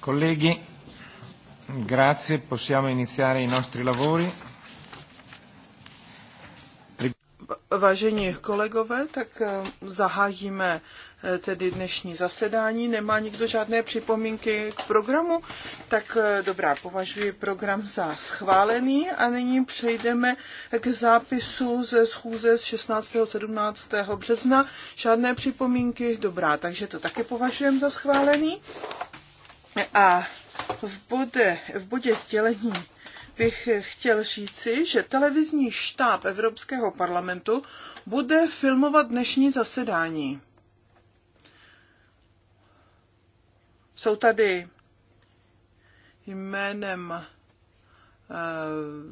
Colleghi, grazie, possiamo iniziare i nostri lavori. Vážení kolegové, tak eh, zahájíme eh, tedy dnešní zasedání. Nemá nikdo žádné připomínky k programu, tak eh, dobrá, považuji program za schválený a nyní přejdeme k zápisu ze schůze z 16. 17. března. Žádné připomínky, dobrá, takže to také považujeme za schválený. A v bodě, v bodě sdělení bych chtěl říci, že televizní štáb Evropského parlamentu bude filmovat dnešní zasedání. Jsou tady jménem eh,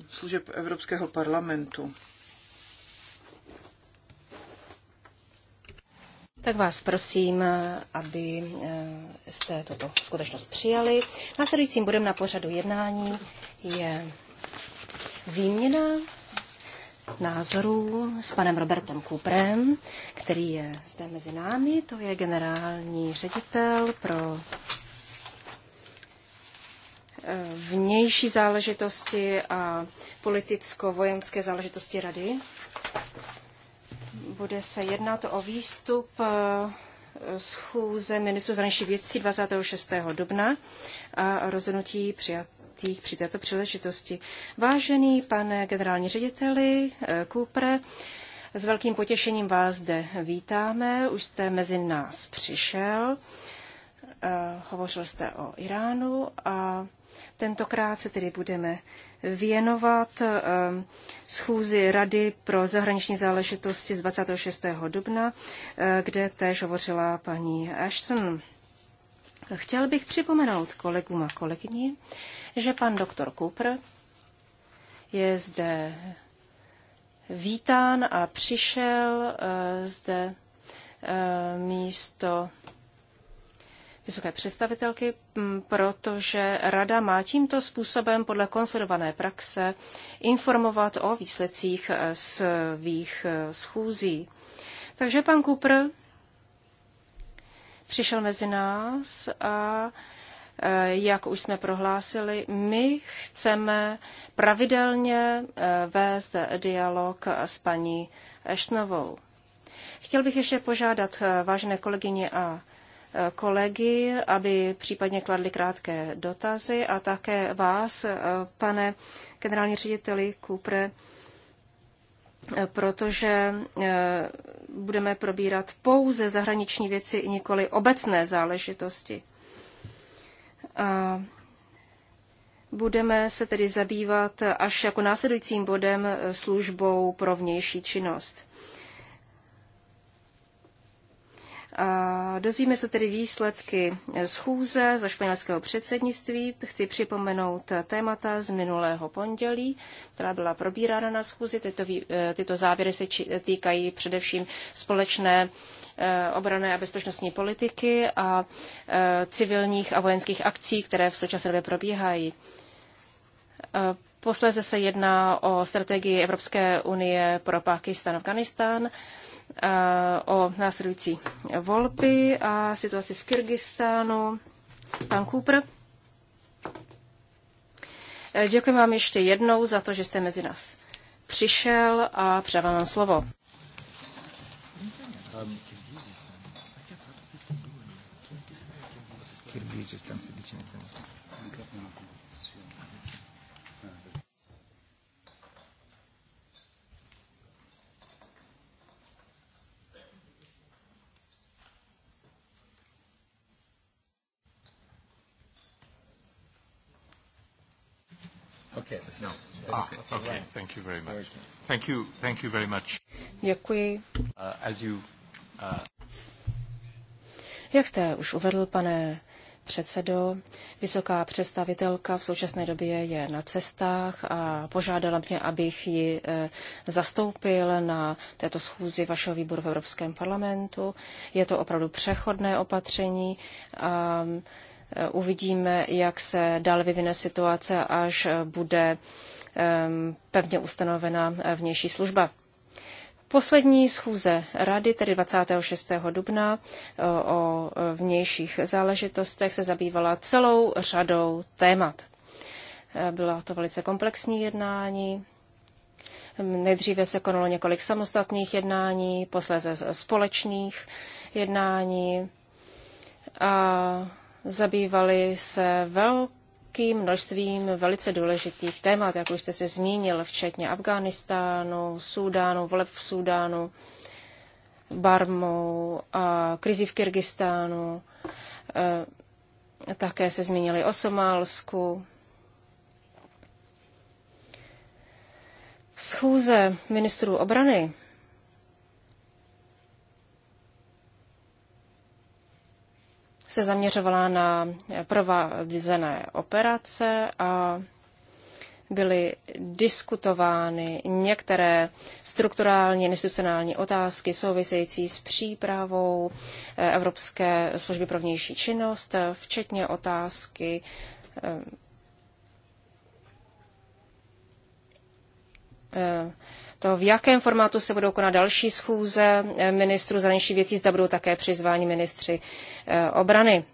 služeb Evropského parlamentu. Tak vás prosím, aby eh, jste toto skutečnost přijali. Následujícím bodem na pořadu jednání je výměna názorů s panem Robertem Kuprem, který je zde mezi námi. To je generální ředitel pro eh, vnější záležitosti a politicko-vojenské záležitosti rady bude se jednat o výstup eh, schůze ministru zahraničí věcí 26. dubna a rozhodnutí přijatých při této příležitosti. Vážený pane generální řediteli eh, Kupre, s velkým potěšením vás zde vítáme. Už jste mezi nás přišel. Eh, hovořil jste o Iránu a Tentokrát se tedy budeme věnovat ehm, schůzi Rady pro zahraniční záležitosti z 26. dubna, eh, kde též hovořila paní Ashton. Chtěl bych připomenout kolegům a kolegyni, že pan doktor Cooper je zde vítán a přišel eh, zde eh, místo vysoké představitelky, protože Rada má tímto způsobem podle konsolidované praxe informovat o výsledcích e, svých e, schůzí. Takže pan Kupr přišel mezi nás a e, jak už jsme prohlásili, my chceme pravidelně vést dialog s paní Eštnovou. Chtěl bych ještě požádat vážné kolegyně a kolegy, aby případně kladli krátké dotazy a také vás, eh, pane generální řediteli Kupre, eh, protože eh, budeme probírat pouze zahraniční věci, nikoli obecné záležitosti. A budeme se tedy zabývat až jako následujícím bodem službou pro vnější činnost. Dozvíme se tedy výsledky schůze za španělského předsednictví. Chci připomenout témata z minulého pondělí, která byla probírána na schůzi. Tyto, e, tyto závěry se či, týkají především společné e, obrané a bezpečnostní politiky a e, civilních a vojenských akcí, které v současné době probíhají. Posléze se jedná o strategii Evropské unie pro Pakistan a Afganistán Eh, o následující volby a situaci v Kyrgyzstánu. Pan Cooper. Eh, děkuji vám ještě jednou za to, že jste mezi nás přišel a předávám vám slovo. Um, Okay, no. ah, okay, thank you very much. Thank you, thank you very much. Děkuji. Uh, as you, uh... Jak jste už uvedl, pane předsedo, vysoká představitelka v současné době je na cestách a požádala mě, abych ji eh, zastoupil na této schůzi vašeho výboru v Evropském parlamentu. Je to opravdu přechodné opatření. A Eh, uvidíme, jak se dál vyvine situace, až bude pevně ustanovena eh, vnější služba. Poslední schůze rady, tedy 26. dubna, eh, o vnějších záležitostech se zabývala celou řadou témat. Byla to velice komplexní jednání. Nejdříve se konalo několik samostatných jednání, posléze společných jednání. A zabývali se velkým množstvím velice důležitých témat, jak už jste se zmínil, včetně Afghánistánu, Súdánu, voleb v Súdánu, Barmou, a krizi v Kyrgyzstánu. Eh, také se zmínili o Somálsku. Schůze ministrů obrany se zaměřovala na provázené operace a byly diskutovány některé strukturální institucionální otázky související s přípravou eh, Evropské služby pro vnější činnost, eh, včetně otázky eh, eh, to, v jakém formátu se budou konat další schůze eh, ministrů zahraničních věcí, zda budou také přizváni ministři eh, obrany.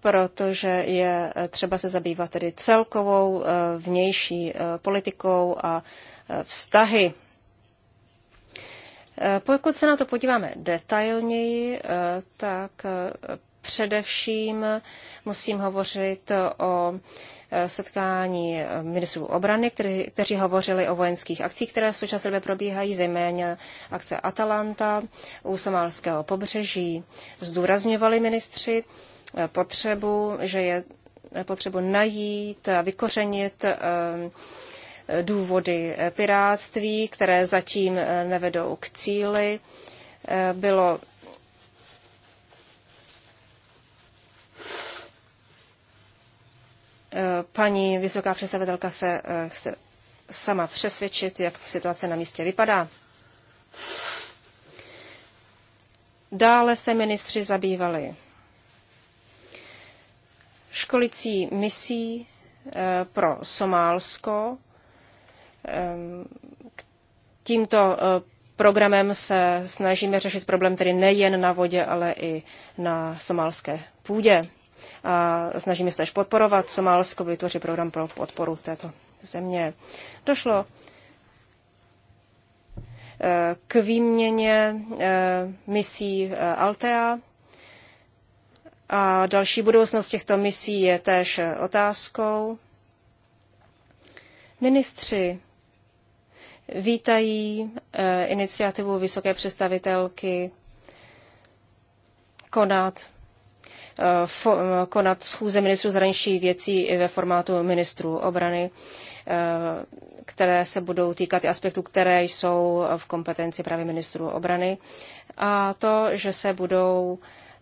Protože je eh, třeba se zabývat tedy celkovou vnější politikou a vztahy pokud se na to podíváme detailněji, tak Především musím hovořit o e, setkání ministrů obrany, který, kteří hovořili o vojenských akcích, které v současné době probíhají, zejména akce Atalanta u somálského pobřeží. Zdůrazňovali ministři e, potřebu, že je potřebu najít a vykořenit e, důvody piráctví, které zatím nevedou k cíli. Bylo Paní vysoká představitelka se eh, chce sama přesvědčit, jak situace na místě vypadá. Dále se ministři zabývali školicí misí eh, pro Somálsko. Ehm, tímto eh, programem se snažíme řešit problém tedy nejen na vodě, ale i na somálské půdě a snažíme se tež podporovat Somálsko, vytvořit program pro podporu této země. Došlo eh, k výměně eh, misí eh, Altea. A další budoucnost těchto misí je též otázkou. Ministři vítají iniciativu vysoké představitelky konat Eh, konat schůze ministrů zahraničních věcí ve formátu ministrů obrany, eh, které se budou týkat i aspektů, které jsou v kompetenci právě ministrů obrany. A to, že se budou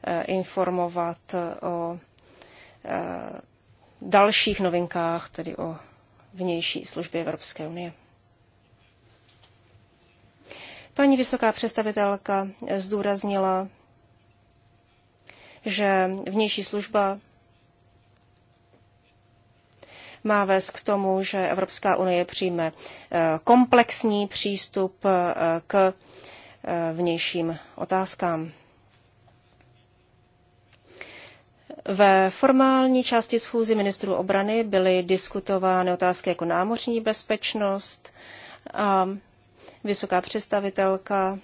eh, informovat o dalších novinkách, tedy o vnější službě Evropské unie. Paní vysoká představitelka zdůraznila že vnější služba má vést k tomu, že Evropská unie přijme eh, komplexní přístup eh, k eh, vnějším otázkám. Ve formální části schůzy ministrů obrany byly diskutovány otázky jako námořní bezpečnost a vysoká představitelka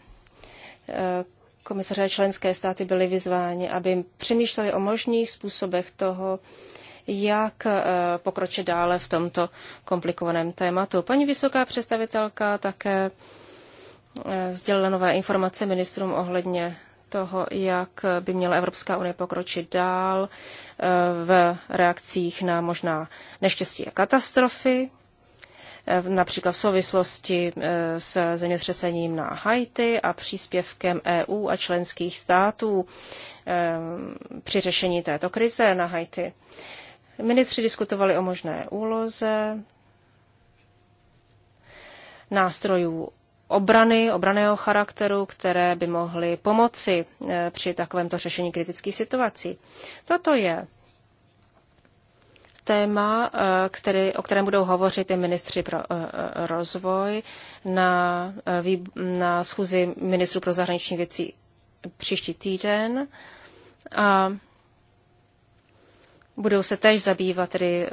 komisaře členské státy byly vyzváni, aby přemýšleli o možných způsobech toho, jak eh, pokročit dále v tomto komplikovaném tématu. Paní vysoká představitelka také eh, sdělila nové informace ministrům ohledně toho, jak by měla Evropská unie pokročit dál eh, v reakcích na možná neštěstí a katastrofy. Eh, například v souvislosti eh, s zemětřesením na Haiti a příspěvkem EU a členských států eh, při řešení této krize na Haiti. Ministři diskutovali o možné úloze nástrojů obrany, obraného charakteru, které by mohly pomoci při takovémto řešení kritických situací. Toto je téma, eh, který, o kterém budou hovořit i ministři pro eh, eh, rozvoj na, na schůzi ministrů pro zahraniční věcí příští týden. A budou se též zabývat tedy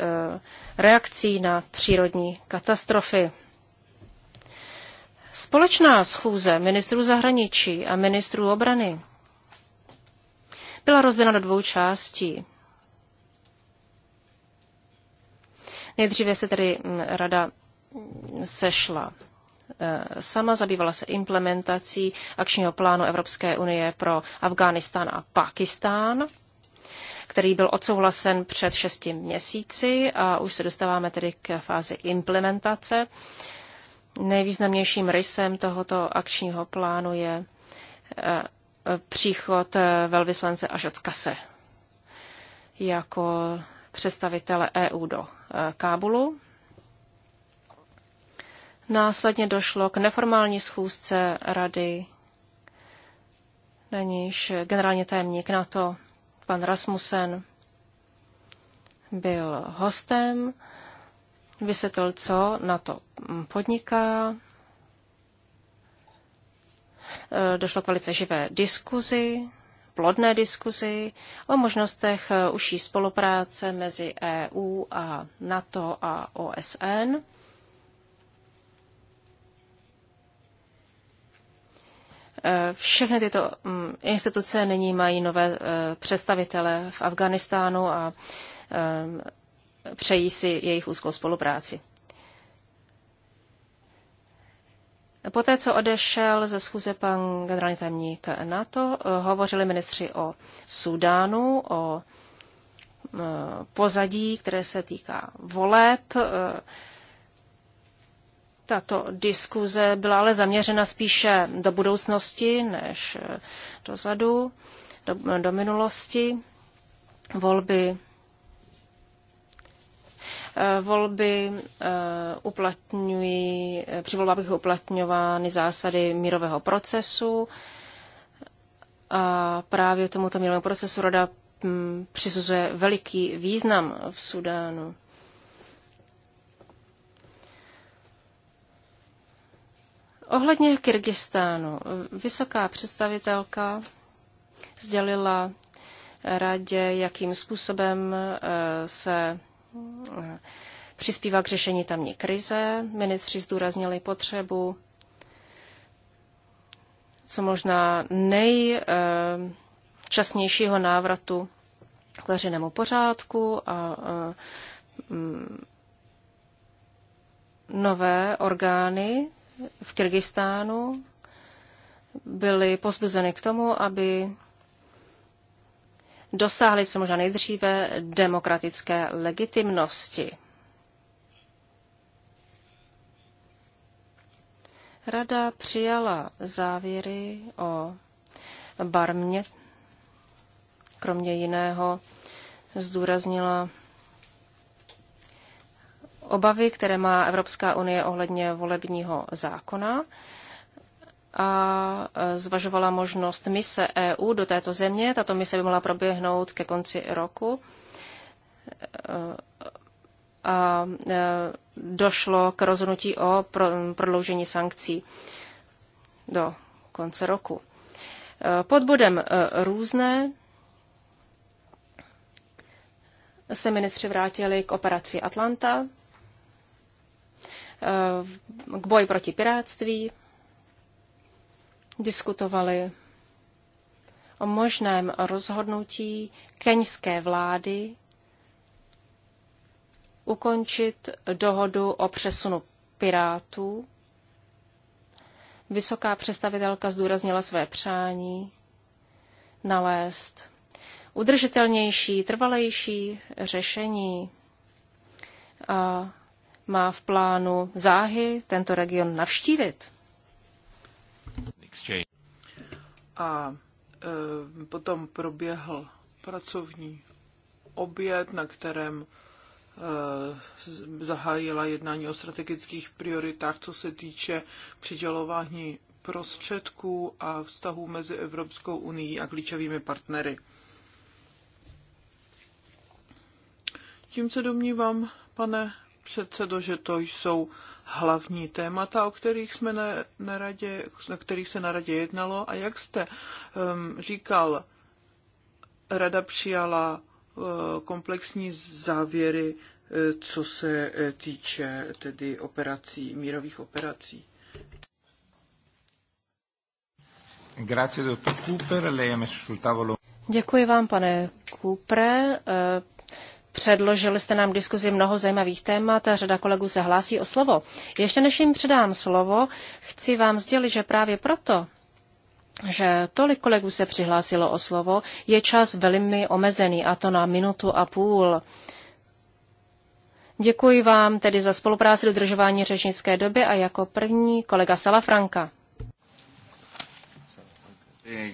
reakcí na přírodní katastrofy. Společná schůze ministrů zahraničí a ministrů obrany byla rozdělena do dvou částí. Nejdříve se tedy mm, rada sešla eh, sama, zabývala se implementací akčního plánu Evropské unie pro Afghánistán a Pakistán který byl odsouhlasen před šesti měsíci a už se dostáváme tedy k fázi implementace. Nejvýznamnějším rysem tohoto akčního plánu je eh, příchod eh, velvyslance Ažackase jako představitele EU do Eh, Kábulu. Následně došlo k neformální schůzce rady, na níž generální tajemník NATO, pan Rasmussen, byl hostem, vysvětlil, co na to podniká. Eh, došlo k velice živé diskuzi plodné diskuzi o možnostech užší spolupráce mezi EU a NATO a OSN. Eh, všechny tyto mm, instituce nyní mají nové eh, představitele v Afganistánu a eh, přejí si jejich úzkou spolupráci. Poté, co odešel ze schůze pan generální tajemník NATO, hovořili ministři o Sudánu, o e, pozadí, které se týká voleb. E, tato diskuze byla ale zaměřena spíše do budoucnosti než e, dozadu, do, do minulosti. Volby Eh, volby eh, uplatňují, eh, při volbách uplatňovány zásady mírového procesu a právě tomuto mírovému procesu rada hm, přisuzuje veliký význam v Sudánu. Ohledně Kyrgyzstánu, vysoká představitelka sdělila radě, jakým způsobem se přispívá k řešení tamní krize. Ministři zdůraznili potřebu co možná nejčasnějšího eh, návratu k veřejnému pořádku a eh, mm, nové orgány v Kyrgyzstánu byly pozbuzeny k tomu, aby dosáhli co možná nejdříve demokratické legitimnosti. Rada přijala závěry o barmě. Kromě jiného zdůraznila obavy, které má Evropská unie ohledně volebního zákona a e, zvažovala možnost mise EU do této země. Tato mise by mohla proběhnout ke konci roku. E, a e, došlo k rozhodnutí o prodloužení sankcí do konce roku. Pod bodem různé se ministři vrátili k operaci Atlanta, k boji proti piráctví, diskutovali o možném rozhodnutí keňské vlády ukončit dohodu o přesunu pirátů. Vysoká představitelka zdůraznila své přání nalézt udržitelnější, trvalejší řešení. A má v plánu záhy tento region navštívit exchange. A e, potom proběhl pracovní oběd, na kterém e, zahájila jednání o strategických prioritách, co se týče přidělování prostředků a vztahů mezi Evropskou unii a klíčovými partnery. Tím se domnívám, pane předsedo, že to jsou hlavní témata, o kterých jsme na, na, radě, na kterých se na radě jednalo. A jak jste um, říkal, rada přijala uh, komplexní závěry, uh, co se uh, týče tedy operací, mírových operací. Grazie, Cooper. Lei ha messo sul tavolo Děkuji vám, pane Kupre. Předložili jste nám diskuzi mnoho zajímavých témat a řada kolegů se hlásí o slovo. Ještě než jim předám slovo, chci vám sdělit, že právě proto, že tolik kolegů se přihlásilo o slovo, je čas velmi omezený, a to na minutu a půl. Děkuji vám tedy za spolupráci dodržování řečnické doby a jako první kolega Salafranka. Eh,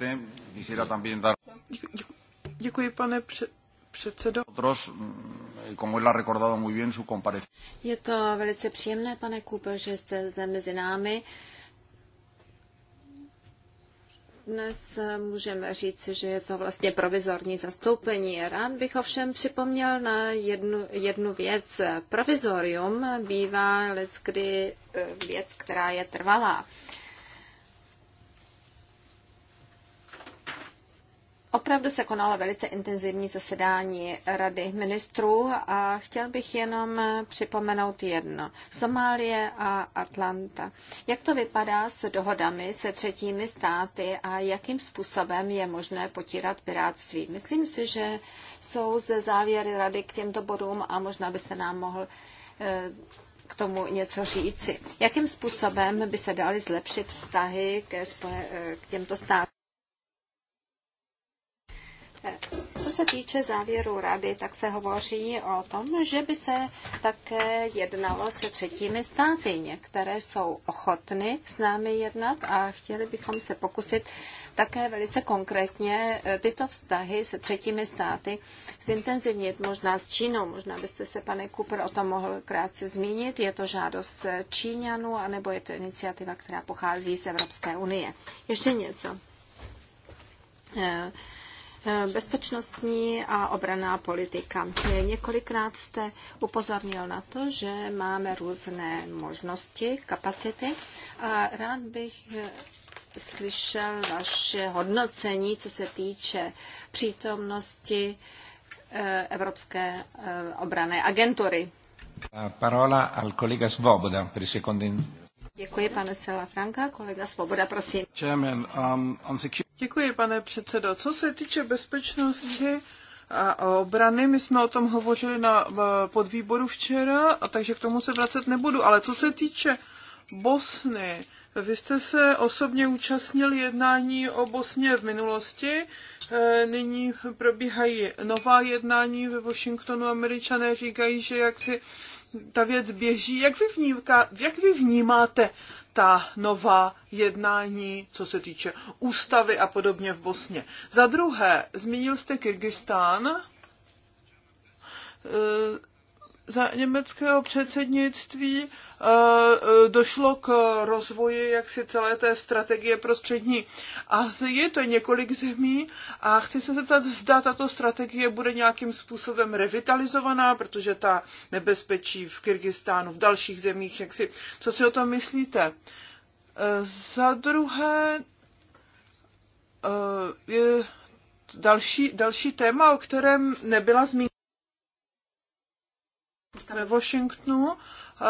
eh, Děkuji, pane předsedající předsedo. Mm, je to velice příjemné, pane Cooper, že jste zde mezi námi. Dnes eh, můžeme říct, že je to vlastně provizorní zastoupení. Rád bych ovšem připomněl na jednu, jednu věc. Provizorium bývá kdy eh, věc, která je trvalá. Opravdu se konalo velice intenzivní zasedání Rady ministrů a chtěl bych jenom připomenout jedno. Somálie a Atlanta. Jak to vypadá s dohodami se třetími státy a jakým způsobem je možné potírat pirátství? Myslím si, že jsou zde závěry Rady k těmto bodům a možná byste nám mohl eh, k tomu něco říci. Jakým způsobem by se daly zlepšit vztahy eh, k těmto státům? Co se týče závěru rady, tak se hovoří o tom, že by se také jednalo se třetími státy. Některé jsou ochotny s námi jednat a chtěli bychom se pokusit také velice konkrétně eh, tyto vztahy se třetími státy zintenzivnit, možná s Čínou. Možná byste se, pane Cooper, o tom mohl krátce zmínit. Je to žádost Číňanů, anebo je to iniciativa, která pochází z Evropské unie. Ještě něco eh, Eh, bezpečnostní a obraná politika. Eh, několikrát jste upozornil na to, že máme různé možnosti, kapacity a rád bych eh, slyšel vaše hodnocení, co se týče přítomnosti Evropské obrané agentury. Parola al kolega Svoboda per il secondo Děkuji, pane Sela Franka. Kolega Svoboda, prosím. Chairman, um, on Děkuji, pane předsedo. Co se týče bezpečnosti, a obrany. My jsme o tom hovořili na podvýboru včera, a takže k tomu se vracet nebudu. Ale co se týče Bosny, vy jste se osobně účastnil jednání o Bosně v minulosti. E, nyní probíhají nová jednání ve Washingtonu. Američané říkají, že jak si ta věc běží. Jak vy, vnímka, jak vy vnímáte ta nová jednání, co se týče ústavy a podobně v Bosně? Za druhé, zmínil jste Kyrgyzstán za německého předsednictví eh, eh, došlo k rozvoji jaksi celé té strategie pro střední Asii, to je několik zemí a chci se zeptat, zda tato strategie bude nějakým způsobem revitalizovaná, protože ta nebezpečí v Kyrgyzstánu, v dalších zemích, jak si, co si o tom myslíte? Eh, za druhé je další, další téma, o kterém nebyla zmínka ve Washingtonu eh,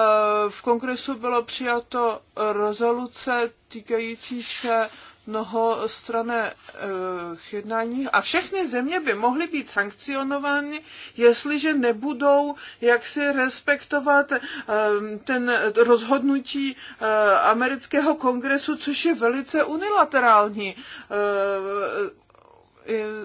v kongresu bylo přijato rezoluce týkající se mnohostrané eh, jednání a všechny země by mohly být sankcionovány, jestliže nebudou jaksi respektovat eh, ten rozhodnutí amerického kongresu, což je velice unilaterální.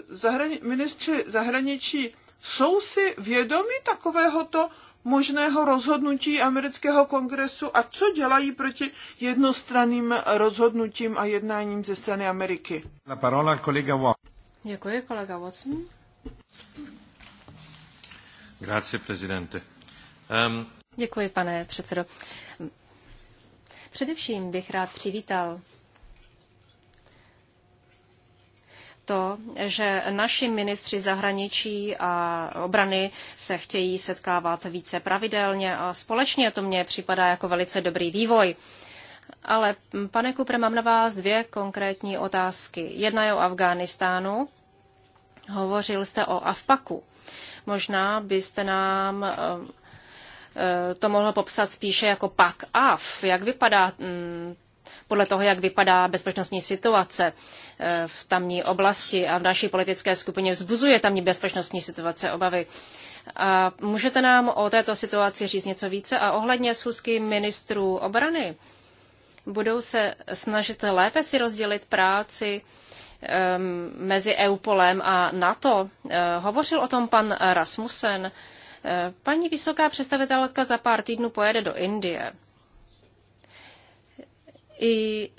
Zahrani- ministři zahraničí jsou si vědomi takovéhoto možného rozhodnutí amerického kongresu a co dělají proti jednostranným rozhodnutím a jednáním ze strany Ameriky. La parola kolega Děkuji, kolega Watson. Grazie, prezidente. Um... Ehm, Děkuji, pane předsedo. Především bych rád přivítal to, že naši ministři zahraničí a obrany se chtějí setkávat více pravidelně a společně. To mně připadá jako velice dobrý vývoj. Ale, pane Kupre, mám na vás dvě konkrétní otázky. Jedna je o Afghánistánu. Hovořil jste o AFPAKu. Možná byste nám e, e, to mohlo popsat spíše jako pak AF. Jak vypadá podle toho, jak vypadá bezpečnostní situace eh, v tamní oblasti a v naší politické skupině vzbuzuje tamní bezpečnostní situace obavy. A můžete nám o této situaci říct něco více a ohledně schůzky ministrů obrany? Budou se snažit lépe si rozdělit práci ehm, mezi EUPOLem a NATO. Eh, hovořil o tom pan Rasmussen. Eh, paní vysoká představitelka za pár týdnů pojede do Indie. I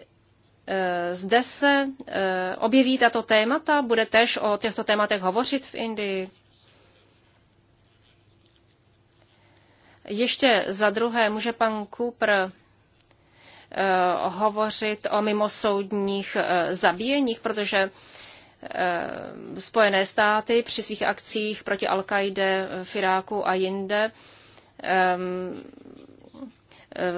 e, zde se e, objeví tato témata, bude tež o těchto tématech hovořit v Indii. Ještě za druhé může pan Cooper e, hovořit o mimosoudních zabíjeních, protože Spojené státy při svých akcích proti al qaide v Iráku a jinde Eh,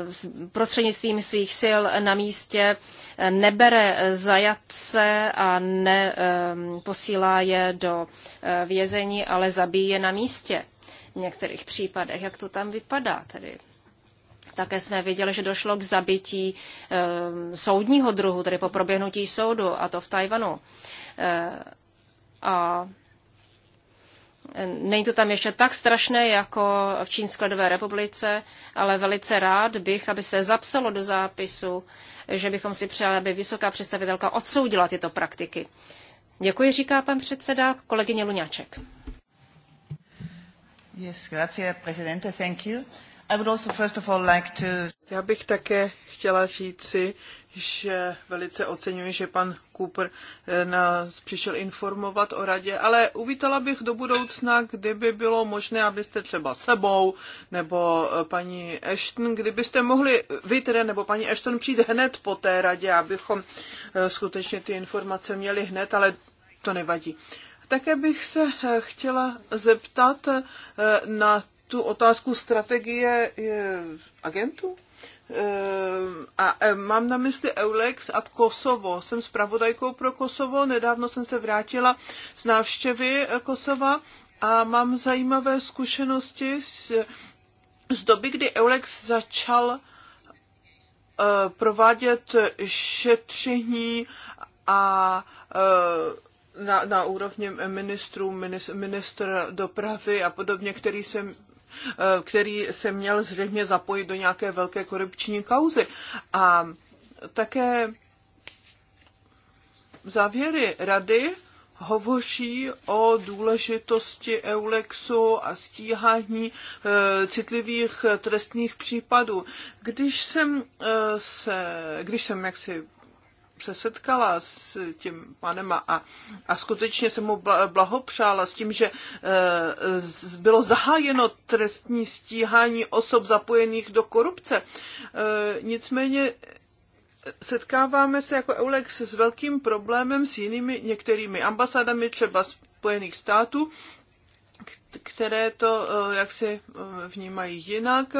prostřednictvím svých sil na místě eh, nebere zajatce a neposílá eh, je do vězení, ale zabíjí je na místě v některých případech. Jak to tam vypadá tedy? Také jsme viděli, že došlo k zabití e, soudního druhu, tedy po proběhnutí soudu, a to v Tajvanu. E, a Není to tam ještě tak strašné jako v Čínské lidové republice, ale velice rád bych, aby se zapsalo do zápisu, že bychom si přáli, aby vysoká představitelka odsoudila tyto praktiky. Děkuji, říká pan předseda, kolegyně Luňáček. Yes, presidente, thank you. Já bych také chtěla říci, že velice oceňuji, že pan Cooper eh, nás přišel informovat o radě, ale uvítala bych do budoucna, kdyby bylo možné, abyste třeba sebou nebo eh, paní Ashton, kdybyste mohli, eh, vy tedy, nebo paní Ashton přijít hned po té radě, abychom skutečně ty informace měli hned, ale to nevadí. Také bych se chtěla zeptat na tu otázku strategie agentů. Ehm, a ehm, mám na mysli Eulex a Kosovo. Jsem zpravodajkou pro Kosovo, nedávno jsem se vrátila z návštěvy eh, Kosova a mám zajímavé zkušenosti z, z doby, kdy Eulex začal eh, provádět šetření a eh, na, na úrovni ministrů, ministr, dopravy a podobně, který se Eh, který se měl zřejmě zapojit do nějaké velké korupční kauzy. A také závěry rady hovoří o důležitosti Eulexu a stíhání e, citlivých trestných případů. Když jsem, e, se, když jsem jaksi se setkala s tím panem a, a skutečně jsem mu blahopřála s tím, že eh, bylo zahájeno trestní stíhání osob zapojených do korupce. Eh, nicméně setkáváme se jako Eulex s velkým problémem s jinými některými ambasádami, třeba Spojených států, které to eh, jaksi vnímají jinak.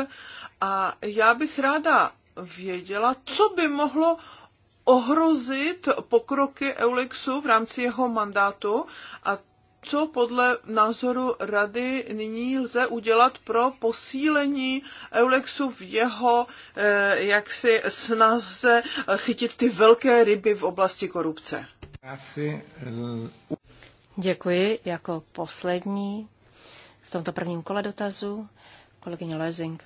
A já bych ráda věděla, co by mohlo ohrozit pokroky Eulexu v rámci jeho mandátu a co podle názoru rady nyní lze udělat pro posílení Eulexu v jeho eh, jaksi snaze chytit ty velké ryby v oblasti korupce? Eh, Děkuji. Jako poslední v tomto prvním kole dotazu kolegyně Lezing.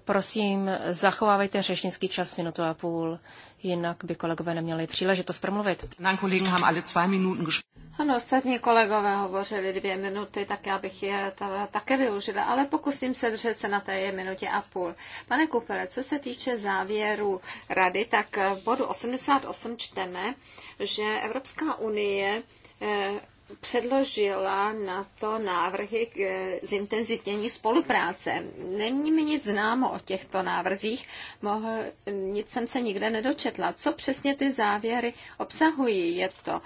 Prosím, zachovávejte řečnický čas minutu a půl, jinak by kolegové neměli příležitost promluvit. Ano, ostatní kolegové hovořili dvě minuty, tak já bych je také využila, ale pokusím se držet se na té minutě a půl. Pane Kupere, co se týče závěru rady, tak v bodu 88 čteme, že Evropská unie eh, předložila na to návrhy k eh, zintenzivnění spolupráce. Není mi nic známo o těchto návrzích, mohl, nic jsem se nikde nedočetla. Co přesně ty závěry obsahují? Je to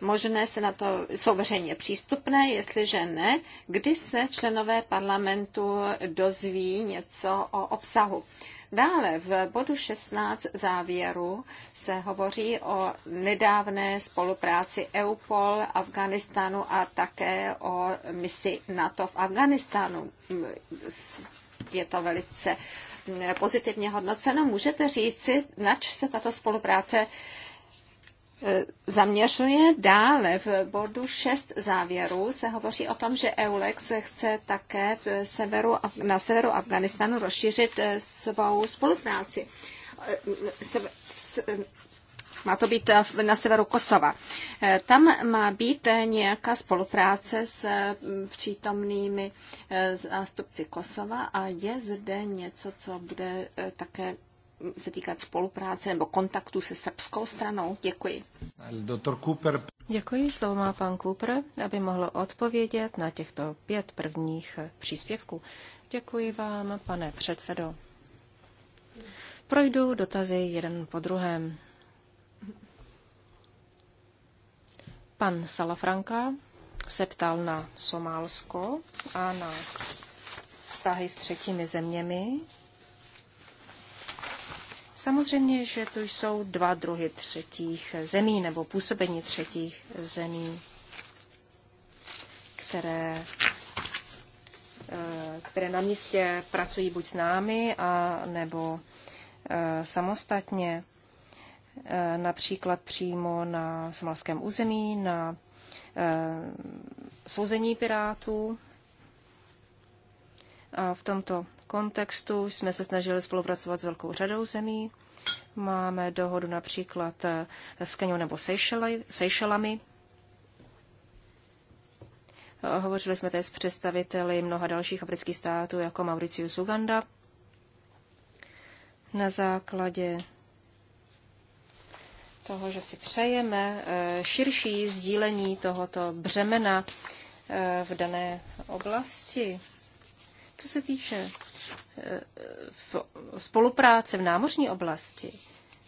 možné se na to, jsou veřejně přístupné, jestliže ne, kdy se členové parlamentu dozví něco o obsahu. Dále v bodu 16 závěru se hovoří o nedávné spolupráci EUPOL Afganistánu a také o misi NATO v Afganistánu. Je to velice pozitivně hodnoceno. Můžete říci, nač se tato spolupráce E, zaměřuje dále. V bodu 6 závěru se hovoří o tom, že EULEX chce také v severu, na severu Afganistanu rozšířit e, svou spolupráci. E, má to být na severu Kosova. Tam má být nějaká spolupráce s přítomnými zástupci Kosova a je zde něco, co bude také se týkat spolupráce nebo kontaktu se srbskou stranou? Děkuji. Doktor Cooper. Děkuji, slovo má pan Cooper, aby mohl odpovědět na těchto pět prvních příspěvků. Děkuji vám, pane předsedo. Projdu dotazy jeden po druhém. Pan Salafranka se ptal na Somálsko a na vztahy s třetími zeměmi Samozřejmě, že tu jsou dva druhy třetích zemí nebo působení třetích zemí, které, eh, které na místě pracují buď s námi, a, nebo eh, samostatně, eh, například přímo na somalském území, na souzení pirátů. A v tomto kontextu jsme se snažili spolupracovat s velkou řadou zemí. Máme dohodu například eh, s Kenou nebo Seychellami. Eh, hovořili jsme tady s představiteli mnoha dalších afrických států, jako Mauritius Uganda. Na základě toho, že si přejeme eh, širší sdílení tohoto břemena v dané oblasti. Co se týče v spolupráce v námořní oblasti,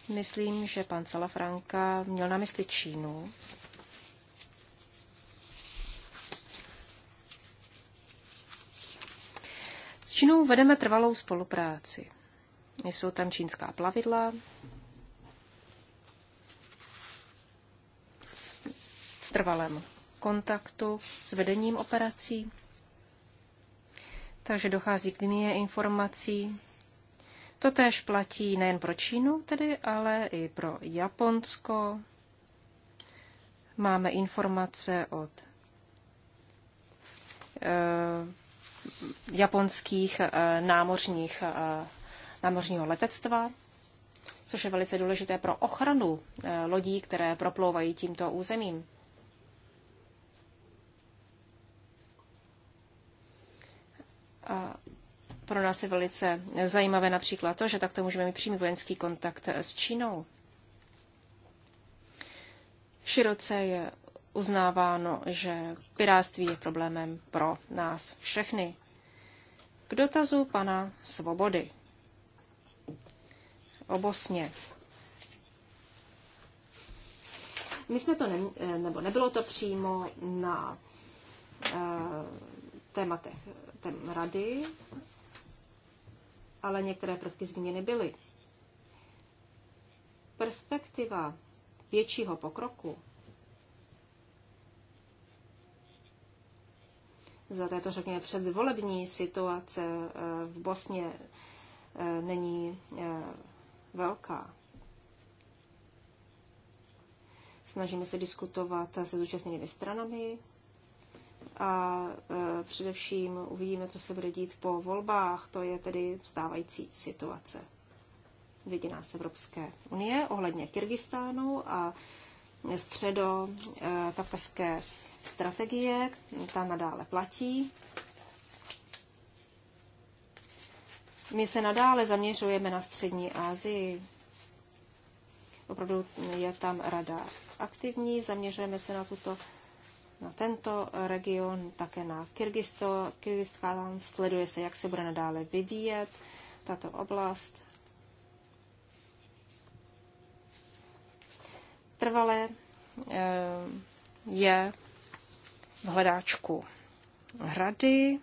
myslím, že pan Salafranka měl na mysli Čínu, S Čínou vedeme trvalou spolupráci. Jsou tam čínská plavidla. V trvalém kontaktu s vedením operací takže dochází k výměně informací. To též platí nejen pro Čínu, tedy, ale i pro Japonsko. Máme informace od eh, japonských eh, námořních, eh, námořního letectva, což je velice důležité pro ochranu lodí, které proplouvají tímto územím. pro nás je velice zajímavé například to, že takto můžeme mít přímý vojenský kontakt s Čínou. Široce je uznáváno, že piráctví je problémem pro nás všechny. K dotazu pana Svobody Obosně. My jsme to, ne, eh, nebo nebylo to přímo na e, tématech ten rady, ale některé prvky změny byly. Perspektiva většího pokroku za této, řekněme, předvolební situace eh, v Bosně eh, není eh, velká. Snažíme se diskutovat se zúčastněnými stranami, a e, především uvidíme, co se bude dít po volbách. To je tedy vstávající situace. Viděná z Evropské unie ohledně Kyrgyzstánu a středo e, kavkazské strategie, ta nadále platí. My se nadále zaměřujeme na střední Asii. Opravdu je tam rada aktivní, zaměřujeme se na tuto na tento region, také na Kyrgyzstán. Sleduje se, jak se bude nadále vyvíjet tato oblast. Trvale eh, je v hledáčku hrady.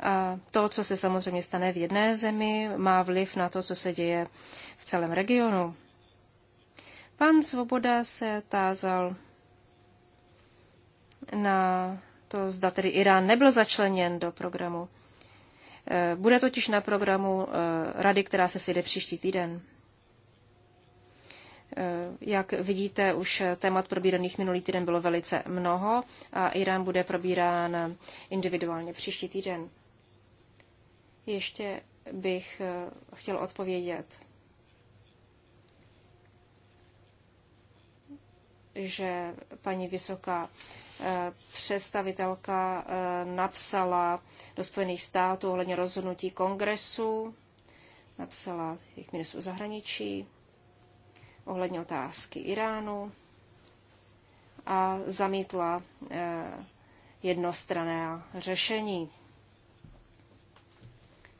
A to, co se samozřejmě stane v jedné zemi, má vliv na to, co se děje v celém regionu. Pan Svoboda se tázal na to, zda tedy Irán nebyl začleněn do programu. Eh, bude totiž na programu eh, rady, která se sjede příští týden. Eh, jak vidíte, už témat probíraných minulý týden bylo velice mnoho a Irán bude probírán individuálně příští týden. Ještě bych chtěl odpovědět, že paní vysoká představitelka eh, napsala do Spojených států ohledně rozhodnutí kongresu, napsala jejich ministru zahraničí ohledně otázky Iránu a zamítla eh, jednostrané řešení.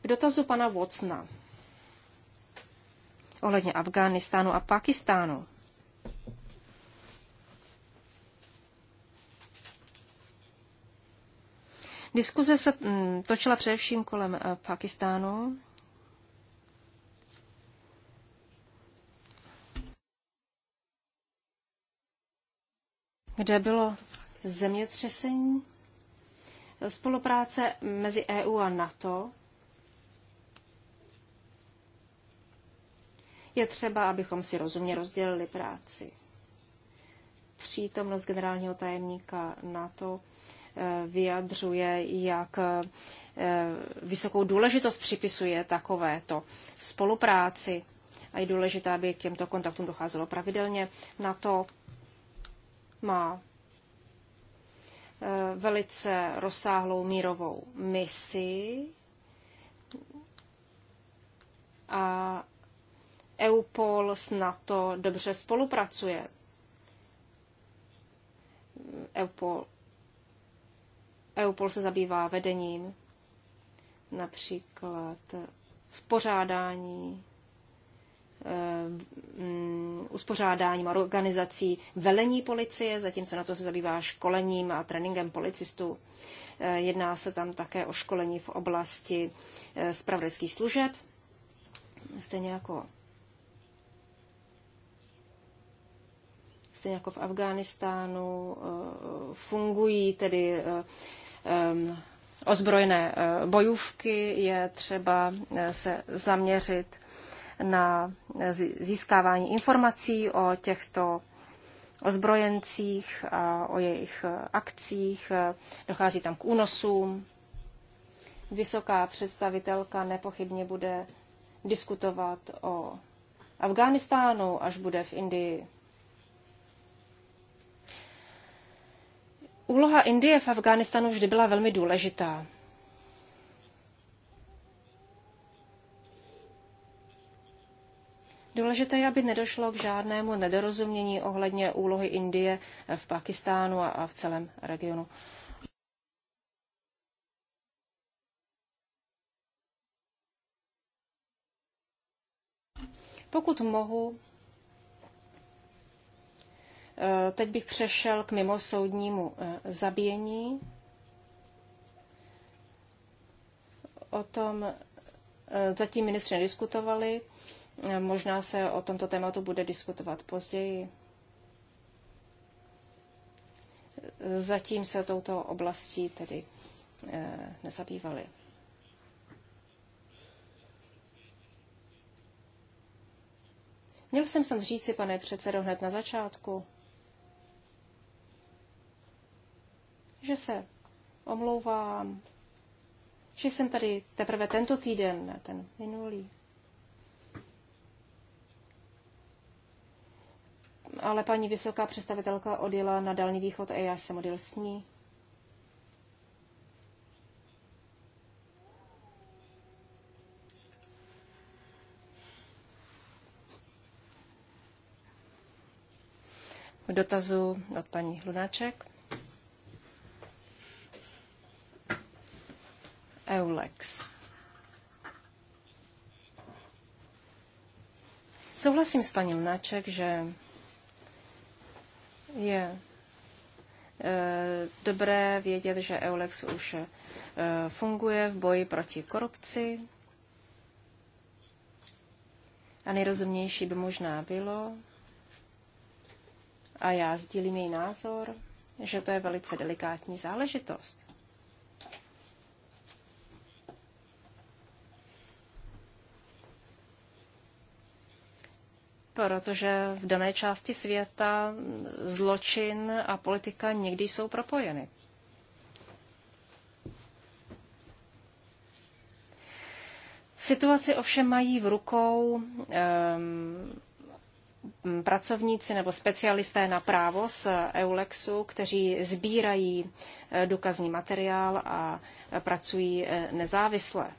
K dotazu pana Vocna ohledně Afghánistánu a Pakistánu. Diskuze se mm, točila především kolem eh, Pakistánu. kde bylo zemětřesení, spolupráce mezi EU a NATO. Je třeba, abychom si rozumně rozdělili práci. Přítomnost generálního tajemníka NATO vyjadřuje, jak eh, vysokou důležitost připisuje takovéto spolupráci. A je důležité, aby k těmto kontaktům docházelo pravidelně. Na to má eh, velice rozsáhlou mírovou misi a EUPOL s NATO dobře spolupracuje. EUPOL EUPOL se zabývá vedením, například eh, spořádání, um, eh, mm, uspořádáním a organizací velení policie, zatímco na to se zabývá školením a tréninkem policistů. Eh, jedná se tam také o školení v oblasti spravodajských služeb, stejně jako stejně jako v Afghánistánu, fungují tedy Ehm, ozbrojené eh, bojůvky, je třeba eh, se zaměřit na eh, získávání informací o těchto ozbrojencích a o jejich akcích. Dochází tam k únosům. Vysoká představitelka nepochybně bude diskutovat o Afghánistánu, až bude v Indii. Úloha Indie v Afghánistánu vždy byla velmi důležitá. Důležité je, aby nedošlo k žádnému nedorozumění ohledně úlohy Indie v Pakistánu a v celém regionu. Pokud mohu, Eh, teď bych přešel k mimosoudnímu eh, zabíjení. O tom eh, zatím ministři nediskutovali. Možná se o tomto tématu bude diskutovat později. Zatím se touto oblastí tedy nezabývali. Měl jsem snad říci, pane předsedo, hned na začátku, že se omlouvám, že jsem tady teprve tento týden, ne ten minulý. Ale paní vysoká představitelka odjela na Dalný východ a já jsem odjel s ní. dotazu od paní Hlunáček. EULEX. Souhlasím s paní Lnáček, že je e, dobré vědět, že EULEX už e, funguje v boji proti korupci. A nejrozumnější by možná bylo, a já sdílím její názor, že to je velice delikátní záležitost. protože v dané části světa zločin a politika někdy jsou propojeny. Situaci ovšem mají v rukou um, pracovníci nebo specialisté na právo z EULEXu, kteří sbírají eh, důkazní materiál a eh, pracují eh, nezávisle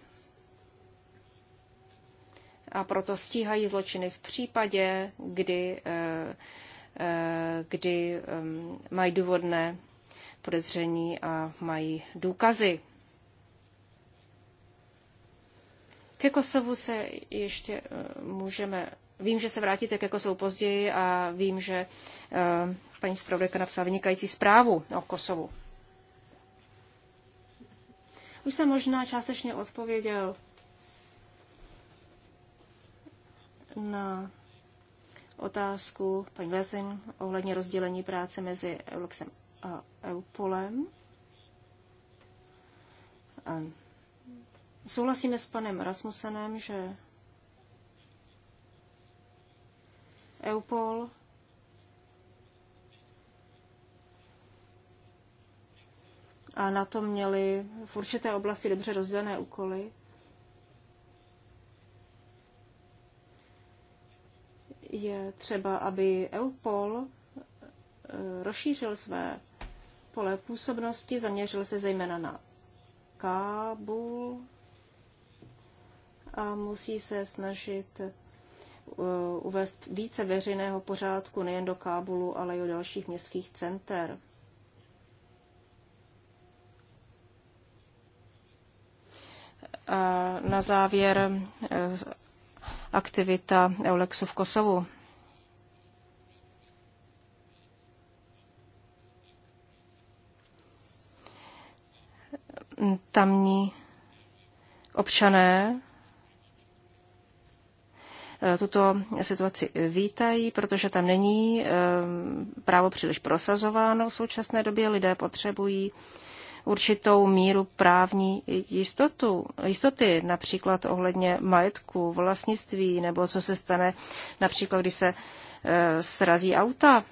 a proto stíhají zločiny v případě, kdy, eh, eh, kdy eh, mají důvodné podezření a mají důkazy. Ke Kosovu se ještě můžeme. Vím, že se vrátíte ke Kosovu později a vím, že paní zpravodajka napsala vynikající zprávu o Kosovu. Už jsem možná částečně odpověděl na otázku paní Levin ohledně rozdělení práce mezi Euloxem a Eupolem. A souhlasíme s panem Rasmusenem, že Eupol a na to měli v určité oblasti dobře rozdělené úkoly. Je třeba, aby EUPOL eh, rozšířil své pole působnosti, zaměřil se zejména na Kábul a musí se snažit eh, uvést více veřejného pořádku nejen do Kábulu, ale i do dalších městských center. A na závěr eh, aktivita Eulexu v Kosovu. Tamní občané tuto situaci vítají, protože tam není eh, právo příliš prosazováno v současné době. Lidé potřebují určitou míru právní jistotu, jistoty, například ohledně majetku, vlastnictví, nebo co se stane například, když se e, srazí auta.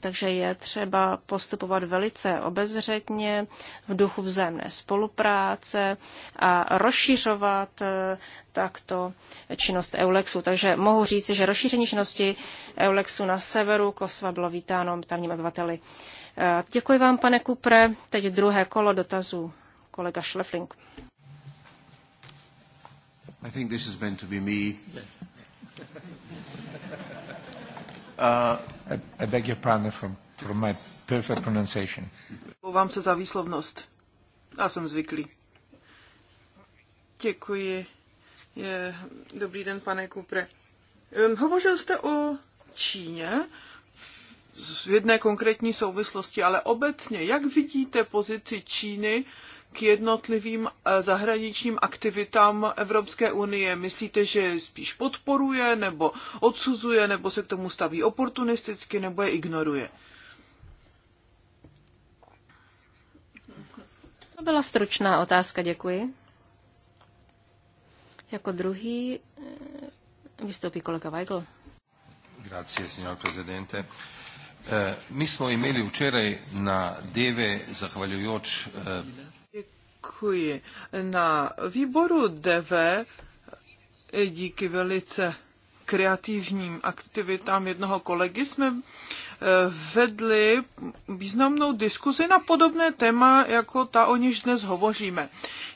Takže je třeba postupovat velice obezřetně v duchu vzájemné spolupráce a rozšiřovat e, takto činnost Eulexu. Takže mohu říci, že rozšíření činnosti Eulexu na severu Kosova bylo vítáno tamním obyvateli Děkuji vám, pane Kupre. Teď druhé kolo dotazů. Kolega Schlefling. I think this is meant to be me. Uh, I, I beg your pardon for, for my perfect pronunciation. vám se za výslovnost. Já jsem zvyklý. Děkuji. Je, dobrý den, pane Kupre. Um, hovořil jste o Číně v jedné konkrétní souvislosti, ale obecně, jak vidíte pozici Číny k jednotlivým eh, zahraničním aktivitám Evropské unie? Myslíte, že spíš podporuje, nebo odsuzuje, nebo se k tomu staví oportunisticky, nebo je ignoruje? To byla stručná otázka, děkuji. Jako druhý eh, vystoupí kolega Weigl. Grazie, signor Presidente. Eh, mi smo imeli včeraj na Deve, zahvaljujoč... Eh, Děkuji. Na výboru DV díky velice kreativním aktivitám jednoho kolegy jsme eh, vedli významnou diskuzi na podobné téma, jako ta, o níž dnes hovoříme.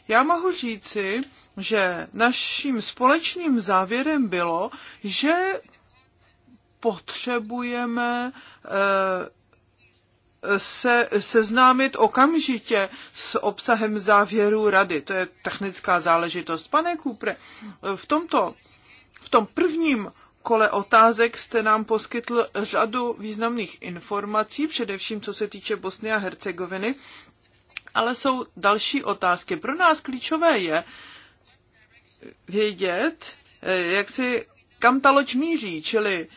Já mohu říci, že naším společným závěrem bylo, že potřebujeme eh, se seznámit okamžitě s obsahem závěru rady. To je technická záležitost. Pane Kupre, v tomto, v tom prvním kole otázek jste nám poskytl řadu významných informací, především co se týče Bosny a Hercegoviny, ale jsou další otázky. Pro nás klíčové je vědět, eh, jak si kam ta loď míří, čili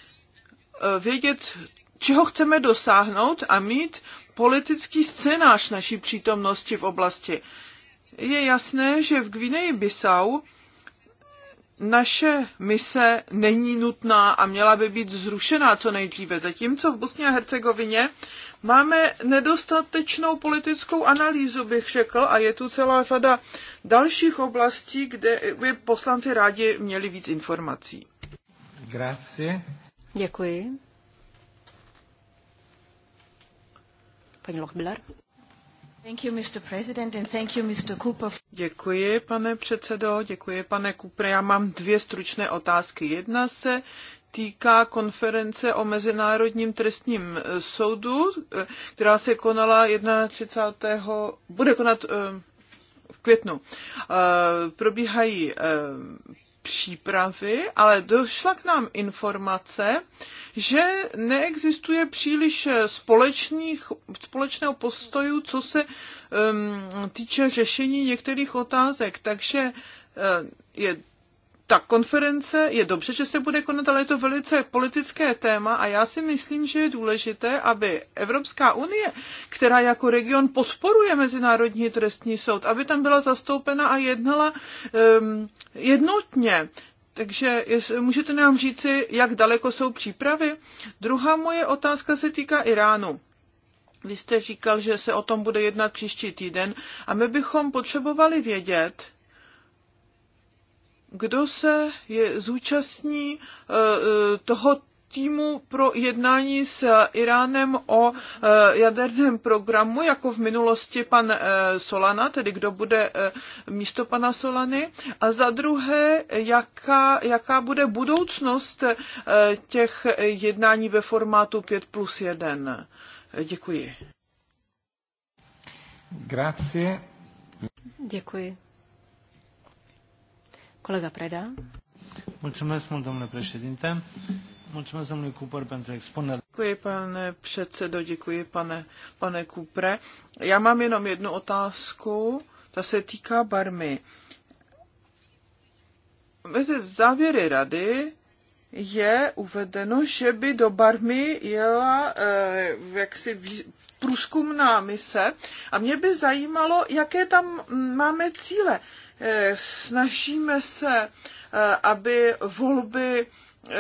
Eh, vědět, čeho chceme dosáhnout a mít politický scénář naší přítomnosti v oblasti. Je jasné, že v Gvineji Bissau naše mise není nutná a měla by být zrušená co nejdříve. Zatímco v Bosně a Hercegovině máme nedostatečnou politickou analýzu, bych řekl, a je tu celá řada dalších oblastí, kde by poslanci rádi měli víc informací. Grazie. Děkuji. Paní Lochbiller. Děkuji, pane předsedo, děkuji, pane Cooper. Já mám dvě stručné otázky. Jedna se týká konference o Mezinárodním trestním eh, soudu, eh, která se konala 31. bude konat eh, v květnu. Probíhají přípravy, ale došla k nám informace, že neexistuje příliš společných, společného postoju, co se um, týče řešení některých otázek. Takže eh, je ta konference je dobře, že se bude konat, ale je to velice politické téma a já si myslím, že je důležité, aby Evropská unie, která jako region podporuje Mezinárodní trestní soud, aby tam byla zastoupena a jednala um, jednotně. Takže můžete nám říci, jak daleko jsou přípravy? Druhá moje otázka se týká Iránu. Vy jste říkal, že se o tom bude jednat příští týden a my bychom potřebovali vědět, kdo se je zúčastní eh, eh, toho týmu pro jednání s Iránem o eh, jaderném programu, jako v minulosti pan Solana, tedy kdo bude místo pana Solany, a za druhé, jaká, jaká bude budoucnost těch jednání ve formátu 5 plus 1. Děkuji. Grazie. Děkuji. Kolega Preda. Mulțumesc mult, domnule președinte. Mulțumesc domnului Cooper pentru expunere. Děkuji, pane předsedo, děkuji, pane, pane Kupre. Já mám jenom jednu otázku, ta se týká barmy. Mezi závěry rady je uvedeno, že by do Barmy jela eh, jaksi průzkumná mise a mě by zajímalo, jaké tam máme cíle. Eh, Eh, snažíme se, eh, aby volby eh,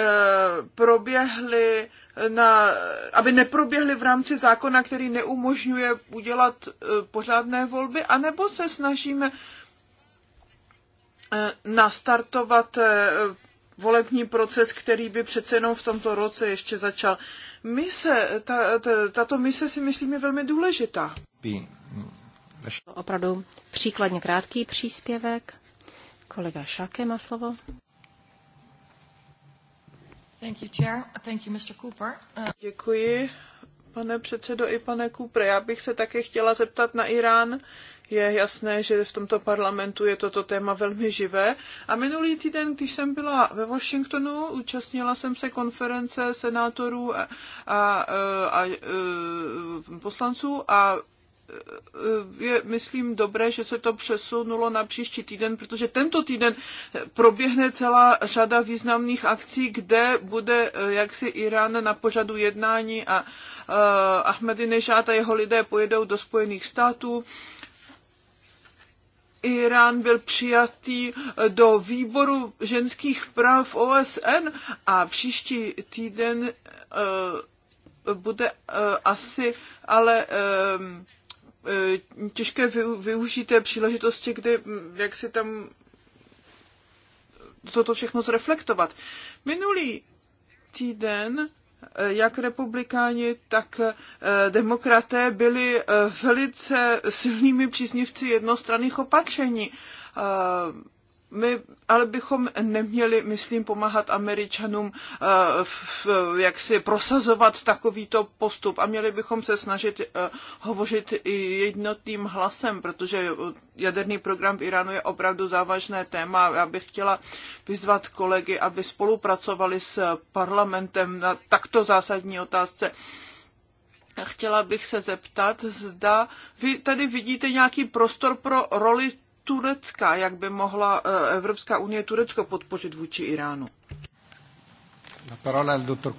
proběhly na, aby neproběhly v rámci zákona, který neumožňuje udělat pořádné volby, anebo se snažíme nastartovat volební proces, který by přece jenom v tomto roce ještě začal. Mise, ta, ta, tato mise si myslím je velmi důležitá. Opravdu příkladně krátký příspěvek. Kolega Šaké má slovo. Thank you, Chair. Thank you, Mr. Cooper. Uh... Děkuji, pane předsedo i pane Cooper. Já bych se také chtěla zeptat na Irán. Je jasné, že v tomto parlamentu je toto téma velmi živé. A minulý týden, když jsem byla ve Washingtonu, účastnila jsem se konference senátorů a, a, a, a e, poslanců a je, myslím, dobré, že se to přesunulo na příští týden, protože tento týden proběhne celá řada významných akcí, kde bude eh, jaksi Irán na pořadu jednání a uh, eh, Ahmedinežád a jeho lidé pojedou do Spojených států. Irán byl přijatý eh, do výboru ženských práv OSN a příští týden uh, bude uh, asi ale Eh, těžké využít té příležitosti, kdy mm, jak si tam toto všechno zreflektovat. Minulý týden eh, jak republikáni, tak eh, demokraté byli velice silnými příznivci jednostranných opatření my ale bychom neměli, myslím, pomáhat Američanům eh, v, jak si prosazovat takovýto postup a měli bychom se snažit eh, hovořit jednotným hlasem, protože jaderný program v Iránu je opravdu závažné téma. Já bych chtěla vyzvat kolegy, aby spolupracovali s parlamentem na takto zásadní otázce. Chtěla bych se zeptat, zda vy tady vidíte nějaký prostor pro roli Turecka, jak by mohla eh, Evropská unie Turecko podpořit vůči Iránu?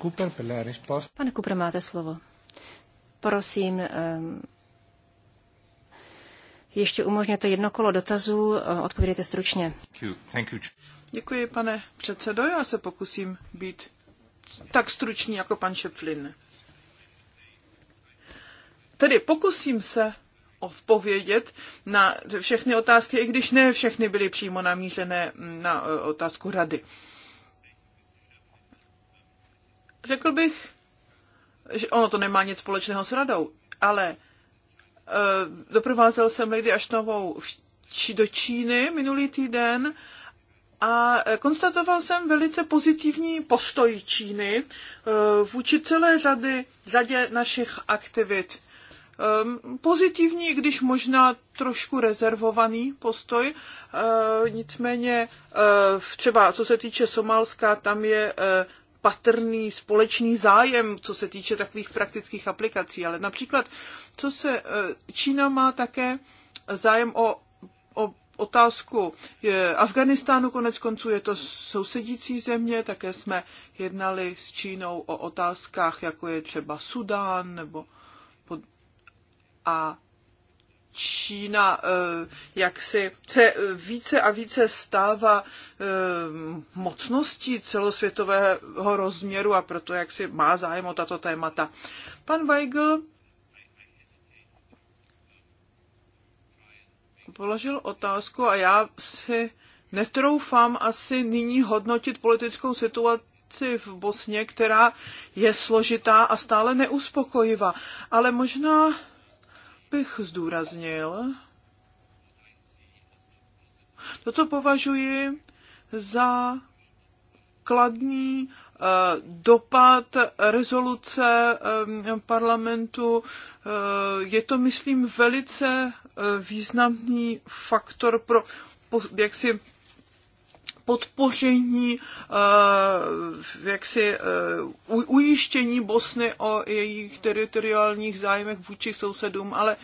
Cooper Pane Cooper, máte slovo. Prosím, ehm, ještě umožněte jedno kolo dotazů, eh, odpovědejte stručně. Thank you. Děkuji, pane předsedo. Já se pokusím být tak stručný jako pan Šeflin. Tedy pokusím se odpovědět na všechny otázky, i když ne všechny byly přímo namířené na e, otázku rady. Řekl bych, že ono to nemá nic společného s radou, ale e, doprovázel jsem Lady Ashtonovou do Číny minulý týden a e, konstatoval jsem velice pozitivní postoj Číny e, vůči celé řady, řadě našich aktivit. Ehm, pozitivní, když možná trošku rezervovaný postoj. Ehm, nicméně ehm, třeba co se týče Somálska, tam je patrný společný zájem, co se týče takových praktických aplikací. Ale například, co se Čína má také zájem o, o otázku je, Afganistánu, konec konců je to sousedící země, také jsme jednali s Čínou o otázkách, jako je třeba Sudán nebo a Čína eh, jak si se více a více stává eh, mocností celosvětového rozměru a proto jak si má zájem o tato témata. Pan Weigl položil otázku a já si netroufám asi nyní hodnotit politickou situaci v Bosně, která je složitá a stále neuspokojivá. Ale možná bych zdůraznil to, co považuji za kladný eh, dopad rezoluce eh, parlamentu. Eh, je to, myslím, velice významný faktor pro jaksi podpoření eh, jaksi eh, ujištění Bosny o jejich teritoriálních zájmech vůči sousedům, ale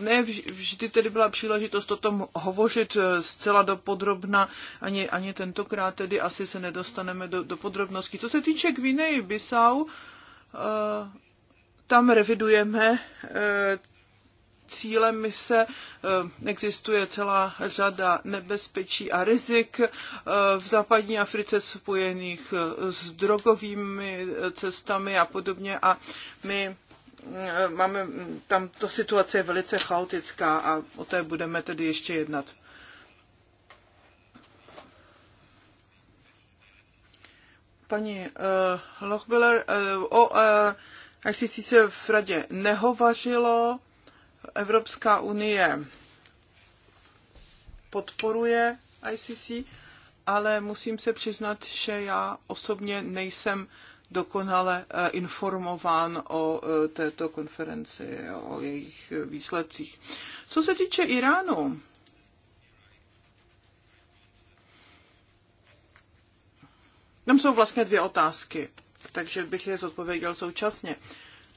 ne vždy tedy byla příležitost o tom hovořit eh, zcela dopodrobna, ani, ani tentokrát tedy asi se nedostaneme do, do podrobností. Co se týče Gvineji Bissau, tam revidujeme cílem mise. Eh, existuje celá řada nebezpečí a rizik eh, v západní Africe spojených eh, s drogovými cestami a podobně. A my máme, tam ta situace je velice chaotická a o té budeme tedy ještě jednat. Paní uh, Lochbiller, uh, o uh, ICC se v radě nehovařilo, Evropská unie podporuje ICC, ale musím se přiznat, že já osobně nejsem dokonale eh, informován o eh, této konferenci, o jejich výsledcích. Co se týče Iránu, tam jsou vlastně dvě otázky, takže bych je zodpověděl současně.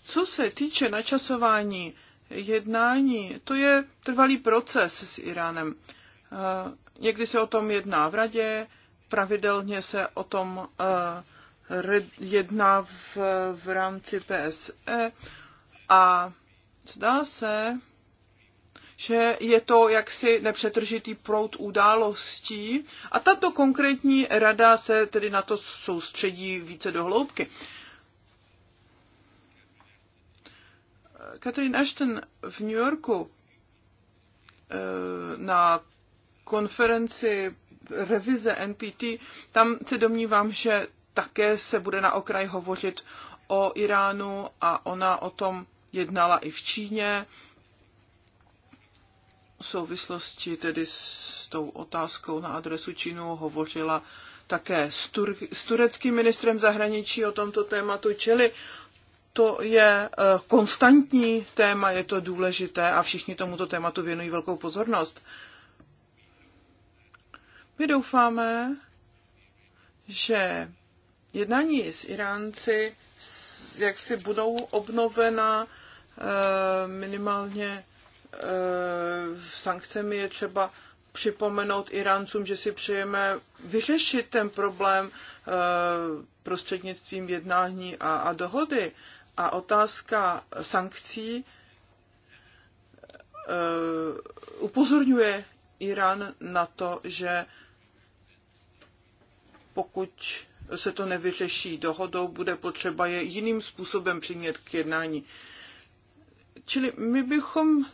Co se týče načasování jednání. To je trvalý proces s Iránem. Eh, někdy se o tom jedná v radě, pravidelně se o tom eh, jedná v, v rámci PSE a zdá se, že je to jaksi nepřetržitý proud událostí a tato konkrétní rada se tedy na to soustředí více do hloubky. Catherine Ashton v New Yorku eh, na konferenci revize NPT, tam se domnívám, že také se bude na okraj hovořit o Iránu a ona o tom jednala i v Číně v souvislosti tedy s tou otázkou na adresu Čínu hovořila také s, tur- s tureckým ministrem zahraničí o tomto tématu, čili to je eh, konstantní téma, je to důležité a všichni tomuto tématu věnují velkou pozornost. My doufáme, že jednání s Iránci jak si budou obnovena eh, minimálně eh, sankcemi je třeba připomenout Iráncům, že si přejeme vyřešit ten problém prostřednictvím jednání a, a dohody. A otázka sankcí eh, upozorňuje Irán na to, že pokud se to nevyřeší dohodou, bude potřeba je jiným způsobem přimět k jednání. Čili my bychom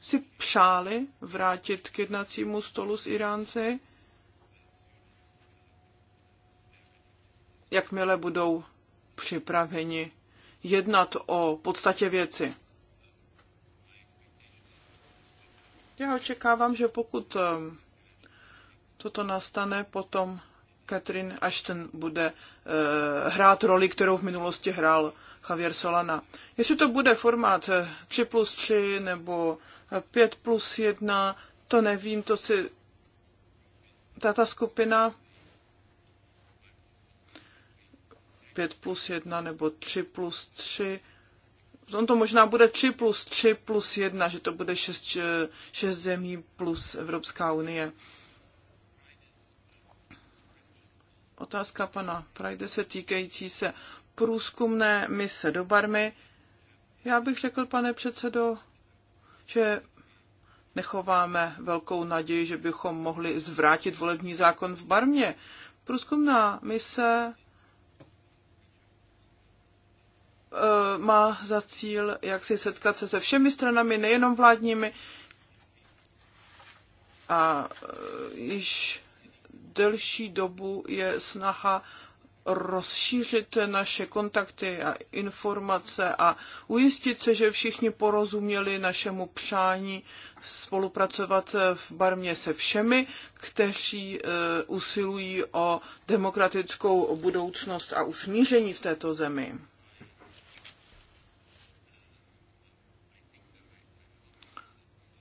si přáli vrátit k jednacímu stolu s Iránci, jakmile budou připraveni jednat o podstatě věci. Já očekávám, že pokud um, toto nastane, potom Catherine Ashton bude uh, hrát roli, kterou v minulosti hrál Javier Solana. Jestli to bude formát 3 eh, plus 3 nebo 5 eh, plus 1, to nevím, to si tata skupina 5 plus 1 nebo 3 plus 3. On to možná bude 3 plus 3 plus 1, že to bude 6, 6 zemí plus Evropská unie. Otázka pana Prajde se týkající se průzkumné mise do Barmy. Já bych řekl, pane předsedo, že nechováme velkou naději, že bychom mohli zvrátit volební zákon v Barmě. Průzkumná mise Eh, má za cíl, jak si setkat se se všemi stranami, nejenom vládními. A eh, již delší dobu je snaha rozšířit naše kontakty a informace a ujistit se, že všichni porozuměli našemu přání spolupracovat v Barmě se všemi, kteří eh, usilují o demokratickou budoucnost a usmíření v této zemi.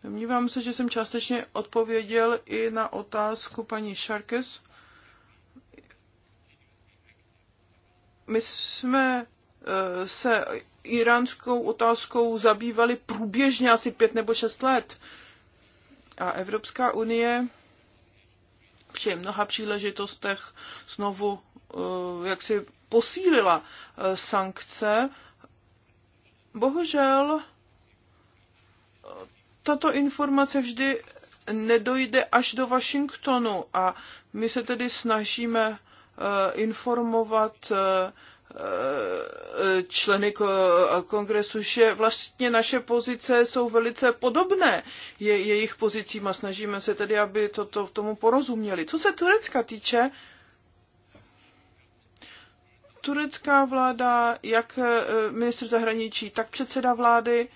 Domnívám se, že jsem částečně odpověděl i na otázku paní Šarkes. My jsme eh, se iránskou otázkou zabývali průběžně asi pět nebo šest let. A Evropská unie při mnoha příležitostech znovu eh, jak si posílila eh, sankce. Bohužel tato informace vždy nedojde až do Washingtonu a my se tedy snažíme eh, informovat eh, eh, členy kongresu, že vlastně naše pozice jsou velice podobné je, jejich pozicím a snažíme se tedy, aby to, to, tomu porozuměli. Co se Turecka týče, turecká vláda, jak minister zahraničí, tak předseda vlády,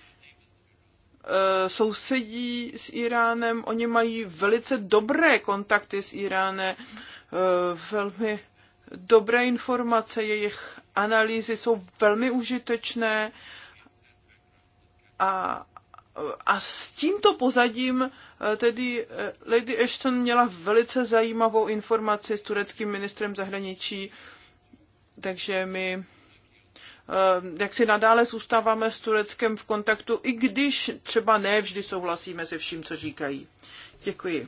E, sousedí s Iránem, oni mají velice dobré kontakty s Iránem, e, velmi dobré informace, jejich analýzy jsou velmi užitečné a, a s tímto pozadím e, tedy Lady Ashton měla velice zajímavou informaci s tureckým ministrem zahraničí, takže my Eh, jak si nadále zůstáváme s Tureckem v kontaktu, i když třeba ne vždy souhlasíme se vším, co říkají. Děkuji.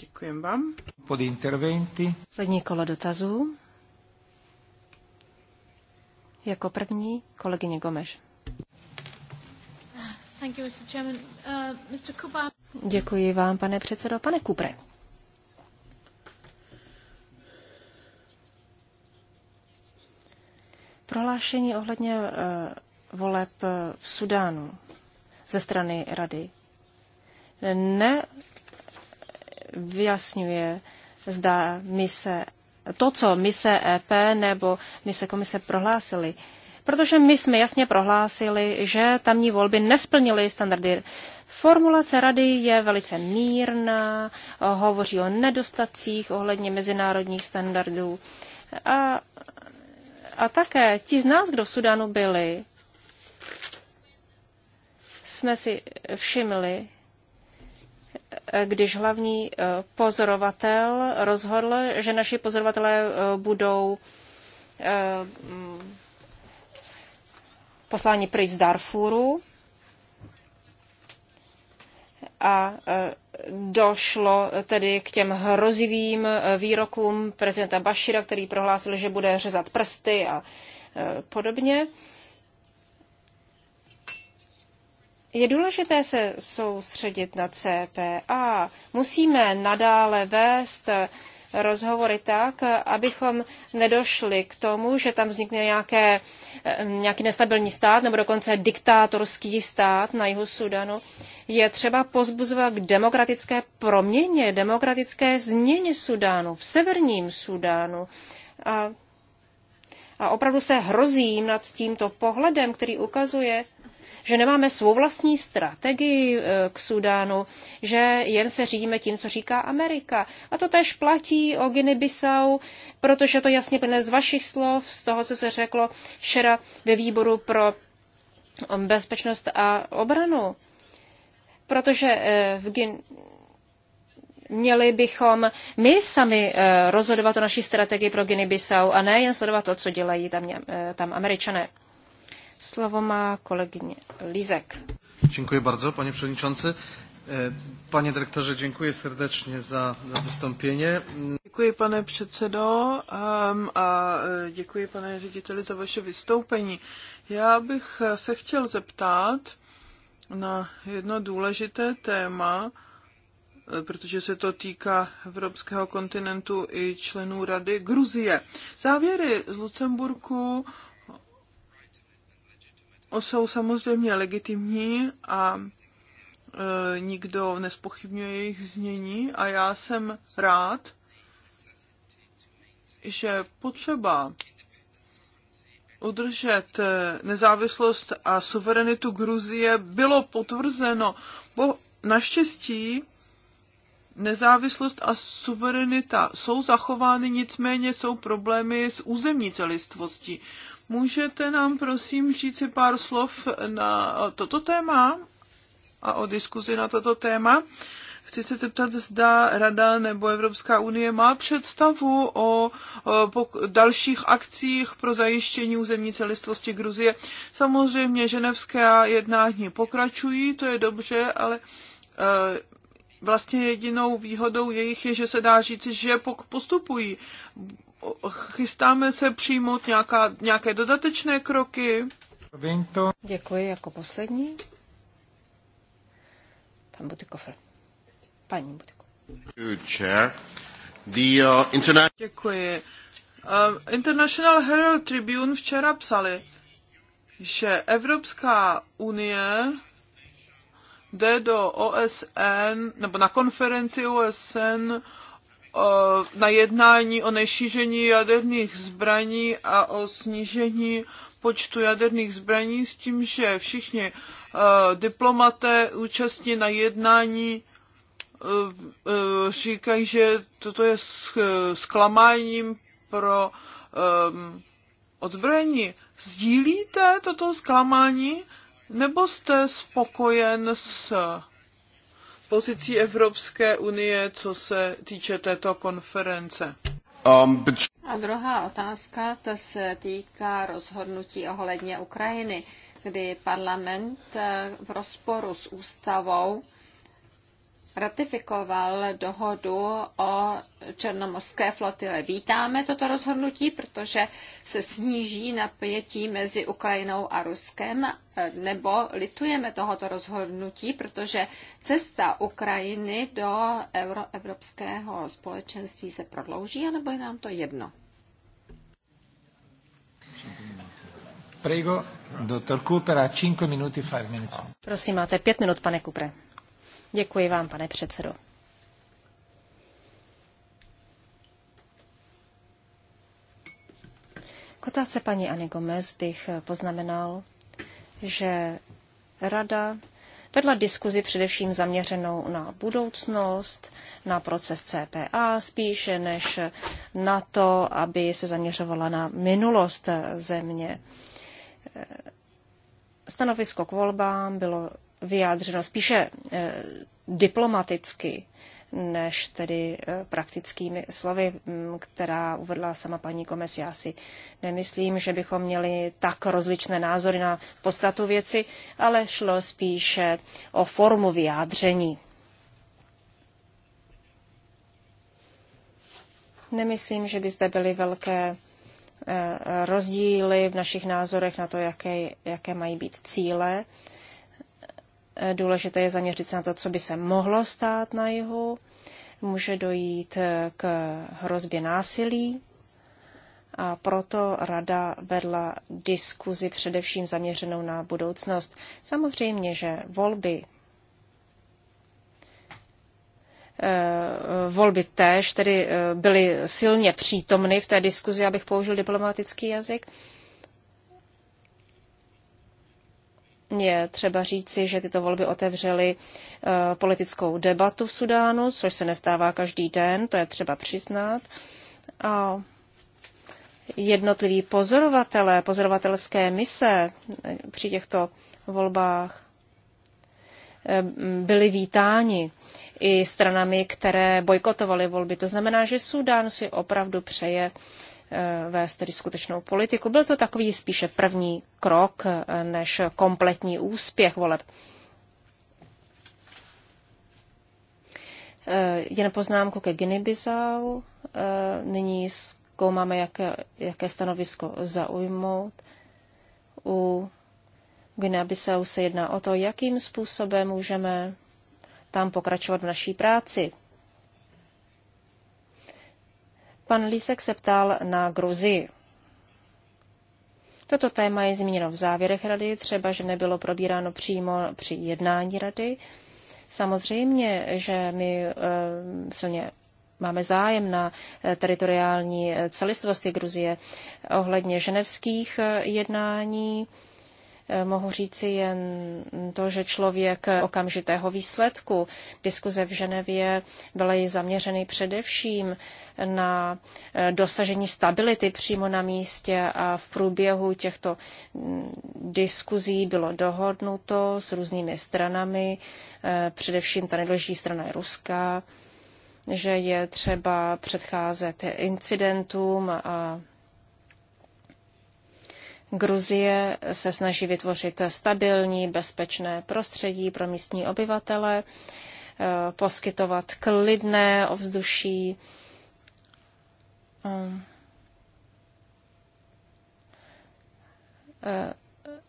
Děkuji vám. Pod interventy. Poslední kolo dotazů. Jako první kolegyně Gomeš. Eh, Děkuji vám, pane předsedo. Pane Kupre. Prohlášení ohledně eh, voleb eh, v Sudánu ze strany rady nevyjasňuje, zda mise, to, co mise EP nebo mise komise prohlásili, protože my jsme jasně prohlásili, že tamní volby nesplnily standardy. Formulace rady je velice mírná, hovoří o nedostacích ohledně mezinárodních standardů a a také ti z nás, kdo v Sudánu byli, jsme si všimli, když hlavní eh, pozorovatel rozhodl, že naši pozorovatelé eh, budou eh, posláni pryč z Darfuru, a e, došlo tedy k těm hrozivým e, výrokům prezidenta Bašira, který prohlásil, že bude řezat prsty a e, podobně. Je důležité se soustředit na CPA. Musíme nadále vést rozhovory tak, abychom nedošli k tomu, že tam vznikne nějaké, eh, nějaký nestabilní stát nebo dokonce diktátorský stát na jihu Sudanu. Je třeba pozbuzovat k demokratické proměně, demokratické změně Sudánu, v severním Sudánu. A, a opravdu se hrozím nad tímto pohledem, který ukazuje, že nemáme svou vlastní strategii eh, k Sudánu, že jen se řídíme tím, co říká Amerika. A to tež platí o Guinea-Bissau, protože to jasně plne z vašich slov, z toho, co se řeklo včera ve výboru pro eh, bezpečnost a obranu. Protože eh, v Gin- měli bychom my sami rozhodovat o naší strategii pro Guinea-Bissau a ne jen sledovat to, co dělají tam, tam američané. Slovo má kolegyně Lizek. Dziękuję bardzo, panie przewodniczący. E, panie dyrektorze, dziękuję serdecznie za, za wystąpienie. Děkuji, pane předsedo, a e, děkuji, pane řediteli, za vaše vystoupení. Já bych se chtěl zeptat na jedno důležité téma, e, protože se to týká evropského kontinentu i členů Rady Gruzie. Závěry z Lucemburku jsou samozřejmě legitimní a e, nikdo nespochybňuje jejich znění a já jsem rád, že potřeba udržet e, nezávislost a suverenitu Gruzie bylo potvrzeno. Bo naštěstí nezávislost a suverenita jsou zachovány, nicméně jsou problémy s územní celistvostí. Můžete nám prosím říct si pár slov na toto téma a o diskuzi na toto téma? Chci se zeptat, zda Rada nebo Evropská unie má představu o, o dalších akcích pro zajištění územní celistvosti Gruzie. Samozřejmě ženevské jednání pokračují, to je dobře, ale e, vlastně jedinou výhodou jejich je, že se dá říct, že postupují chystáme se přijmout nějaká, nějaké dodatečné kroky? Děkuji jako poslední. Pan Butikofer. Paní Butikofer. Uh, Děkuji. Uh, International Herald Tribune včera psali, že Evropská unie jde do OSN, nebo na konferenci OSN na jednání o nešíření jaderných zbraní a o snížení počtu jaderných zbraní s tím, že všichni diplomaté účastní na jednání říkají, že toto je zklamáním pro odzbrojení. Sdílíte toto zklamání nebo jste spokojen s pozicí Evropské unie, co se týče této konference? Um, A druhá otázka, ta se týká rozhodnutí ohledně Ukrajiny, kdy parlament eh, v rozporu s ústavou ratifikoval dohodu o černomorské flotile. Vítáme toto rozhodnutí, protože se sníží napětí mezi Ukrajinou a Ruskem, nebo litujeme tohoto rozhodnutí, protože cesta Ukrajiny do Evropského společenství se prodlouží, anebo je nám to jedno? Prego, doktor Kupera, 5 minut 5 Prosím, máte pět minut, pane Kupre. Děkuji vám, pane předsedo. K otázce paní Ani Gomez bych poznamenal, že rada vedla diskuzi především zaměřenou na budoucnost, na proces CPA spíše než na to, aby se zaměřovala na minulost země. Stanovisko k volbám bylo vyjádřeno spíše eh, diplomaticky než tedy eh, praktickými slovy, mm, která uvedla sama paní Komes. Já si nemyslím, že bychom měli tak rozličné názory na podstatu věci, ale šlo spíše o formu vyjádření. Nemyslím, že by zde byly velké eh, rozdíly v našich názorech na to, jaké, jaké mají být cíle Eh, důležité je zaměřit se na to, co by se mohlo stát na jihu. Může dojít eh, k hrozbě násilí. A proto rada vedla diskuzi především zaměřenou na budoucnost. Samozřejmě, že volby eh, volby též, tedy byly silně přítomny v té diskuzi, abych použil diplomatický jazyk. Je třeba říci, že tyto volby otevřely eh, politickou debatu v Sudánu, což se nestává každý den, to je třeba přiznat. A jednotliví pozorovatelé, pozorovatelské mise eh, při těchto volbách eh, byli vítáni i stranami, které bojkotovaly volby. To znamená, že Súdán si opravdu přeje Eh, vést tedy skutečnou politiku. Byl to takový spíše první krok eh, než kompletní úspěch voleb. Eh, jen poznámku ke guinea Nyní zkoumáme, jaké, jaké stanovisko zaujmout. U guinea se jedná o to, jakým způsobem můžeme tam pokračovat v naší práci. Pan Lísek se ptal na Gruzii. Toto téma je zmíněno v závěrech rady, třeba že nebylo probíráno přímo při jednání rady. Samozřejmě, že my e, silně máme zájem na eh, teritoriální eh, celistvosti Gruzie ohledně ženevských jednání. E, Eh, mohu říci jen to, že člověk okamžitého výsledku diskuze v Ženevě byly zaměřený především na eh, dosažení stability přímo na místě a v průběhu těchto mm, diskuzí bylo dohodnuto s různými stranami, eh, především ta nejdůležitější strana je ruská, že je třeba předcházet incidentům a Gruzie se snaží vytvořit stabilní, bezpečné prostředí pro místní obyvatele, eh, poskytovat klidné ovzduší. Eh,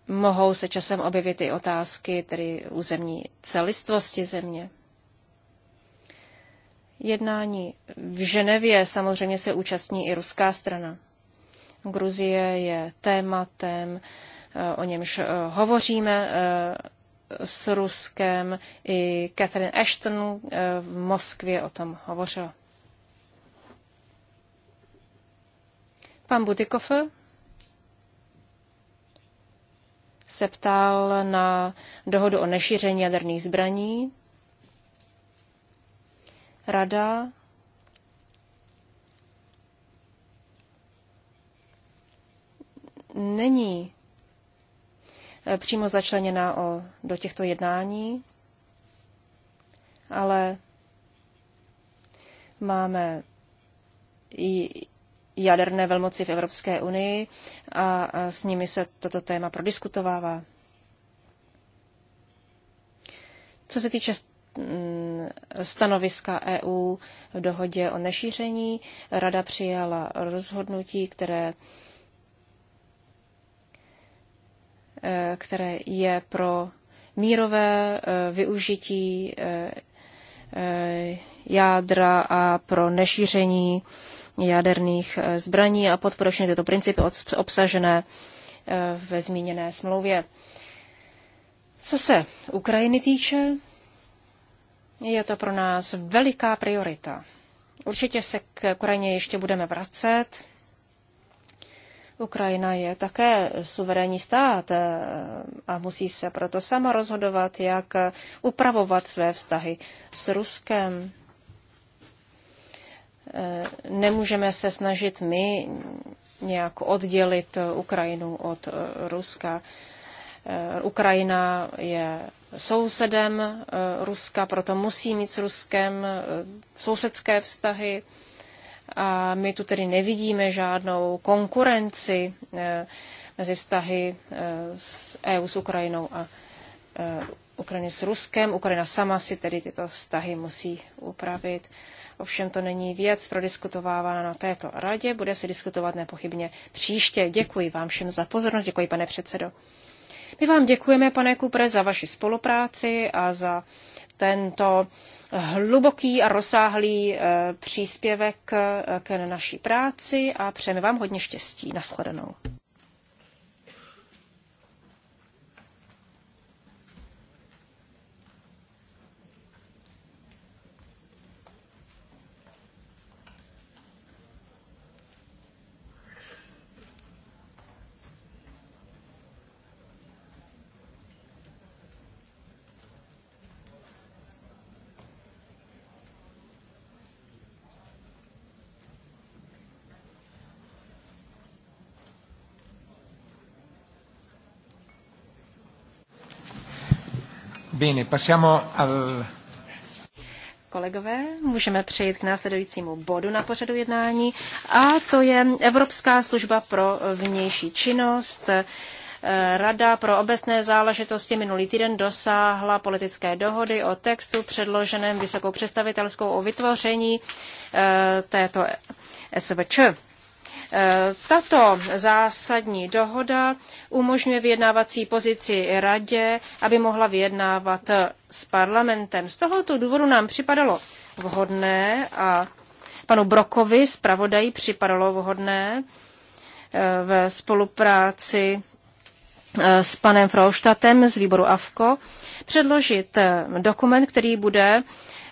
mohou se časem objevit i otázky tedy územní celistvosti země. Jednání v Ženevě samozřejmě se účastní i ruská strana. Gruzie je tématem, eh, o němž eh, hovoříme eh, s Ruskem. I Catherine Ashton v Moskvě o tom hovořila. Pan Butikofer se ptal na dohodu o nešíření jaderných zbraní. Rada není eh, přímo začleněna o, do těchto jednání, ale máme i jaderné velmoci v Evropské unii a s nimi se toto téma prodiskutovává. Co se týče mm, stanoviska EU v dohodě o nešíření, Rada přijala rozhodnutí, které Eh, které je pro mírové eh, využití eh, jádra a pro nešíření jaderných zbraní a podporu všechny tyto principy obsažené ve zmíněné smlouvě. Co se Ukrajiny týče, je to pro nás veliká priorita. Určitě se k Ukrajině ještě budeme vracet. Ukrajina je také suverénní stát eh, a musí se proto sama rozhodovat, jak eh, upravovat své vztahy s Ruskem. Eh, nemůžeme se snažit my nějak oddělit Ukrajinu od Ruska. Ukrajina je sousedem Ruska, proto musí mít s Ruskem sousedské vztahy. A my tu tedy nevidíme žádnou konkurenci eh, mezi vztahy eh, s EU s Ukrajinou a eh, Ukrajiny s Ruskem. Ukrajina sama si tedy tyto vztahy musí upravit. Ovšem to není věc prodiskutovávána na této radě, bude se diskutovat nepochybně příště. Děkuji vám všem za pozornost, děkuji pane předsedo. My vám děkujeme, pane Kupre, za vaši spolupráci a za tento hluboký a rozsáhlý eh, příspěvek eh, k naší práci a přejeme vám hodně štěstí. Naschledanou. Bene, passiamo al... Kolegové, můžeme přejít k následujícímu bodu na pořadu jednání a to je Evropská služba pro vnější činnost. Eh, Rada pro obecné záležitosti minulý týden dosáhla politické dohody o textu předloženém vysokou představitelskou o vytvoření eh, této SVČ. Eh, tato zásadní dohoda umožňuje vyjednávací pozici radě, aby mohla vyjednávat s parlamentem. Z tohoto důvodu nám připadalo vhodné a panu Brokovi zpravodají připadalo vhodné eh, ve spolupráci eh, s panem Frauštatem z výboru AFKO předložit dokument, který bude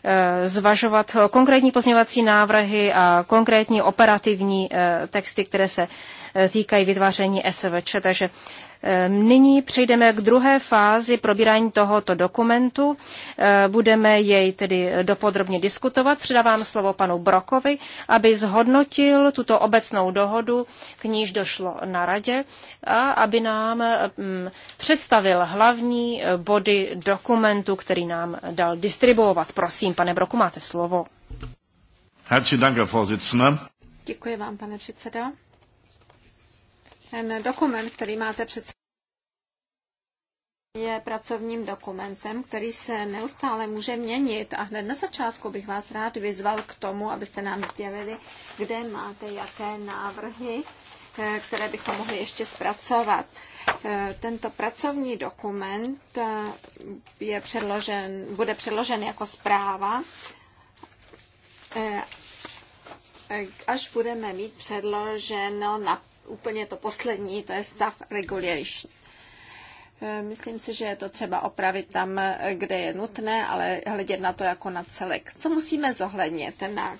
Eh, zvažovat konkrétní pozměňovací návrhy a konkrétní operativní eh, texty, které se eh, týkají vytváření SVČ. Takže Ehm, nyní přejdeme k druhé fázi probírání tohoto dokumentu. Ehm, budeme jej tedy dopodrobně diskutovat. Předávám slovo panu Brokovi, aby zhodnotil tuto obecnou dohodu, k níž došlo na radě, a aby nám ehm, představil hlavní eh, body dokumentu, který nám dal distribuovat. Prosím, pane Broku, máte slovo. Děkuji vám, pane předseda. Ten dokument, který máte před je pracovním dokumentem, který se neustále může měnit. A hned na začátku bych vás rád vyzval k tomu, abyste nám sdělili, kde máte jaké návrhy, eh, které bychom mohli ještě zpracovat. Eh, tento pracovní dokument eh, je předložen, bude předložen jako zpráva až budeme mít předloženo na úplně to poslední, to je stav regulation. E, myslím si, že je to třeba opravit tam, kde je nutné, ale hledět na to jako na celek. Co musíme zohlednit? Na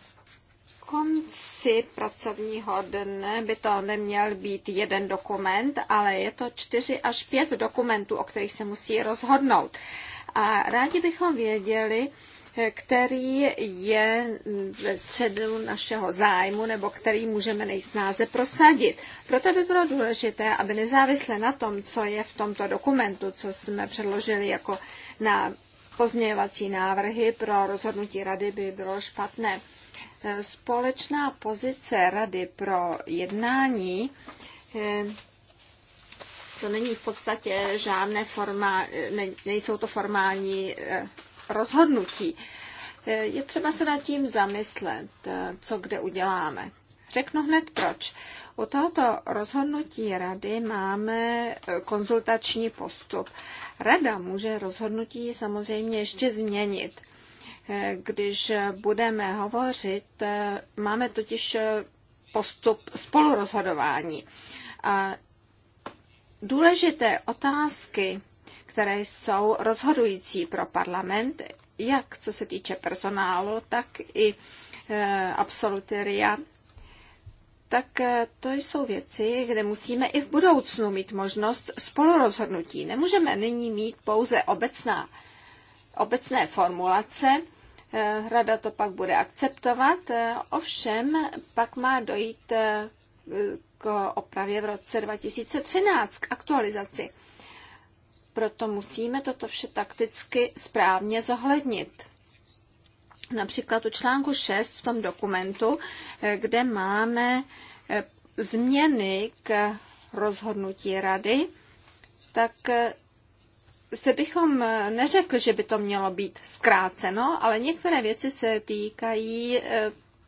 konci pracovního dne by to neměl být jeden dokument, ale je to čtyři až pět dokumentů, o kterých se musí rozhodnout. A rádi bychom věděli, který je ve středu našeho zájmu nebo který můžeme nejsnáze prosadit. Proto by bylo důležité, aby nezávisle na tom, co je v tomto dokumentu, co jsme předložili jako na pozměňovací návrhy pro rozhodnutí rady, by bylo špatné. Společná pozice rady pro jednání eh, to není v podstatě žádné formální, nejsou to formální eh, rozhodnutí. Eh, je třeba se nad tím zamyslet, eh, co kde uděláme. Řeknu hned proč. U tohoto rozhodnutí rady máme eh, konzultační postup. Rada může rozhodnutí samozřejmě ještě změnit. Když budeme hovořit, máme totiž postup spolurozhodování. A důležité otázky které jsou rozhodující pro parlament, jak co se týče personálu, tak i eh, absolutoria. Tak eh, to jsou věci, kde musíme i v budoucnu mít možnost spolurozhodnutí. Nemůžeme nyní mít pouze obecná, obecné formulace, eh, Rada to pak bude akceptovat, ovšem pak má dojít k opravě v roce 2013, k aktualizaci. Proto musíme toto vše takticky správně zohlednit. Například u článku 6 v tom dokumentu, eh, kde máme eh, změny k rozhodnutí rady, tak eh, zde bychom neřekli, že by to mělo být zkráceno, ale některé věci se týkají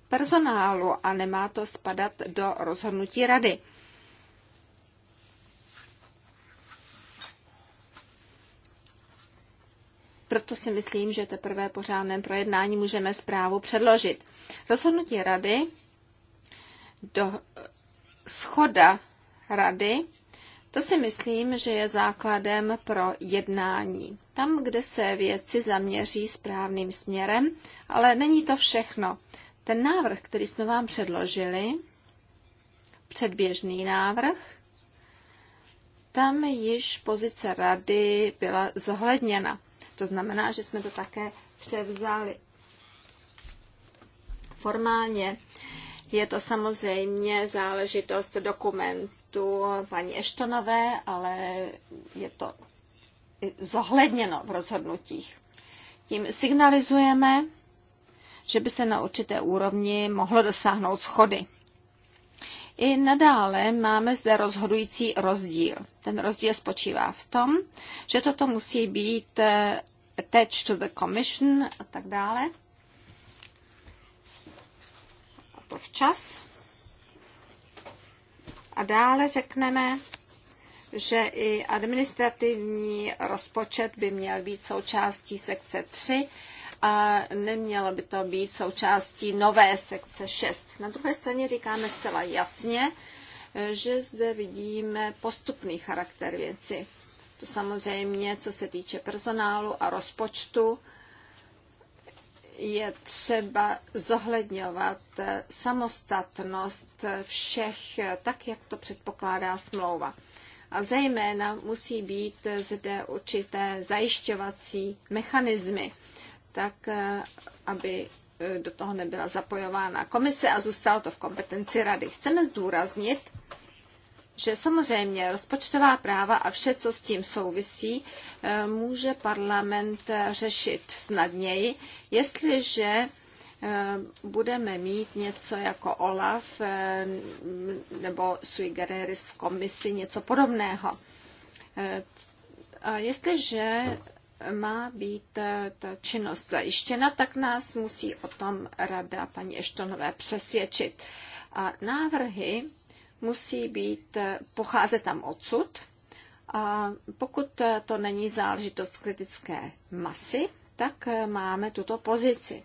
personálu a nemá to spadat do rozhodnutí rady. proto si myslím, že teprve po řádném projednání můžeme zprávu předložit. Rozhodnutí rady do schoda rady, to si myslím, že je základem pro jednání. Tam, kde se věci zaměří správným směrem, ale není to všechno. Ten návrh, který jsme vám předložili, předběžný návrh, tam již pozice rady byla zohledněna. To znamená, že jsme to také převzali. Formálně je to samozřejmě záležitost dokumentu paní Eštonové, ale je to zohledněno v rozhodnutích. Tím signalizujeme, že by se na určité úrovni mohlo dosáhnout schody. I nadále máme zde rozhodující rozdíl. Ten rozdíl spočívá v tom, že toto musí být eh, attached to the commission a tak dále. A to včas. A dále řekneme, že i administrativní rozpočet by měl být součástí sekce 3 a nemělo by to být součástí nové sekce 6. Na druhé straně říkáme zcela jasně, že zde vidíme postupný charakter věci. To samozřejmě, co se týče personálu a rozpočtu, je třeba zohledňovat samostatnost všech, tak jak to předpokládá smlouva. A zejména musí být zde určité zajišťovací mechanismy tak eh, aby eh, do toho nebyla zapojována komise a zůstalo to v kompetenci rady. Chceme zdůraznit, že samozřejmě rozpočtová práva a vše, co s tím souvisí, eh, může parlament řešit snadněji, jestliže budeme mít něco jako OLAF nebo sui generis v komisi, něco podobného. A jestliže má být eh, ta činnost zajištěna, tak nás musí o tom rada paní Eštonové přesvědčit. A návrhy musí být, eh, pocházet tam odsud. A pokud eh, to není záležitost kritické masy, tak máme tuto pozici.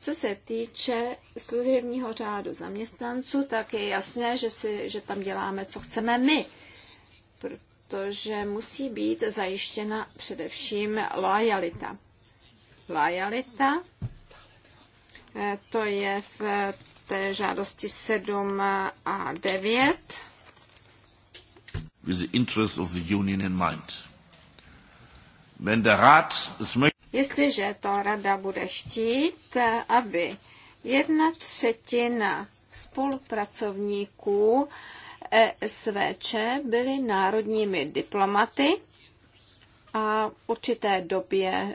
Co se týče služebního řádu zaměstnanců, tak je jasné, že, si, že tam děláme, co chceme my protože musí být zajištěna především lojalita. Lojalita, eh, to je v té žádosti 7 a 9. With the interest of the union in mind. when the Rat is making. Jestliže to rada bude chtít, eh, aby jedna třetina spolupracovníků ESVČ byli národními diplomaty a v určité době e,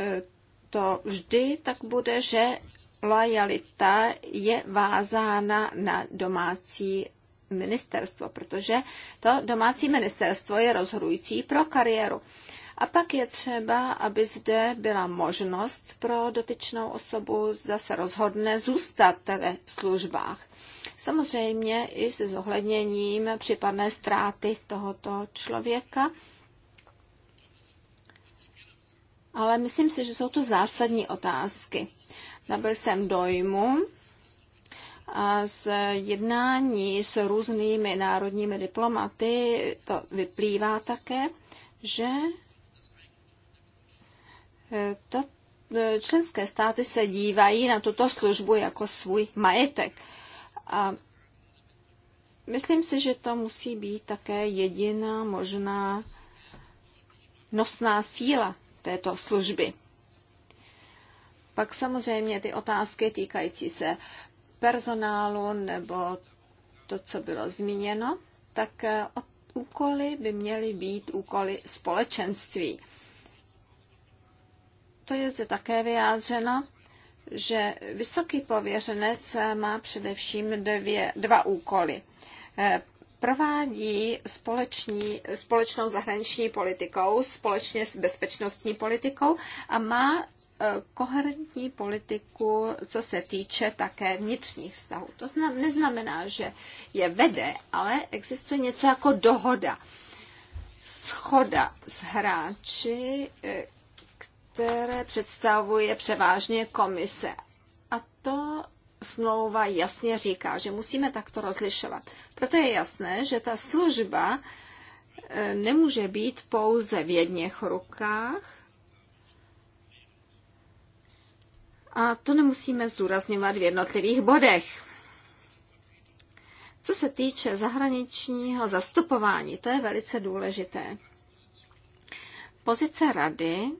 e, to vždy tak bude, že lojalita je vázána na domácí ministerstvo, protože to domácí ministerstvo je rozhodující pro kariéru. A pak je třeba, aby zde byla možnost pro dotyčnou osobu, zase rozhodne zůstat ve službách samozřejmě i se zohledněním případné ztráty tohoto člověka. Ale myslím si, že jsou to zásadní otázky. Nabyl jsem dojmu a z jednání s různými národními diplomaty to vyplývá také, že e, to e, členské státy se dívají na tuto službu jako svůj majetek. A myslím si, že to musí být také jediná možná nosná síla této služby. Pak samozřejmě ty otázky týkající se personálu nebo to, co bylo zmíněno, tak eh, úkoly by měly být úkoly společenství. To je zde také vyjádřeno že vysoký pověřenec má především dvě, dva úkoly. Eh, provádí společní, společnou zahraniční politikou společně s bezpečnostní politikou a má eh, koherentní politiku, co se týče také vnitřních vztahů. To neznamená, že je vede, ale existuje něco jako dohoda. Schoda s hráči, eh, které představuje převážně komise. A to smlouva jasně říká, že musíme takto rozlišovat. Proto je jasné, že ta služba e, nemůže být pouze v jedněch rukách, a to nemusíme zdůrazňovat v jednotlivých bodech. Co se týče zahraničního zastupování, to je velice důležité. Pozice rady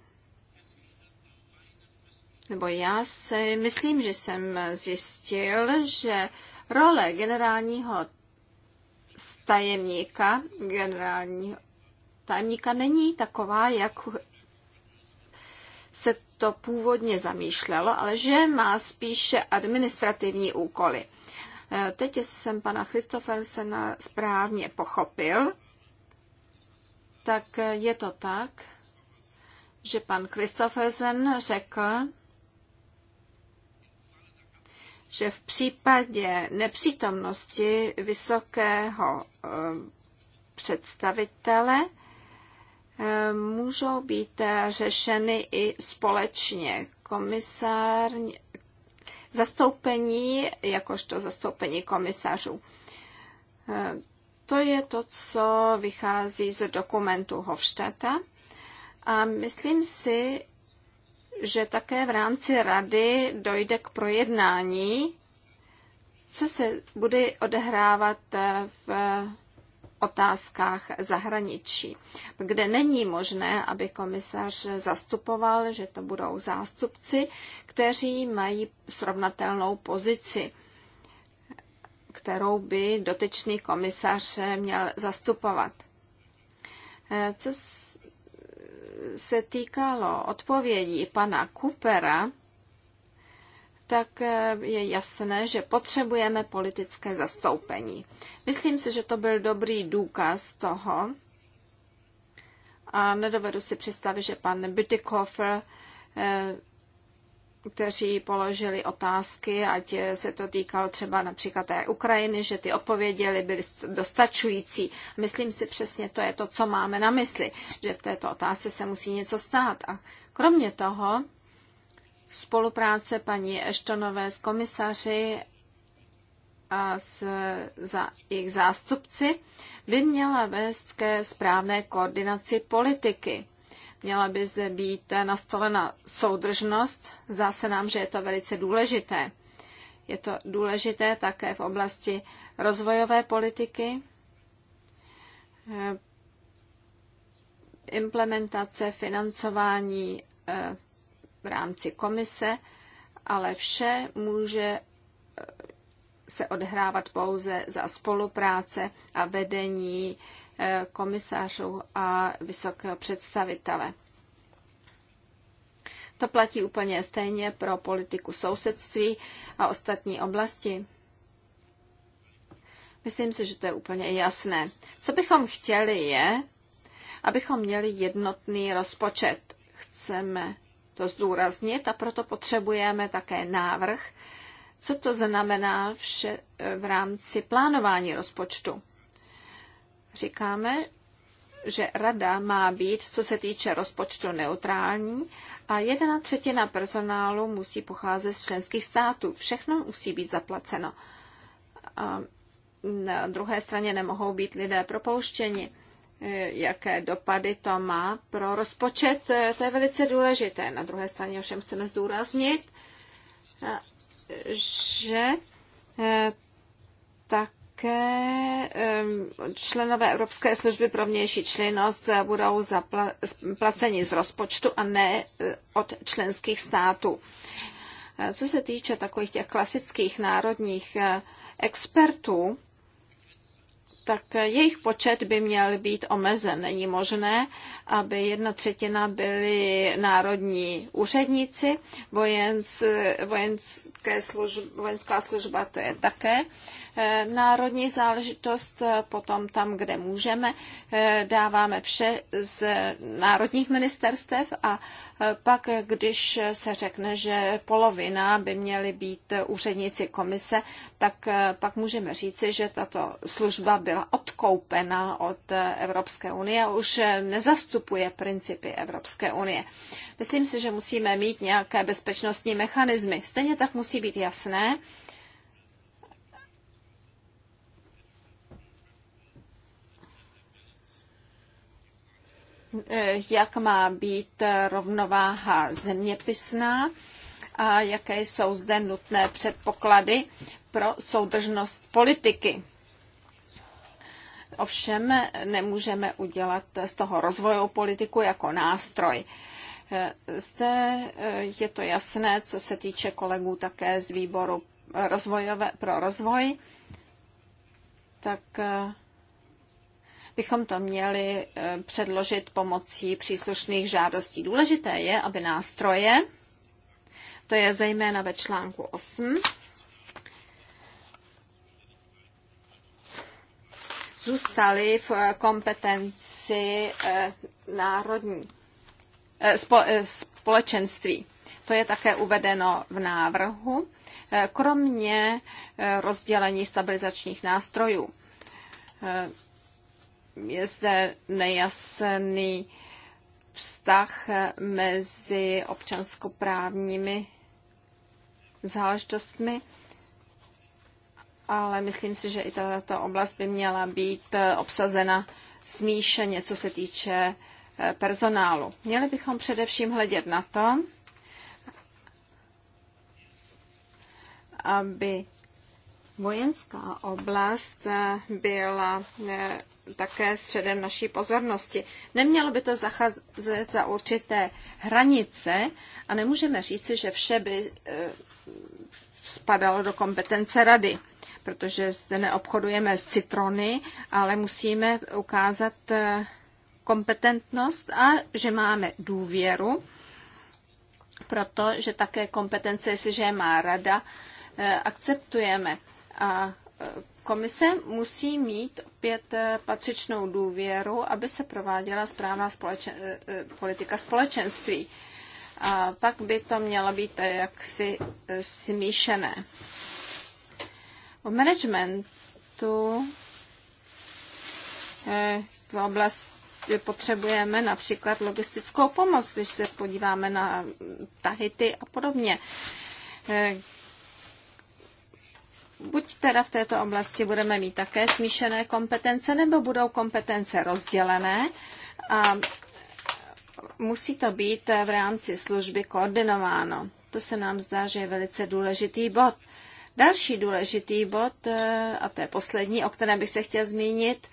nebo já si myslím, že jsem zjistil, že role generálního tajemníka, generálního tajemníka není taková, jak se to původně zamýšlelo, ale že má spíše administrativní úkoly. Teď jsem pana Christophersena správně pochopil, tak je to tak, že pan Christophersen řekl, že v případě nepřítomnosti vysokého eh, představitele eh, můžou být eh, řešeny i společně. Komisár, zastoupení, jakožto zastoupení komisařů. To je to, co vychází z dokumentu Hofstadta. A myslím si, že také v rámci rady dojde k projednání, co se bude odehrávat v otázkách zahraničí, kde není možné, aby komisař zastupoval, že to budou zástupci, kteří mají srovnatelnou pozici, kterou by dotyčný komisař měl zastupovat. Co se týkalo odpovědí pana Coopera, tak eh, je jasné, že potřebujeme politické zastoupení. Myslím si, že to byl dobrý důkaz toho a nedovedu si představit, že pan Bütikofer eh, kteří položili otázky, ať se to týkalo třeba například té Ukrajiny, že ty odpověděli byly dostačující. Myslím si přesně to je to, co máme na mysli, že v této otázce se musí něco stát. A kromě toho spolupráce paní Eštonové s komisaři a s, za jejich zástupci by měla vést ke správné koordinaci politiky Měla by zde být nastolena soudržnost. Zdá se nám, že je to velice důležité. Je to důležité také v oblasti rozvojové politiky, eh, implementace, financování eh, v rámci komise, ale vše může eh, se odhrávat pouze za spolupráce a vedení komisařů a vysokého představitele. To platí úplně stejně pro politiku sousedství a ostatní oblasti. Myslím si, že to je úplně jasné. Co bychom chtěli je, abychom měli jednotný rozpočet. Chceme to zdůraznit a proto potřebujeme také návrh, co to znamená vše v rámci plánování rozpočtu říkáme, že rada má být, co se týče rozpočtu, neutrální a jedna třetina personálu musí pocházet z členských států. Všechno musí být zaplaceno. A na druhé straně nemohou být lidé propouštěni. Jaké dopady to má pro rozpočet, to je velice důležité. Na druhé straně ovšem chceme zdůraznit, že eh, tak také členové Evropské služby pro vnější činnost budou placeni z rozpočtu a ne e, od členských států. E, co se týče takových těch klasických národních e, expertů, tak jejich počet by měl být omezen. Není možné, aby jedna třetina byli národní úředníci, vojenské služba, vojenská služba to je také eh, národní záležitost, potom tam, kde můžeme, eh, dáváme vše z národních ministerstev a pak, když se řekne, že polovina by měly být úředníci komise, tak eh, pak můžeme říci, že tato služba byla odkoupena od Evropské unie a už nezastupuje principy Evropské unie. Myslím si, že musíme mít nějaké bezpečnostní mechanismy. Stejně tak musí být jasné, Eh, jak má být rovnováha zeměpisná a jaké jsou zde nutné předpoklady pro soudržnost politiky. Ovšem nemůžeme udělat z toho rozvojovou politiku jako nástroj. Eh, zde eh, je to jasné, co se týče kolegů také z výboru rozvojové, pro rozvoj, tak bychom to měli eh, předložit pomocí příslušných žádostí. Důležité je, aby nástroje, to je zejména ve článku 8, zůstaly v eh, kompetenci eh, národní společenství. To je také uvedeno v návrhu, kromě rozdělení stabilizačních nástrojů je zde nejasný vztah mezi občanskoprávními záležitostmi, ale myslím si, že i tato oblast by měla být obsazena smíšeně, co se týče eh, personálu. Měli bychom především hledět na to, aby Vojenská oblast eh, byla eh, také středem naší pozornosti. Nemělo by to zacházet za určité hranice a nemůžeme říci, že vše by eh, spadalo do kompetence rady, protože zde neobchodujeme s citrony, ale musíme ukázat kompetentnost a že máme důvěru, protože také kompetence, jestliže má rada, akceptujeme. A e, komise musí mít opět e, patřičnou důvěru, aby se prováděla správná společen, e, politika společenství. A pak by to mělo být jaksi smíšené. V managementu v oblasti potřebujeme například logistickou pomoc, když se podíváme na Tahiti a podobně buď teda v této oblasti budeme mít také smíšené kompetence, nebo budou kompetence rozdělené a musí to být v rámci služby koordinováno. To se nám zdá, že je velice důležitý bod. Další důležitý bod, eh, a to je poslední, o kterém bych se chtěl zmínit,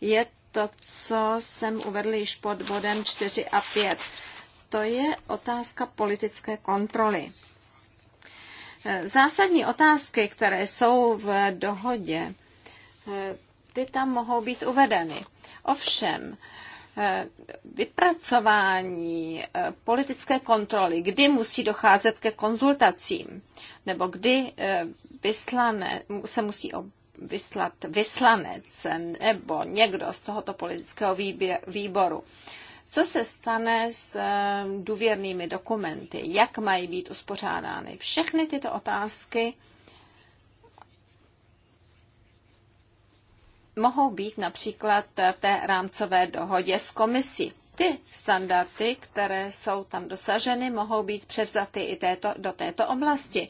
je to, co jsem uvedl již pod bodem 4 a 5. To je otázka politické kontroly. Zásadní otázky, které jsou v dohodě, eh, ty tam mohou být uvedeny. Ovšem, eh, vypracování eh, politické kontroly, kdy musí docházet ke konzultacím, nebo kdy vyslane, se musí vyslat vyslanec nebo někdo z tohoto politického výboru co se stane s eh, důvěrnými dokumenty? Jak mají být uspořádány? Všechny tyto otázky mohou být například v té rámcové dohodě s komisí. Ty standardy, které jsou tam dosaženy, mohou být převzaty i této, do této oblasti.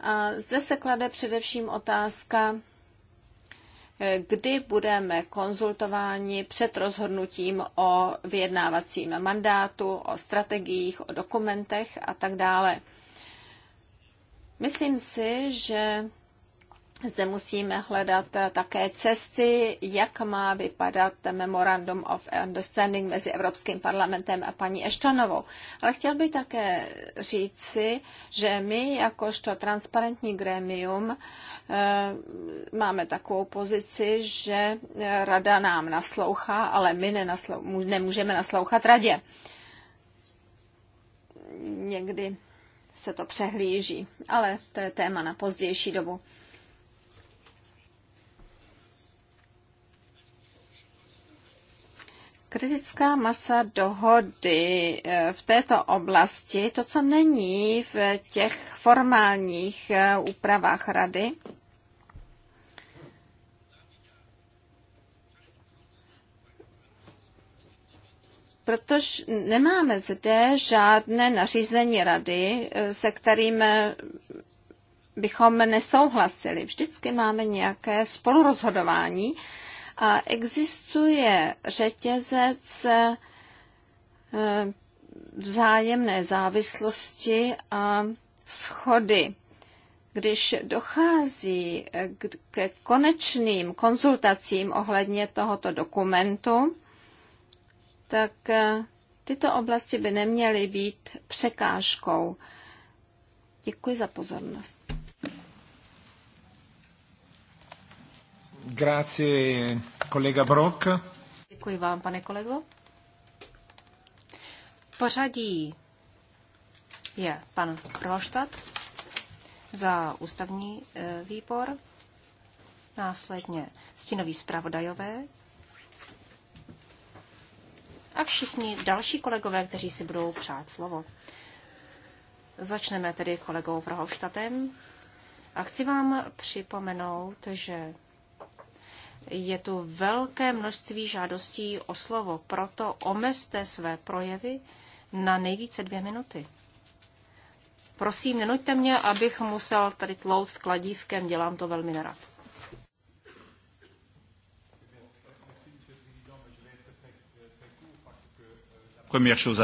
A zde se klade především otázka, kdy budeme konzultováni před rozhodnutím o vyjednávacím mandátu, o strategiích, o dokumentech a tak dále. Myslím si, že zde musíme hledat eh, také cesty, jak má vypadat Memorandum of Understanding mezi Evropským parlamentem a paní Eštanovou. Ale chtěl bych také říci, že my jakožto transparentní grémium eh, máme takovou pozici, že eh, rada nám naslouchá, ale my nemůžeme naslouchat radě. Někdy se to přehlíží, ale to je téma na pozdější dobu. Kritická masa dohody eh, v této oblasti, to, co není v těch formálních eh, úpravách rady, protože nemáme zde žádné nařízení rady, eh, se kterým bychom nesouhlasili. Vždycky máme nějaké spolurozhodování, a existuje řetězec eh, vzájemné závislosti a schody. Když dochází eh, ke konečným konzultacím ohledně tohoto dokumentu, tak eh, tyto oblasti by neměly být překážkou. Děkuji za pozornost. Grazie, kolega Brok. Děkuji vám, pane kolego. Pořadí je pan Kroštat za ústavní e, výbor, následně stinový zpravodajové a všichni další kolegové, kteří si budou přát slovo. Začneme tedy kolegou Prohovštatem a chci vám připomenout, že je tu velké množství žádostí o slovo, proto omezte své projevy na nejvíce dvě minuty. Prosím, nenuďte mě, abych musel tady tlouct kladívkem, dělám to velmi nerad. Euh,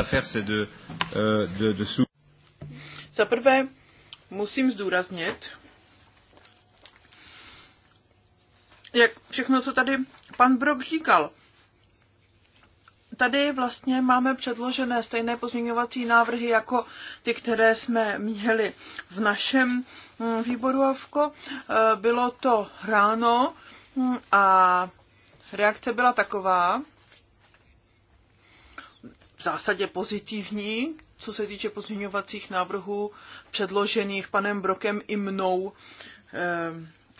Za prvé musím zdůraznit, jak všechno, co tady pan Brok říkal. Tady vlastně máme předložené stejné pozměňovací návrhy jako ty, které jsme měli v našem mm, výboru AVKO. E, bylo to ráno mm, a reakce byla taková, v zásadě pozitivní, co se týče pozměňovacích návrhů předložených panem Brokem i mnou e,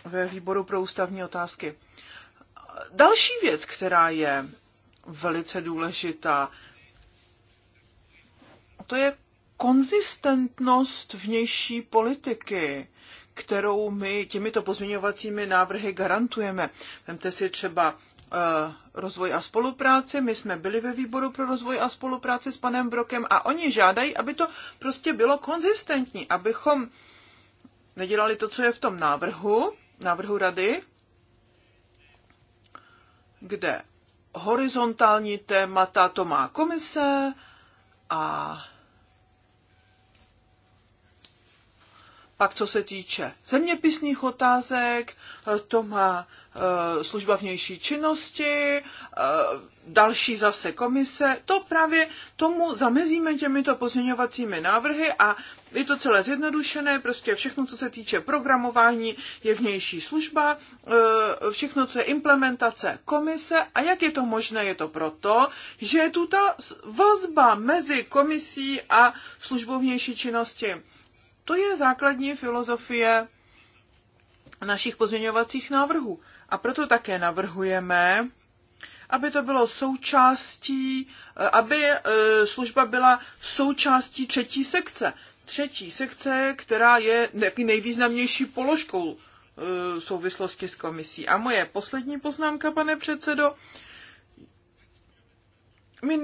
ve výboru pro ústavní otázky. Další věc, která je velice důležitá, to je konzistentnost vnější politiky, kterou my těmito pozměňovacími návrhy garantujeme. Vemte si třeba eh, rozvoj a spolupráci. My jsme byli ve výboru pro rozvoj a spolupráci s panem Brokem a oni žádají, aby to prostě bylo konzistentní, abychom nedělali to, co je v tom návrhu, návrhu rady, kde horizontální témata to má komise a Pak co se týče zeměpisných otázek, to má eh, služba vnější činnosti, eh, další zase komise. To právě tomu zamezíme těmito pozměňovacími návrhy a je to celé zjednodušené, prostě všechno, co se týče programování, je vnější služba, eh, všechno, co je implementace komise a jak je to možné, je to proto, že je tu ta vazba mezi komisí a službou vnější činnosti. To je základní filozofie našich pozměňovacích návrhů. A proto také navrhujeme, aby to bylo součástí, eh, aby eh, služba byla součástí třetí sekce. Třetí sekce, která je nejvýznamnější položkou v eh, souvislosti s komisí. A moje poslední poznámka, pane předsedo, my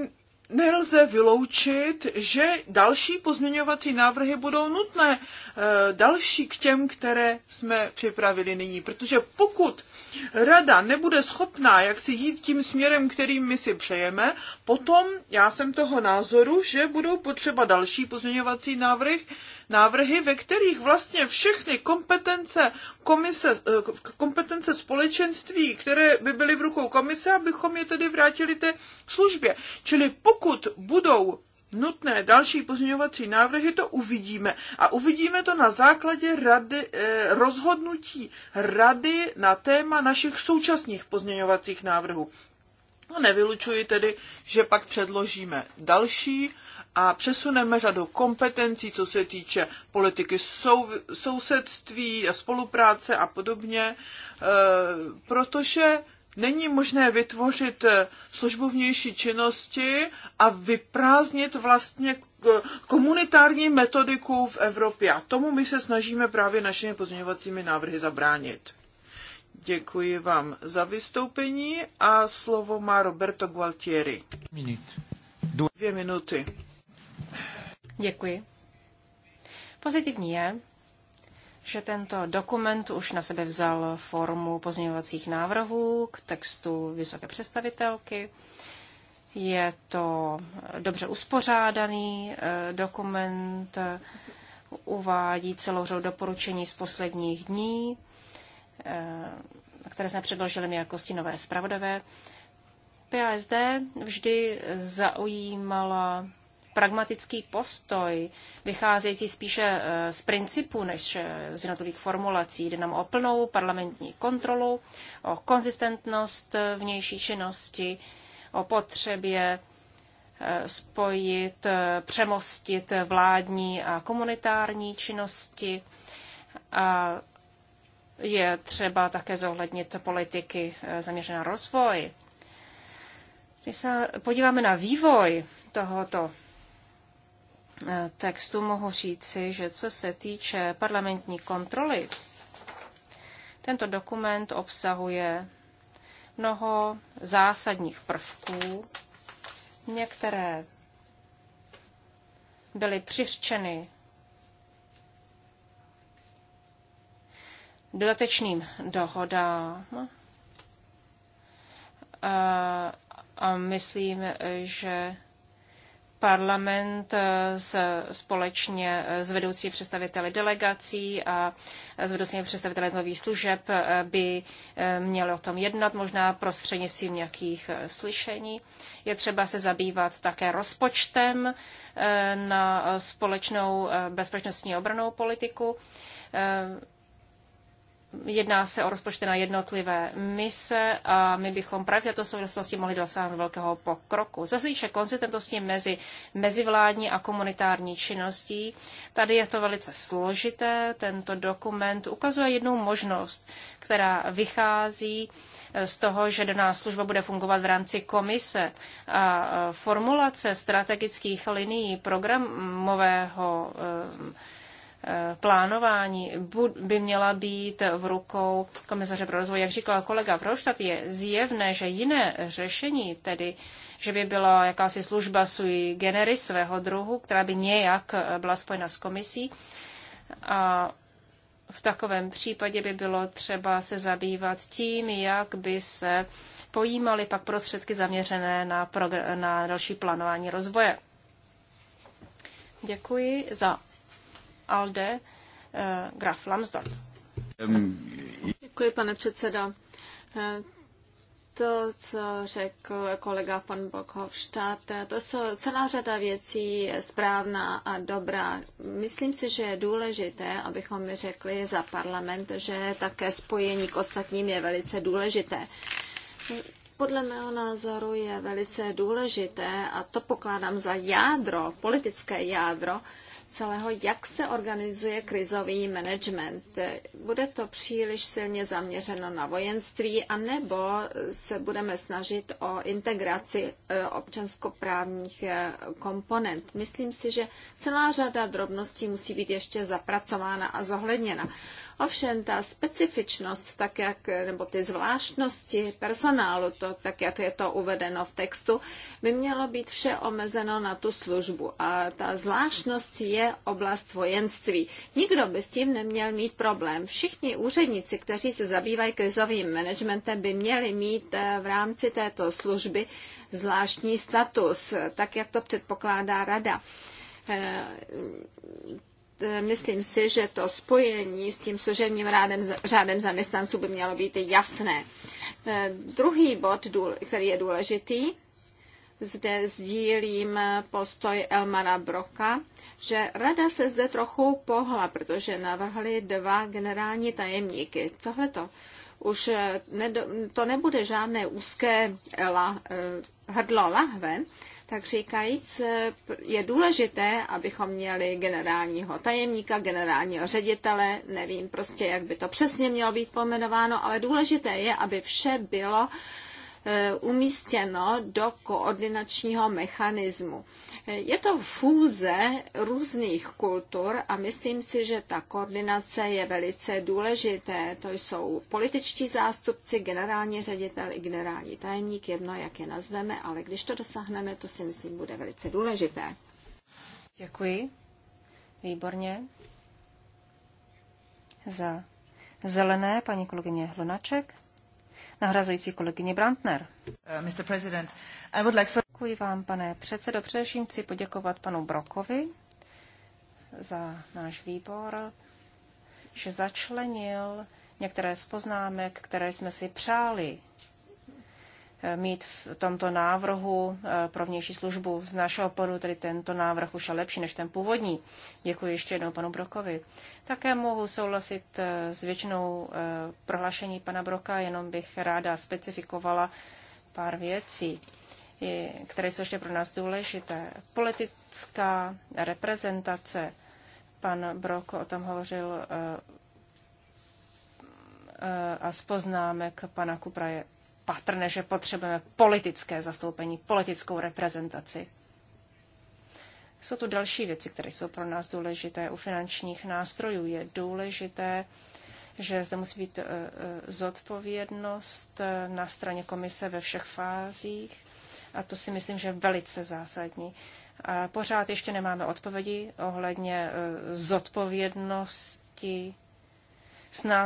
nelze vyloučit, že další pozměňovací návrhy budou nutné, eh, další k těm, které jsme připravili nyní. Protože pokud rada nebude schopná, jak si jít tím směrem, kterým my si přejeme, potom já jsem toho názoru, že budou potřeba další pozměňovací návrhy, návrhy, ve kterých vlastně všechny kompetence, komise, eh, kompetence společenství, které by byly v rukou komise, abychom je tedy vrátili té službě. Čili pokud pokud budou nutné další pozměňovací návrhy, to uvidíme. A uvidíme to na základě rady, eh, rozhodnutí rady na téma našich současných pozměňovacích návrhů. No, nevylučuji tedy, že pak předložíme další a přesuneme řadu kompetencí, co se týče politiky sou, sousedství a spolupráce a podobně, e, protože není možné vytvořit eh, službu vnější činnosti a vyprázdnit vlastně eh, komunitární metodiku v Evropě. A tomu my se snažíme právě našimi pozměňovacími návrhy zabránit. Děkuji vám za vystoupení a slovo má Roberto Gualtieri. Minut. Dvě minuty. Děkuji. Pozitivní je, že tento dokument už na sebe vzal formu pozměňovacích návrhů k textu vysoké představitelky. Je to dobře uspořádaný eh, dokument, uvádí celou řadu doporučení z posledních dní, eh, které jsme předložili my jako stinové zpravodové. PASD vždy zaujímala pragmatický postoj, vycházející spíše eh, z principu než eh, z jednotlivých formulací. Jde nám o plnou parlamentní kontrolu, o konzistentnost eh, vnější činnosti, o potřebě spojit, přemostit vládní a komunitární činnosti. A je třeba také zohlednit politiky zaměřené na rozvoj. Když se podíváme na vývoj tohoto Eh, textu mohu říci, že co se týče parlamentní kontroly, tento dokument obsahuje mnoho zásadních prvků. Některé byly přiřčeny dodatečným dohodám. Eh, a myslím, že parlament eh, s, společně eh, s vedoucí představiteli delegací a s vedoucími představiteli nových služeb eh, by měli o tom jednat, možná prostřednictvím nějakých slyšení. Je třeba se zabývat také rozpočtem na společnou bezpečnostní obranou politiku. Jedná se o rozpočty na jednotlivé mise a my bychom právě v této souvislosti mohli dosáhnout velkého pokroku. Co se týče konzistentnosti mezi mezivládní a komunitární činností, tady je to velice složité. Tento dokument ukazuje jednu možnost, která vychází eh, z toho, že daná služba bude fungovat v rámci komise. A eh, formulace strategických linií programového eh, Eh, plánování by měla být v rukou komisaře pro rozvoj. Jak říkal kolega Vroštat, je zjevné, že jiné řešení, tedy že by byla jakási služba sui generis svého druhu, která by nějak eh, byla spojena s komisí. A v takovém případě by bylo třeba se zabývat tím, jak by se pojímaly pak prostředky zaměřené na, na další plánování rozvoje. Děkuji za ALDE eh, Graf Lamsdorf. Děkuji, pane předsedo. Eh, to, co řekl kolega von Bochovštát, eh, to jsou celá řada věcí správná a dobrá. Myslím si, že je důležité, abychom mi řekli za parlament, že také spojení k ostatním je velice důležité. Podle mého názoru je velice důležité, a to pokládám za jádro, politické jádro, celého, jak se organizuje krizový management. Bude to příliš silně zaměřeno na vojenství, anebo se budeme snažit o integraci eh, občanskoprávních eh, komponent. Myslím si, že celá řada drobností musí být ještě zapracována a zohledněna. Ovšem ta specifičnost, tak jak, nebo ty zvláštnosti personálu, to, tak jak je to uvedeno v textu, by mělo být vše omezeno na tu službu. A ta zvláštnost je oblast vojenství. Nikdo by s tím neměl mít problém. Všichni úředníci, kteří se zabývají krizovým managementem, by měli mít eh, v rámci této služby zvláštní status, tak jak to předpokládá rada eh, E, myslím si, že to spojení s tím služebním rádem, řádem zaměstnanců by mělo být jasné. E, druhý bod, který je důležitý, zde sdílím postoj Elmara Broka, že rada se zde trochu pohla, protože navrhli dva generální tajemníky. to? už e, to nebude žádné úzké la, hrdlo lahve, tak říkajíc, je důležité, abychom měli generálního tajemníka, generálního ředitele, nevím prostě, jak by to přesně mělo být pomenováno, ale důležité je, aby vše bylo uh, Eh, umístěno do koordinačního mechanismu. Eh, je to fůze různých kultur a myslím si, že ta koordinace je velice důležité. To jsou političtí zástupci, generální ředitel i generální tajemník, jedno, jak je nazveme, ale když to dosáhneme, to si myslím bude velice důležité. Děkuji. Výborně. Za zelené paní kolegyně Hlunaček nahrazující Brandner. Uh, Děkuji vám, pane předsedo. Především chci poděkovat panu Brokovi za náš výbor, že začlenil některé z poznámek, které jsme si přáli mít v tomto návrhu eh, pro vnější službu z našeho podu, tedy tento návrh už je lepší než ten původní. Děkuji ještě jednou panu Brokovi. Také mohu souhlasit eh, s většinou eh, prohlášení pana Broka, jenom bych ráda specifikovala pár věcí, které jsou ještě pro nás důležité. Politická reprezentace. Pan Brok o tom hovořil a z poznámek pana Kupra je patrné, že potřebujeme politické zastoupení, politickou reprezentaci. Jsou tu další věci, které jsou pro nás důležité. U finančních nástrojů je důležité, že zde musí být eh, eh, zodpovědnost eh, na straně komise ve všech fázích. A to si myslím, že je velice zásadní. A pořád ještě nemáme odpovědi ohledně zodpovědnosti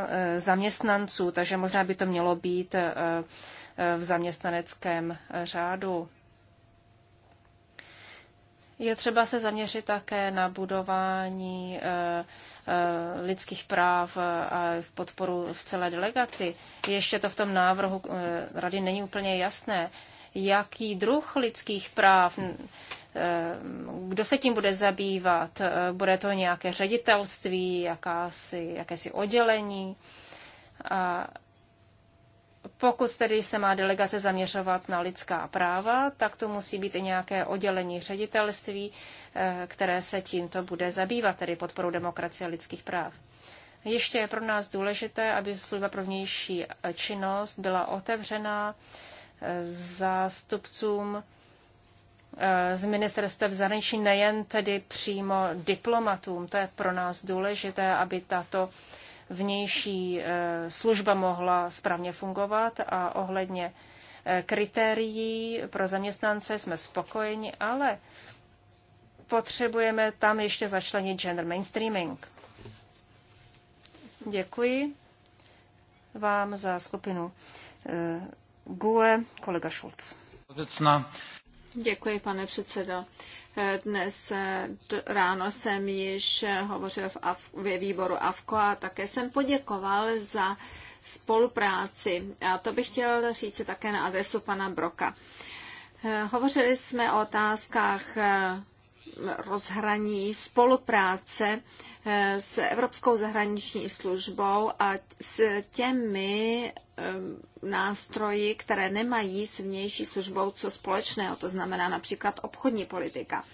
Eh, zaměstnanců, takže možná by to mělo být eh, eh, v zaměstnaneckém řádu. Je třeba se zaměřit také na budování lidských práv a podporu v celé delegaci. Ještě to v tom návrhu rady není úplně jasné, jaký druh lidských práv Eh, kdo se tím bude zabývat? Eh, bude to nějaké ředitelství, jakási, jakési oddělení? A pokud tedy se má delegace zaměřovat na lidská práva, tak to musí být i nějaké oddělení ředitelství, eh, které se tímto bude zabývat, tedy podporou demokracie a lidských práv. Ještě je pro nás důležité, aby služba pro vnější činnost byla otevřená zástupcům z ministerstev zahraničí nejen tedy přímo diplomatům. To je pro nás důležité, aby tato vnější eh, služba mohla správně fungovat a ohledně eh, kritérií pro zaměstnance jsme spokojeni, ale potřebujeme tam ještě začlenit gender mainstreaming. Děkuji vám za skupinu eh, GUE, kolega Schulz. Děkuji, pane předsedo. Eh, dnes eh, ráno jsem již eh, hovořil ve výboru AFKO a také jsem poděkoval za spolupráci. A to bych chtěl říct také na adresu pana Broka. Hovořili jsme o otázkách rozhraní spolupráce s Evropskou zahraniční službou a s těmi Eh, nástroji, které nemají s vnější službou co společného, to znamená například obchodní politika.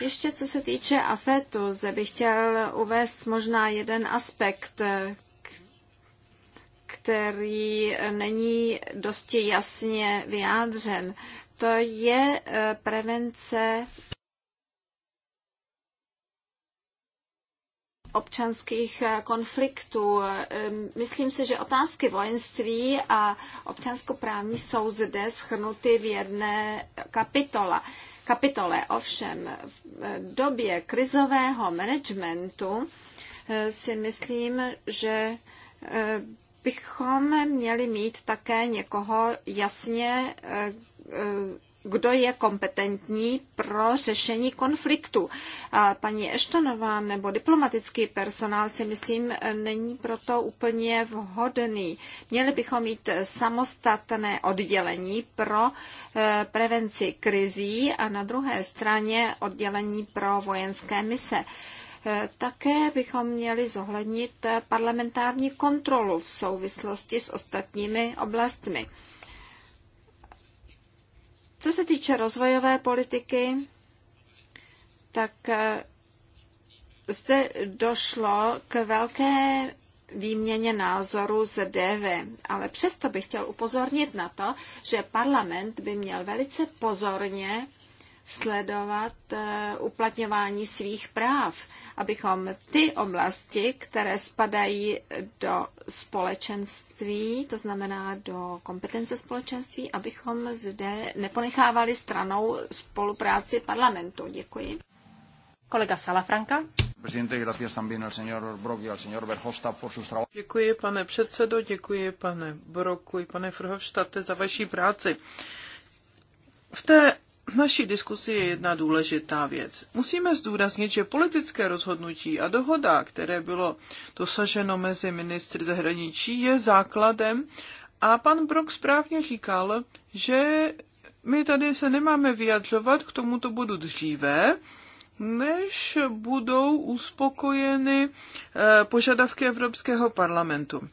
Ještě co se týče AFETu, zde bych chtěl uvést možná jeden aspekt, eh, který není dosti jasně vyjádřen. To je eh, prevence občanských eh, konfliktů. Ehm, myslím si, že otázky vojenství a občanskoprávní jsou zde schrnuty v jedné kapitola. kapitole. Ovšem v eh, době krizového managementu eh, si myslím, že bychom měli mít také někoho jasně kdo je kompetentní pro řešení konfliktu. Paní Eštonová nebo diplomatický personál si myslím není proto úplně vhodný. Měli bychom mít samostatné oddělení pro eh, prevenci krizí a na druhé straně oddělení pro vojenské mise. Eh, také bychom měli zohlednit parlamentární kontrolu v souvislosti s ostatními oblastmi. Co se týče rozvojové politiky, tak eh, zde došlo k velké výměně názoru z DV, ale přesto bych chtěl upozornit na to, že parlament by měl velice pozorně sledovat eh, uplatňování svých práv, abychom ty oblasti, které spadají do společenství, to znamená do kompetence společenství, abychom zde neponechávali stranou spolupráci parlamentu. Děkuji. Kolega Salafranka. Děkuji, pane předsedo, děkuji, pane Broku i pane Frhofštate, za vaší práci. V té naší diskusi je jedna důležitá věc. Musíme zdůraznit, že politické rozhodnutí a dohoda, které bylo dosaženo mezi ministry zahraničí, je základem a pan Brok správně říkal, že my tady se nemáme vyjadřovat k tomuto bodu dříve, než budou uspokojeny eh, požadavky Evropského parlamentu.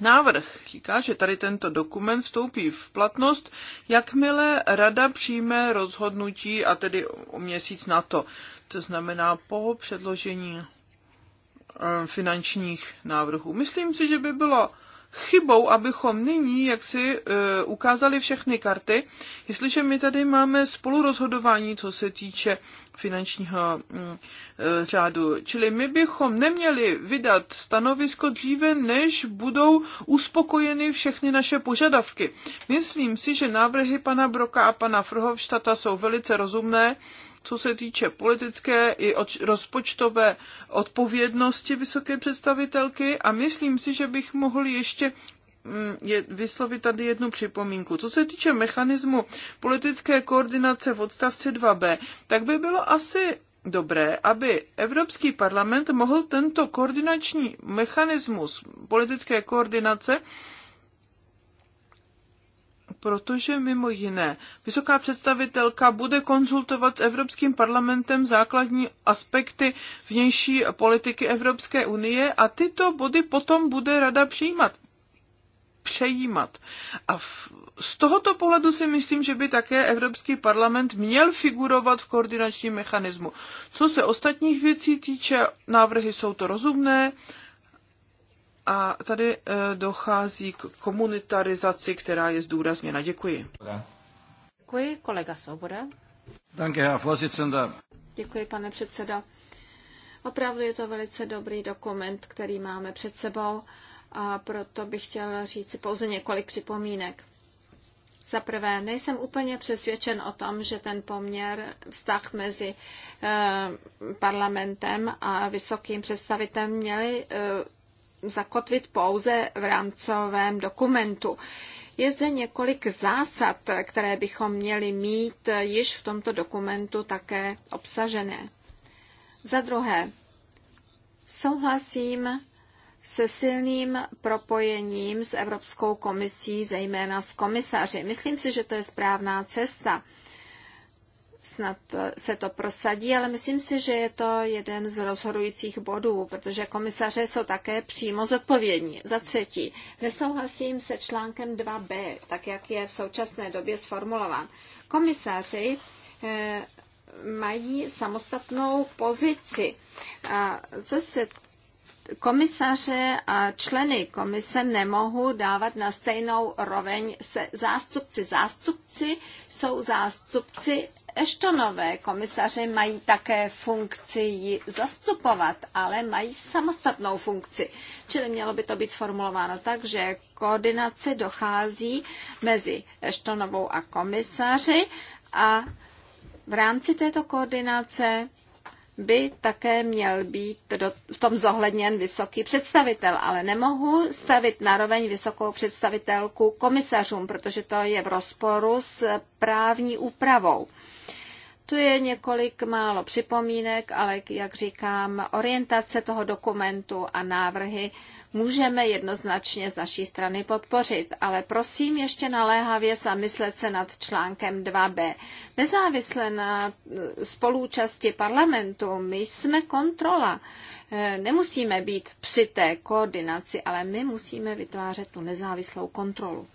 Návrh říká, že tady tento dokument vstoupí v platnost, jakmile rada přijme rozhodnutí a tedy o měsíc na to. To znamená po předložení eh, finančních návrhů. Myslím si, že by bylo chybou, abychom nyní si e, ukázali všechny karty, jestliže my tady máme spolurozhodování, co se týče finančního mm, e, řádu. Čili my bychom neměli vydat stanovisko dříve, než budou uspokojeny všechny naše požadavky. Myslím si, že návrhy pana Broka a pana Frhovštata jsou velice rozumné co se týče politické i rozpočtové odpovědnosti vysoké představitelky a myslím si, že bych mohl ještě mm, je, vyslovit tady jednu připomínku. Co se týče mechanismu politické koordinace v odstavci 2b, tak by bylo asi dobré, aby Evropský parlament mohl tento koordinační mechanismus politické koordinace protože mimo jiné vysoká představitelka bude konzultovat s Evropským parlamentem základní aspekty vnější politiky Evropské unie a tyto body potom bude rada přijímat. Přejímat. A v, z tohoto pohledu si myslím, že by také Evropský parlament měl figurovat v koordinačním mechanismu. Co se ostatních věcí týče, návrhy jsou to rozumné, a tady eh, dochází k komunitarizaci, která je zdůrazněna. Děkuji. Děkuji, kolega Svoboda. Danke, Herr Vorsitzender. Děkuji, pane předsedo. Opravdu je to velice dobrý dokument, který máme před sebou a proto bych chtěl říct pouze několik připomínek. Za prvé, nejsem úplně přesvědčen o tom, že ten poměr, vztah mezi eh, parlamentem a vysokým představitem měli eh, zakotvit pouze v rámcovém dokumentu. Je zde několik zásad, které bychom měli mít již v tomto dokumentu také obsažené. Za druhé, souhlasím se silným propojením s Evropskou komisí, zejména s komisaři. Myslím si, že to je správná cesta snad se to prosadí, ale myslím si, že je to jeden z rozhodujících bodů, protože komisaře jsou také přímo zodpovědní. Za třetí, nesouhlasím se článkem 2b, tak jak je v současné době sformulován. Komisaři eh, mají samostatnou pozici. A co se komisaře a členy komise nemohu dávat na stejnou roveň se zástupci. Zástupci jsou zástupci Eštonové komisaři mají také funkci ji zastupovat, ale mají samostatnou funkci. Čili mělo by to být sformulováno tak, že koordinace dochází mezi Eštonovou a komisaři a v rámci této koordinace by také měl být do, v tom zohledněn vysoký představitel, ale nemohu stavit naroveň vysokou představitelku komisařům, protože to je v rozporu s právní úpravou. Tu je několik málo připomínek, ale jak říkám, orientace toho dokumentu a návrhy můžeme jednoznačně z naší strany podpořit, ale prosím ještě naléhavě zamyslet se nad článkem 2b. Nezávisle na e, spolúčasti parlamentu, my jsme kontrola. E, nemusíme být při té koordinaci, ale my musíme vytvářet tu nezávislou kontrolu.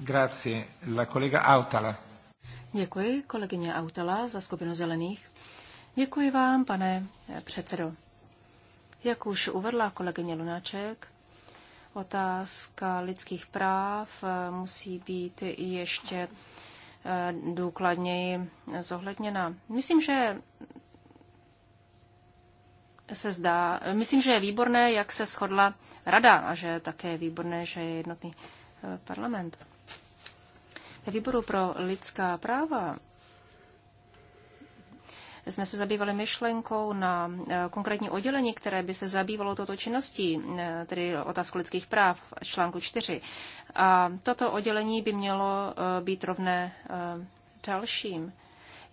Grazie. La kolega Autala. Děkuji, kolegyně Autala za skupinu zelených. Děkuji vám, pane předsedo. Jak už uvedla kolegyně Lunáček, otázka lidských práv eh, musí být ještě eh, důkladněji zohledněna. Myslím, že se zdá, myslím, že je výborné, jak se shodla rada a že také je výborné, že je jednotný eh, parlament. Ve výboru pro lidská práva jsme se zabývali myšlenkou na eh, konkrétní oddělení, které by se zabývalo toto činností, eh, tedy otázku lidských práv, článku 4. A toto oddělení by mělo eh, být rovné dalším.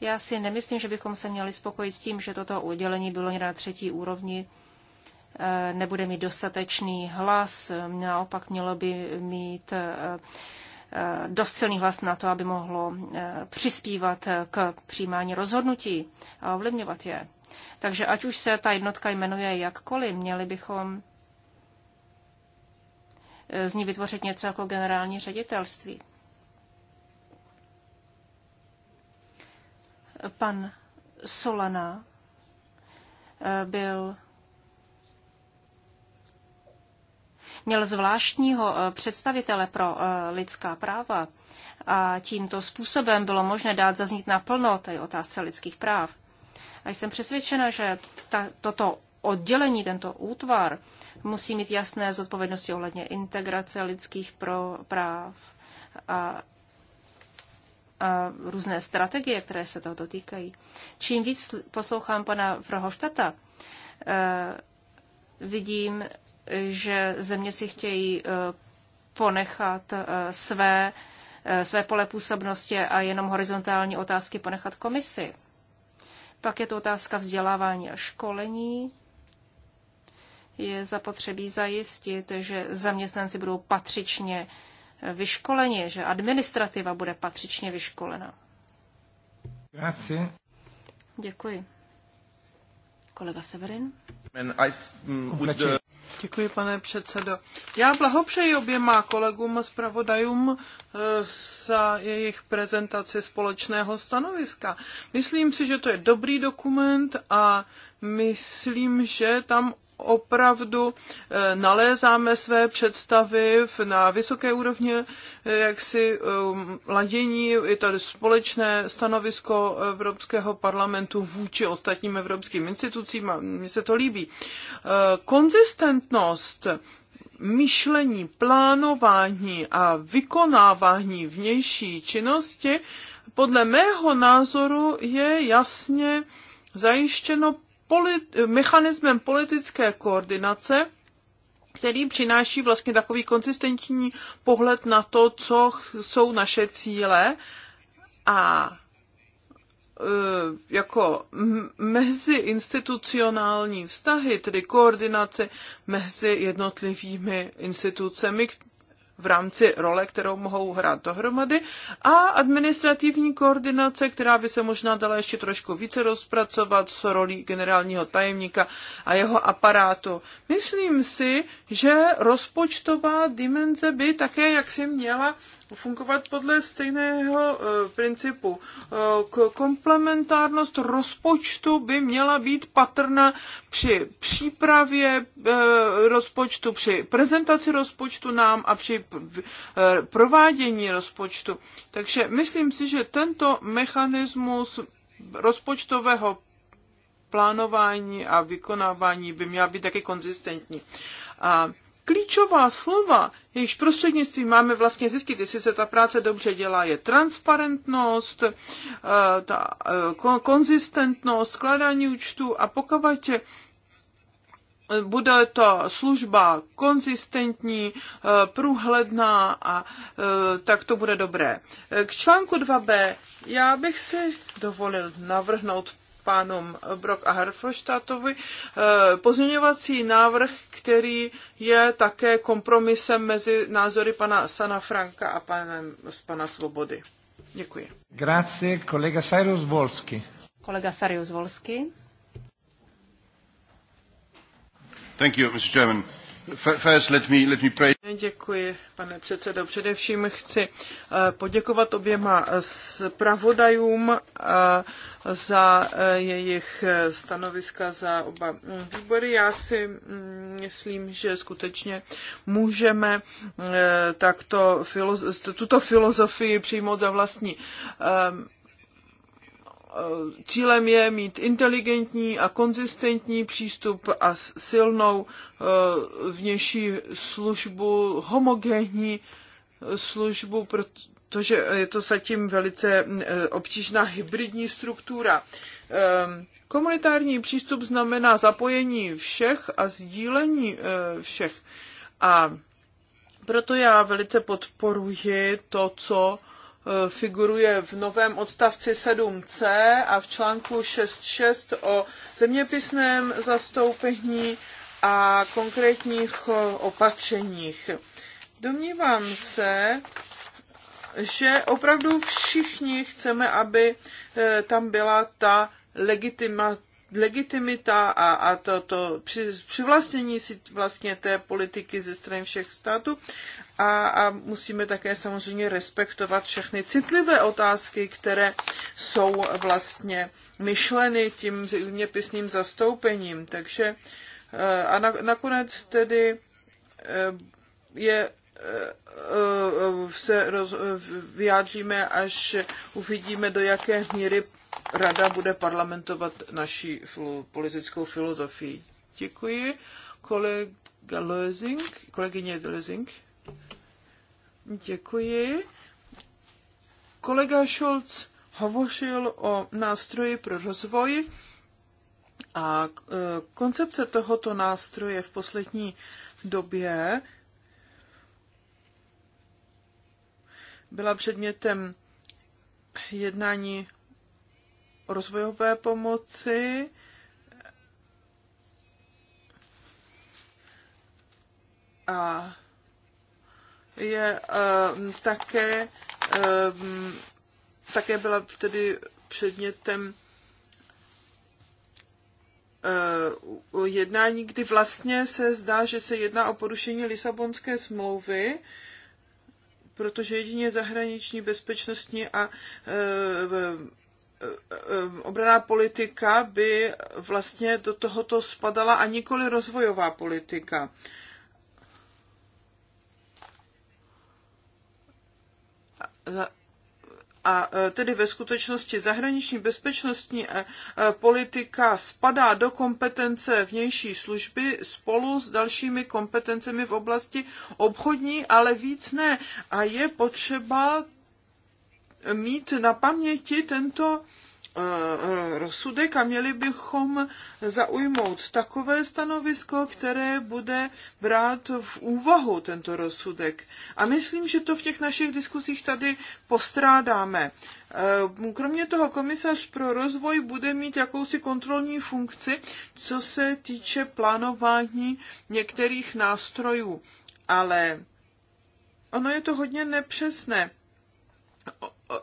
Já si nemyslím, že bychom se měli spokojit s tím, že toto oddělení bylo na třetí úrovni, nebude mít dostatečný hlas, naopak mělo by mít Eh, dost silný hlas na to, aby mohlo eh, přispívat eh, k přijímání rozhodnutí a ovlivňovat je. Takže ať už se ta jednotka jmenuje jakkoliv, měli bychom z ní vytvořit něco jako generální ředitelství. Pan Solana byl měl zvláštního eh, představitele pro eh, lidská práva a tímto způsobem bylo možné dát zaznít naplno té otázce lidských práv. A jsem přesvědčena, že ta, toto oddělení, tento útvar musí mít jasné zodpovědnosti ohledně integrace lidských pro, práv a, a různé strategie, které se toho dotýkají. Čím víc poslouchám pana Frohovštata, e, eh, vidím, že země si chtějí eh, ponechat eh, své, eh, své pole působnosti a jenom horizontální otázky ponechat komisi. Pak je to otázka vzdělávání a školení. Je zapotřebí zajistit, že zaměstnanci budou patřičně vyškoleni, že administrativa bude patřičně vyškolena. Grazie. Děkuji. Kolega Severin. Děkuji, pane předsedo. Já blahopřeji oběma kolegům zpravodajům eh, za jejich prezentaci společného stanoviska. Myslím si, že to je dobrý dokument a myslím, že tam opravdu eh, nalézáme své představy na vysoké úrovni eh, jak si um, ladění, je tady společné stanovisko Evropského parlamentu vůči ostatním evropským institucím a mně se to líbí. Eh, konzistentnost myšlení, plánování a vykonávání vnější činnosti podle mého názoru je jasně zajištěno polit, mechanismem politické koordinace, který přináší vlastně takový konsistentní pohled na to, co jsou naše cíle a e, jako meziinstitucionální vztahy, tedy koordinace mezi jednotlivými institucemi, v rámci role, kterou mohou hrát dohromady a administrativní koordinace, která by se možná dala ještě trošku více rozpracovat s rolí generálního tajemníka a jeho aparátu. Myslím si, že rozpočtová dimenze by také jaksi měla fungovat podle stejného eh, principu. Eh, komplementárnost rozpočtu by měla být patrna při přípravě eh, rozpočtu, při prezentaci rozpočtu nám a při provádění rozpočtu. Takže myslím si, že tento mechanismus rozpočtového plánování a vykonávání by měla být taky konzistentní. A klíčová slova, jejichž prostřednictvím máme vlastně zjistit, jestli se ta práce dobře dělá, je transparentnost, eh, ta eh, konzistentnost, skladání účtu a pokud eh, bude to služba konzistentní, průhledná a tak to bude dobré. K článku 2b já bych si dovolil navrhnout pánům Brock a Herfroštatovi eh, pozměňovací návrh, který je také kompromisem mezi názory pana Sana Franka a panem, pana Svobody. Děkuji. Grazie, kolega Sarius Volsky. Kolega Sarius Volsky. Thank you, Mr. Chairman. Děkuji, pane předsedo. Především chci eh, poděkovat oběma eh, zpravodajům eh, za jejich stanoviska za oba mm, výbory. Já si mm, myslím, že skutečně můžeme takto tuto filozofii přijmout za vlastní Eh, cílem je mít inteligentní a konzistentní přístup a silnou eh, vnější službu, homogénní eh, službu, protože je to zatím velice mm, obtížná hybridní struktura. Ehm, komunitární přístup znamená zapojení všech a sdílení všech. A proto já velice podporuji to, co Eh, figuruje v novém odstavci 7c a v článku 6.6 o zeměpisném zastoupení a konkrétních eh, opatřeních. Domnívám se, že opravdu všichni chceme, aby eh, tam byla ta legitima, legitimita a, a to, to při, přivlastnění si vlastně té politiky ze strany všech států a, a musíme také samozřejmě respektovat všechny citlivé otázky, které jsou vlastně myšleny tím zeměpisným zastoupením. Takže eh, a na, nakonec tedy eh, je eh, se roz, vyjádříme, až uvidíme, do jaké míry rada bude parlamentovat naší politickou filozofii. Děkuji. Kolega Lözing, kolegyně Lözing. Děkuji. Kolega Scholz hovořil o nástroji pro rozvoj a e, koncepce tohoto nástroje v poslední době byla předmětem jednání o rozvojové pomoci. A je ehm, také, ehm, také byla tedy předmětem ehm, jednání, kdy vlastně se zdá, že se jedná o porušení Lisabonské smlouvy, protože jedině zahraniční, bezpečnostní a obraná politika by vlastně do tohoto spadala a nikoli rozvojová politika. a e, tedy ve skutečnosti zahraniční bezpečnostní e, e, politika spadá do kompetence vnější služby spolu s dalšími kompetencemi v oblasti obchodní, ale víc ne. A je potřeba mít na paměti tento Eh, rozsudek a měli bychom zaujmout takové stanovisko, které bude brát v úvahu tento rozsudek. A myslím, že to v těch našich diskusích tady postrádáme. Eh, kromě toho komisař pro rozvoj bude mít jakousi kontrolní funkci, co se týče plánování některých nástrojů. Ale ono je to hodně nepřesné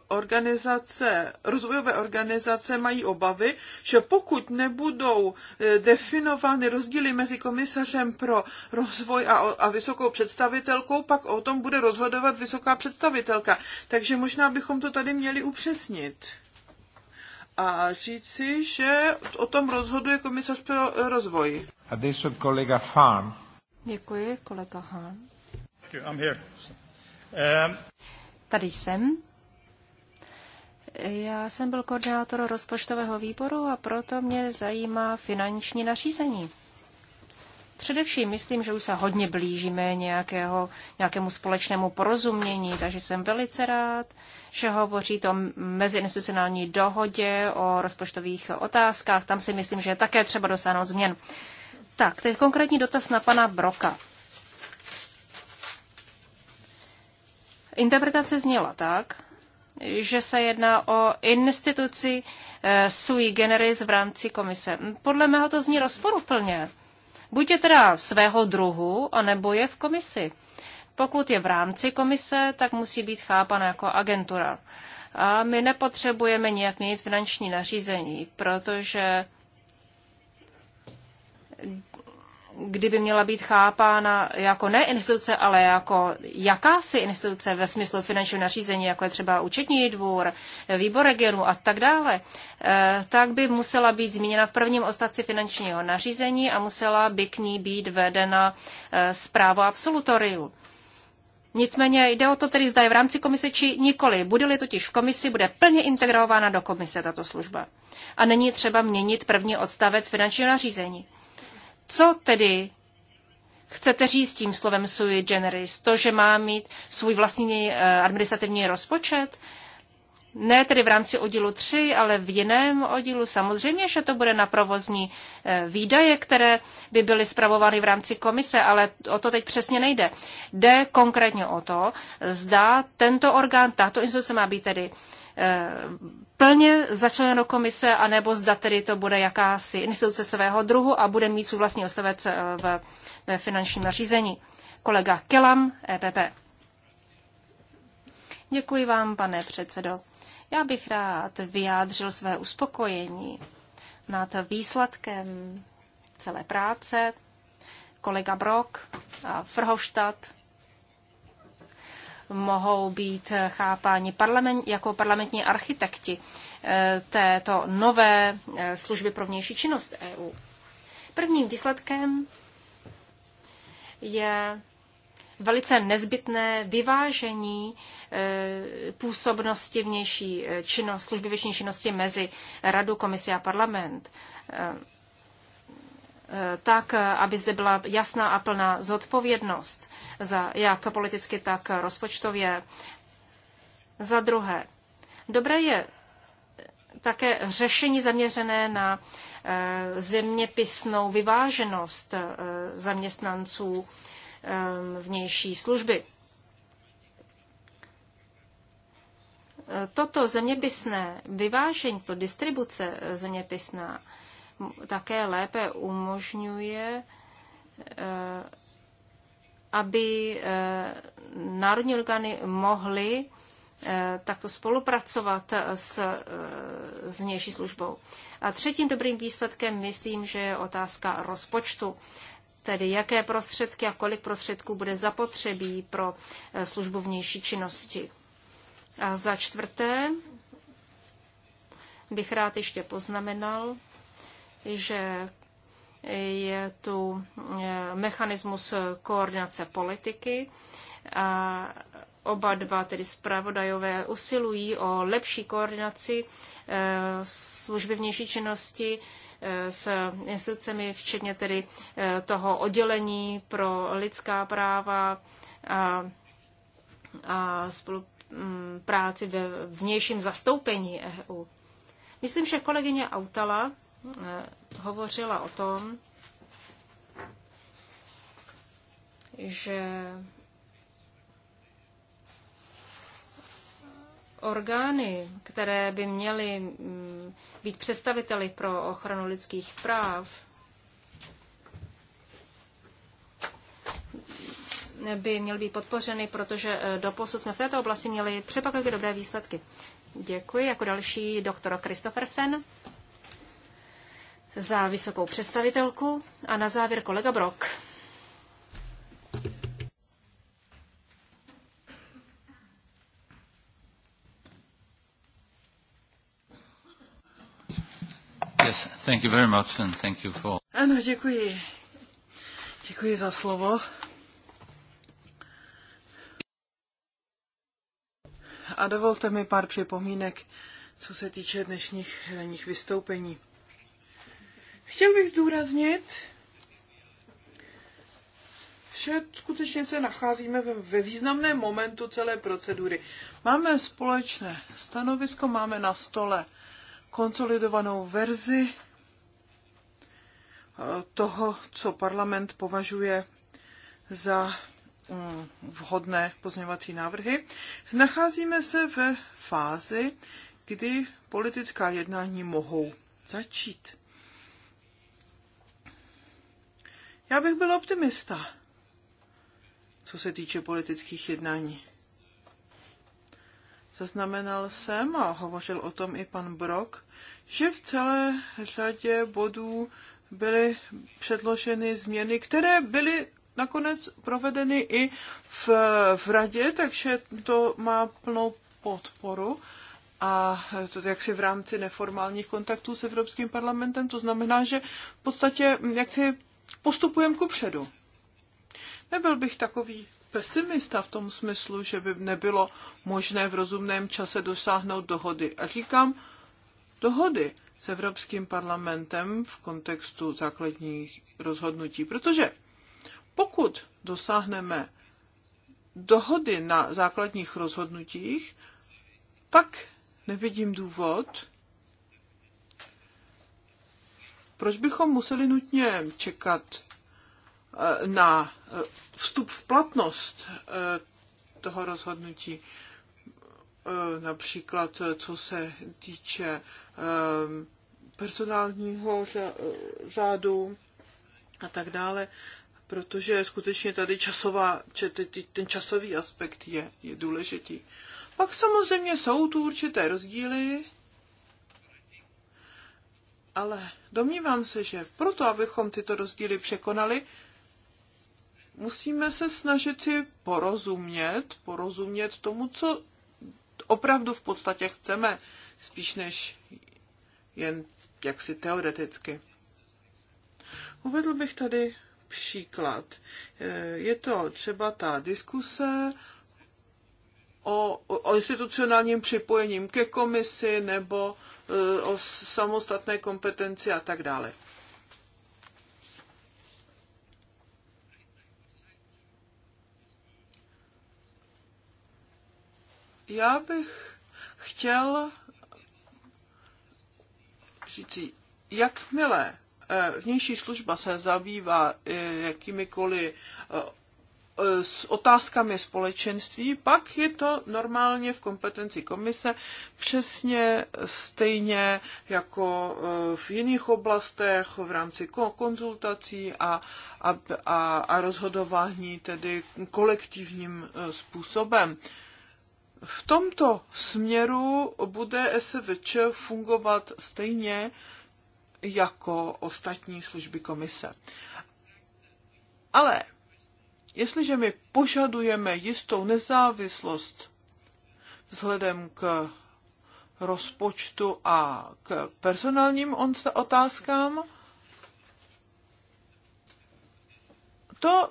organizace, rozvojové organizace mají obavy, že pokud nebudou e, definovány rozdíly mezi komisařem pro rozvoj a, a vysokou představitelkou, pak o tom bude rozhodovat vysoká představitelka. Takže možná bychom to tady měli upřesnit a říci, že o tom rozhoduje komisař pro rozvoj. Adesso kolega Farm. Děkuji, kolega Hahn. I'm here. Tady jsem. Já jsem byl koordinátor rozpočtového výboru a proto mě zajímá finanční nařízení. Především myslím, že už se hodně blížíme nějakého, nějakému společnému porozumění, takže jsem velice rád, že hovoří o meziinstitucionální dohodě, o rozpočtových otázkách. Tam si myslím, že je také třeba dosáhnout změn. Tak, teď konkrétní dotaz na pana Broka. Interpretace zněla tak, že se jedná o instituci eh, sui generis v rámci komise. Podle mého to zní rozporuplně. Buď je teda svého druhu, anebo je v komisi. Pokud je v rámci komise, tak musí být chápan jako agentura. A my nepotřebujeme nějak měnit finanční nařízení, protože kdyby měla být chápána jako ne instituce, ale jako jakási instituce ve smyslu finančního nařízení, jako je třeba účetní dvůr, výbor regionu a tak dále, eh, tak by musela být zmíněna v prvním ostatci finančního nařízení a musela by k ní být vedena eh, zpráva absolutoriu. Nicméně jde o to tedy, zda je v rámci komise či nikoli. Bude-li totiž v komisi, bude plně integrována do komise tato služba. A není třeba měnit první odstavec finančního nařízení. Co tedy chcete říct tím slovem sui generis? To, že má mít svůj vlastní eh, administrativní rozpočet? Ne tedy v rámci oddílu 3, ale v jiném oddílu. Samozřejmě, že to bude na provozní eh, výdaje, které by byly zpravovány v rámci komise, ale o to teď přesně nejde. Jde konkrétně o to, zda tento orgán, tato instituce má být tedy Eh, plně začleněno komise, anebo zda tedy to bude jakási instituce svého druhu a bude mít svůj vlastní ostavec eh, v, v finančním nařízení. Kolega Kelam, EPP. Děkuji vám, pane předsedo. Já bych rád vyjádřil své uspokojení nad výsledkem celé práce. Kolega Brok a Frhovštad mohou být chápáni parlament, jako parlamentní architekti eh, této nové eh, služby pro vnější činnost EU. Prvním výsledkem je velice nezbytné vyvážení eh, působnosti vnější činnost, služby vnější činnosti mezi Radu, Komisi a parlament tak, aby zde byla jasná a plná zodpovědnost, za, jak politicky, tak rozpočtově. Za druhé, dobré je také řešení zaměřené na eh, zeměpisnou vyváženost eh, zaměstnanců eh, vnější služby. Toto zeměpisné vyvážení, to distribuce zeměpisná, také lépe umožňuje, eh, aby eh, národní orgány mohly eh, takto spolupracovat s, s vnější službou. A třetím dobrým výsledkem myslím, že je otázka rozpočtu, tedy jaké prostředky a kolik prostředků bude zapotřebí pro službu vnější činnosti. A za čtvrté bych rád ještě poznamenal, že je tu eh, mechanismus koordinace politiky a oba dva, tedy zpravodajové, usilují o lepší koordinaci eh, služby vnější činnosti eh, s institucemi, včetně tedy toho oddělení pro lidská práva a, a spolupráci mm, ve vnějším zastoupení EU. Myslím, že kolegyně Autala Eh, hovořila o tom, že orgány, které by měly mm, být představiteli pro ochranu lidských práv, by měly být podpořeny, protože eh, doposud jsme v této oblasti měli přepakově dobré výsledky. Děkuji. Jako další doktor Christophersen za vysokou představitelku a na závěr kolega Brok. Yes, thank you very much and thank you for... Ano, děkuji. Děkuji za slovo. A dovolte mi pár připomínek, co se týče dnešních ranních vystoupení. Chtěl bych zdůraznit, že skutečně se nacházíme ve, ve významném momentu celé procedury. Máme společné stanovisko, máme na stole konsolidovanou verzi eh, toho, co parlament považuje za mm, vhodné pozměňovací návrhy. Nacházíme se ve fázi, kdy politická jednání mohou začít. Já bych byl optimista, co se týče politických jednání. Zaznamenal jsem, a hovořil o tom i pan Brok, že v celé řadě bodů byly předloženy změny, které byly nakonec provedeny i v, v radě, takže to má plnou podporu. A to jaksi v rámci neformálních kontaktů s Evropským parlamentem, to znamená, že v podstatě jaksi postupujeme kupředu. Nebyl bych takový pesimista v tom smyslu, že by nebylo možné v rozumném čase dosáhnout dohody. A říkám dohody s Evropským parlamentem v kontextu základních rozhodnutí, protože pokud dosáhneme dohody na základních rozhodnutích, pak nevidím důvod, proč bychom museli nutně čekat eh, na eh, vstup v platnost eh, toho rozhodnutí? Například, co se týče personálního řádu a tak dále, protože skutečně tady časová, ten časový aspekt je, je důležitý. Pak samozřejmě jsou tu určité rozdíly ale domnívám se, že proto, abychom tyto rozdíly překonali, musíme se snažit si porozumět, porozumět tomu, co opravdu v podstatě chceme, spíš než jen jaksi teoreticky. Uvedl bych tady příklad. Je to třeba ta diskuse o, o institucionálním připojením ke komisi nebo o samostatné kompetenci a tak dále. Já bych chtěl říct, jakmile eh, vnější služba se zabývá eh, jakýmikoliv eh, Eh, s otázkami společenství, pak je to normálně v kompetenci komise přesně stejně jako eh, v jiných oblastech v rámci konzultací a, a, a, a rozhodování tedy kolektivním eh, způsobem. V tomto směru bude SVČ fungovat stejně jako ostatní služby komise. Ale Jestliže my požadujeme jistou nezávislost vzhledem k rozpočtu a k personálním otázkám, to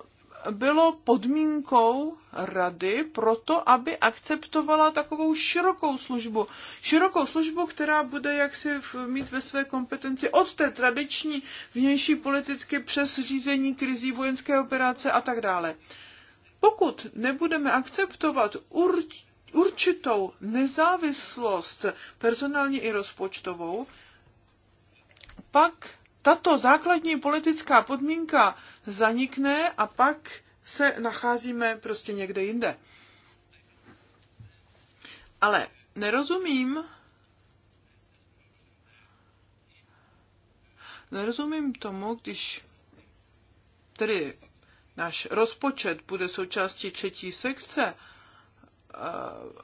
bylo podmínkou rady pro to, aby akceptovala takovou širokou službu. Širokou službu, která bude jaksi mít ve své kompetenci od té tradiční vnější politické přes řízení krizí, vojenské operace a tak dále. Pokud nebudeme akceptovat urč, určitou nezávislost personální i rozpočtovou, pak tato základní politická podmínka zanikne a pak se nacházíme prostě někde jinde. Ale nerozumím, nerozumím tomu, když tedy náš rozpočet bude součástí třetí sekce a, eh,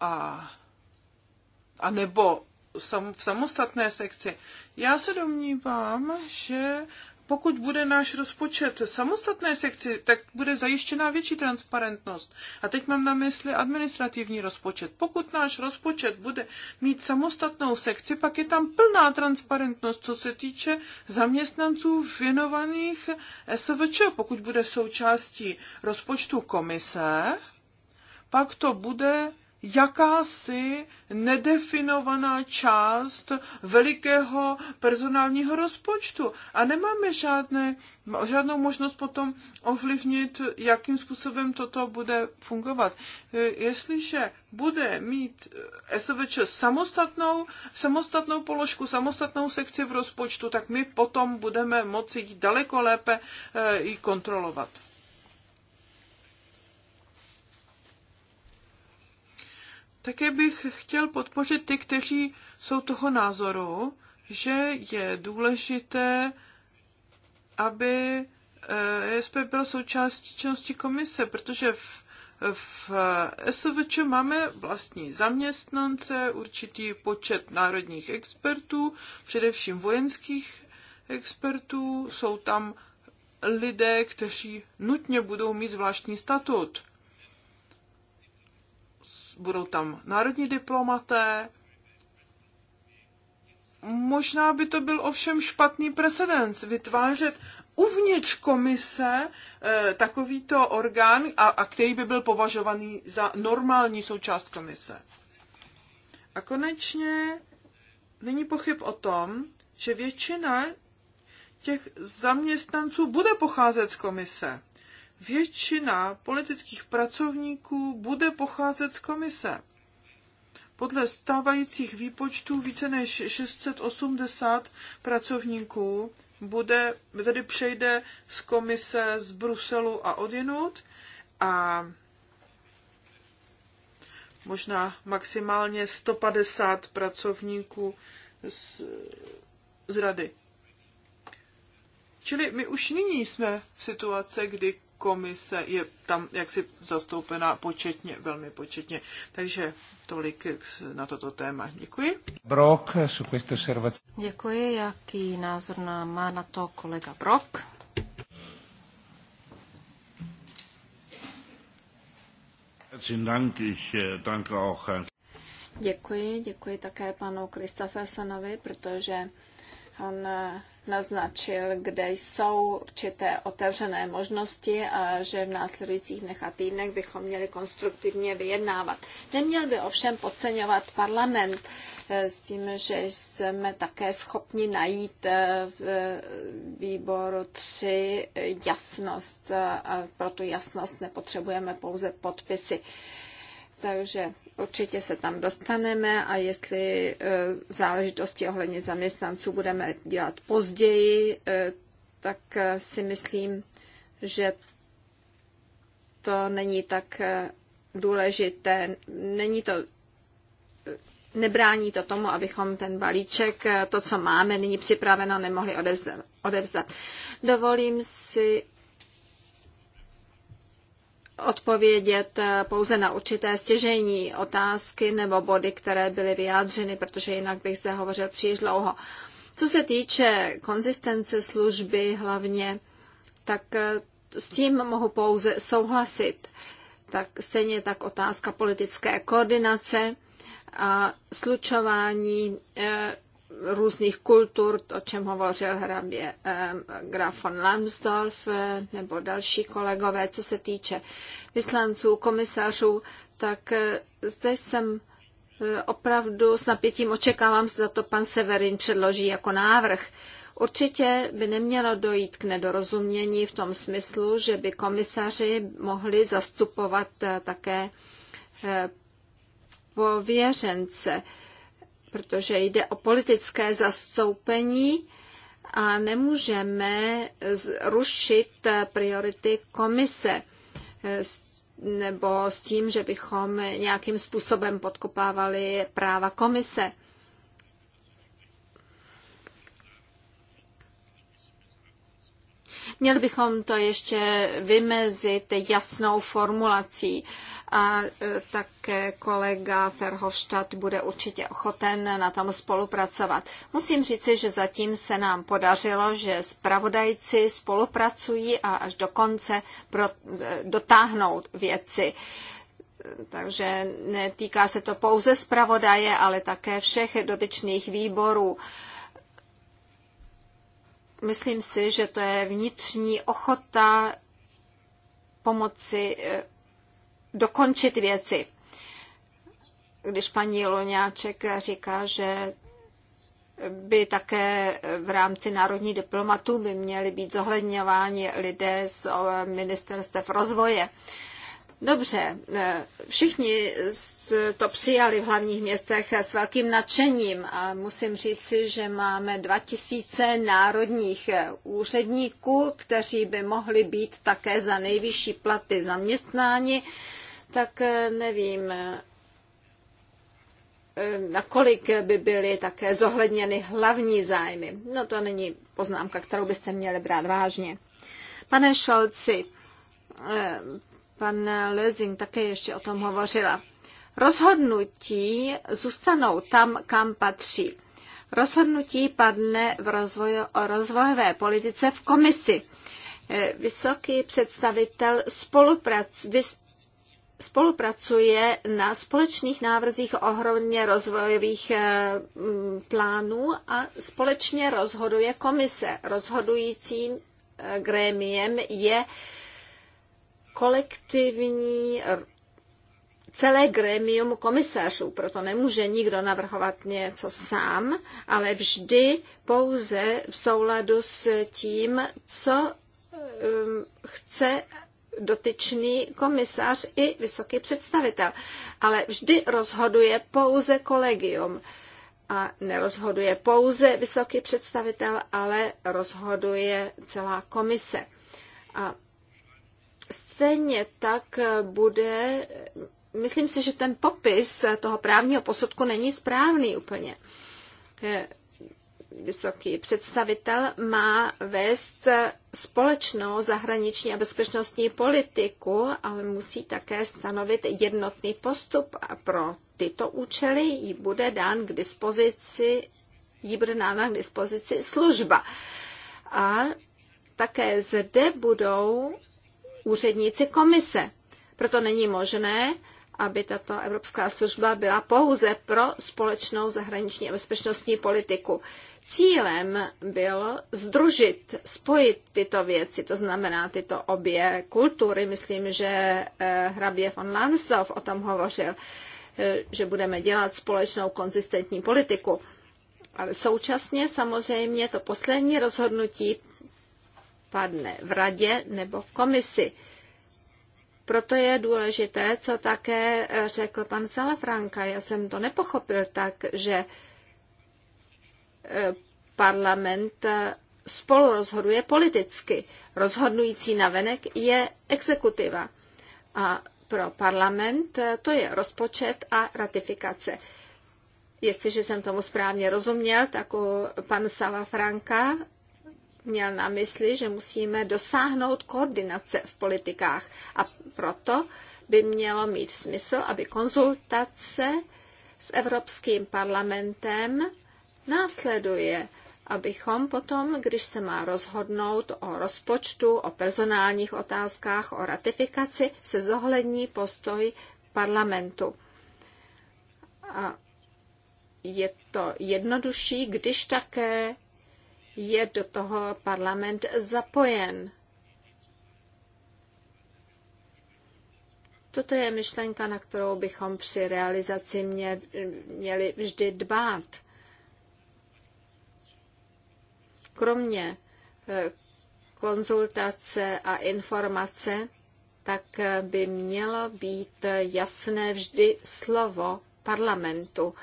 a, a nebo v samostatné sekci. Já se domnívám, že pokud bude náš rozpočet samostatné sekci, tak bude zajištěná větší transparentnost. A teď mám na mysli administrativní rozpočet. Pokud náš rozpočet bude mít samostatnou sekci, pak je tam plná transparentnost, co se týče zaměstnanců věnovaných SVČ. Pokud bude součástí rozpočtu komise, pak to bude jakási nedefinovaná část velikého personálního rozpočtu a nemáme žádné, žádnou možnost potom ovlivnit, jakým způsobem toto bude fungovat. E, jestliže bude mít e, SVČ samostatnou, samostatnou položku, samostatnou sekci v rozpočtu, tak my potom budeme moci daleko lépe e, ji kontrolovat. Také bych chtěl podpořit ty, kteří jsou toho názoru, že je důležité, aby ESP eh, byl součástí činnosti komise, protože v, v SVČ máme vlastní zaměstnance, určitý počet národních expertů, především vojenských expertů, jsou tam lidé, kteří nutně budou mít zvláštní statut budou tam národní diplomaté. Možná by to byl ovšem špatný precedens vytvářet uvnitř komise e, takovýto orgán, a, a který by byl považovaný za normální součást komise. A konečně není pochyb o tom, že většina těch zaměstnanců bude pocházet z komise většina politických pracovníků bude pocházet z komise. Podle stávajících výpočtů více než 680 pracovníků bude, tedy přejde z komise z Bruselu a odinut a možná maximálně 150 pracovníků z, z rady. Čili my už nyní jsme v situace, kdy komise je tam jaksi zastoupena početně, velmi početně. Takže tolik na toto téma. Děkuji. Brok, su questa Děkuji. Jaký názor nám má na to kolega Brok? Eh, děkuji, děkuji také panu Kristofersonovi, protože on eh, naznačil, kde jsou určité otevřené možnosti a že v následujících dnech a týdnech bychom měli konstruktivně vyjednávat. Neměl by ovšem podceňovat parlament eh, s tím, že jsme také schopni najít eh, v eh, výboru tři jasnost a pro tu jasnost nepotřebujeme pouze podpisy. Takže určitě se tam dostaneme a jestli e, záležitosti ohledně zaměstnanců budeme dělat později, e, tak e, si myslím, že to není tak důležité. Není to, nebrání to tomu, abychom ten balíček, to, co máme nyní připraveno, nemohli odevzdat. Dovolím si odpovědět eh, pouze na určité stěžení otázky nebo body, které byly vyjádřeny, protože jinak bych zde hovořil příliš dlouho. Co se týče konzistence služby hlavně, tak eh, s tím mohu pouze souhlasit. Tak stejně tak otázka politické koordinace a slučování eh, různých kultur, o čem hovořil hrabě Graf von Lambsdorff eh, nebo další kolegové, co se týče vyslanců, komisařů, tak eh, zde jsem eh, opravdu s napětím očekávám, zda to pan Severin předloží jako návrh. Určitě by nemělo dojít k nedorozumění v tom smyslu, že by komisaři mohli zastupovat také pověřence protože jde o politické zastoupení a nemůžeme rušit priority komise nebo s tím, že bychom nějakým způsobem podkopávali práva komise. Měli bychom to ještě vymezit jasnou formulací a e, také kolega Ferhofstadt bude určitě ochoten na tom spolupracovat. Musím říci, že zatím se nám podařilo, že spravodajci spolupracují a až do konce pro, e, dotáhnou věci takže netýká se to pouze zpravodaje, ale také všech dotyčných výborů. Myslím si, že to je vnitřní ochota pomoci e, dokončit věci. Když paní Loňáček říká, že by také v rámci národní diplomatů by měly být zohledňováni lidé z ministerstev rozvoje. Dobře, eh, všichni to přijali v hlavních městech s velkým nadšením a musím říci, že máme 2000 národních úředníků, kteří by mohli být také za nejvyšší platy zaměstnáni tak eh, nevím, eh, nakolik by byly také zohledněny hlavní zájmy. No to není poznámka, kterou byste měli brát vážně. Pane Šolci, eh, pan Lezing také ještě o tom hovořila. Rozhodnutí zůstanou tam, kam patří. Rozhodnutí padne v rozvoji, o rozvojové politice v komisi. Vysoký představitel spoluprac, spolupracuje na společných návrzích ohromně rozvojových eh, plánů a společně rozhoduje komise. Rozhodujícím eh, grémiem je kolektivní celé grémium komisařů, proto nemůže nikdo navrhovat něco sám, ale vždy pouze v souladu s tím, co eh, chce dotyčný komisař i vysoký představitel. Ale vždy rozhoduje pouze kolegium. A nerozhoduje pouze vysoký představitel, ale rozhoduje celá komise. A stejně tak bude, myslím si, že ten popis toho právního posudku není správný úplně vysoký představitel má vést společnou zahraniční a bezpečnostní politiku, ale musí také stanovit jednotný postup a pro tyto účely jí bude dán k dispozici, jí bude dána k dispozici služba. A také zde budou úředníci komise. Proto není možné, aby tato Evropská služba byla pouze pro společnou zahraniční a bezpečnostní politiku. Cílem bylo združit, spojit tyto věci, to znamená tyto obě kultury. Myslím, že eh, hrabě von Lansdorf o tom hovořil, eh, že budeme dělat společnou konzistentní politiku. Ale současně samozřejmě to poslední rozhodnutí padne v radě nebo v komisi. Proto je důležité, co také eh, řekl pan Salafranka. Já jsem to nepochopil tak, že eh, parlament eh, spolu rozhoduje politicky. Rozhodnující navenek je exekutiva. A pro parlament to je rozpočet a ratifikace. Jestliže jsem tomu správně rozuměl, tak pan Salafranka měl na mysli, že musíme dosáhnout koordinace v politikách a proto by mělo mít smysl, aby konzultace s Evropským parlamentem následuje, abychom potom, když se má rozhodnout o rozpočtu, o personálních otázkách, o ratifikaci, se zohlední postoj parlamentu. A je to jednodušší, když také je do toho parlament zapojen. Toto je myšlenka, na kterou bychom při realizaci mě, měli vždy dbát. Kromě eh, konzultace a informace, tak eh, by mělo být eh, jasné vždy slovo parlamentu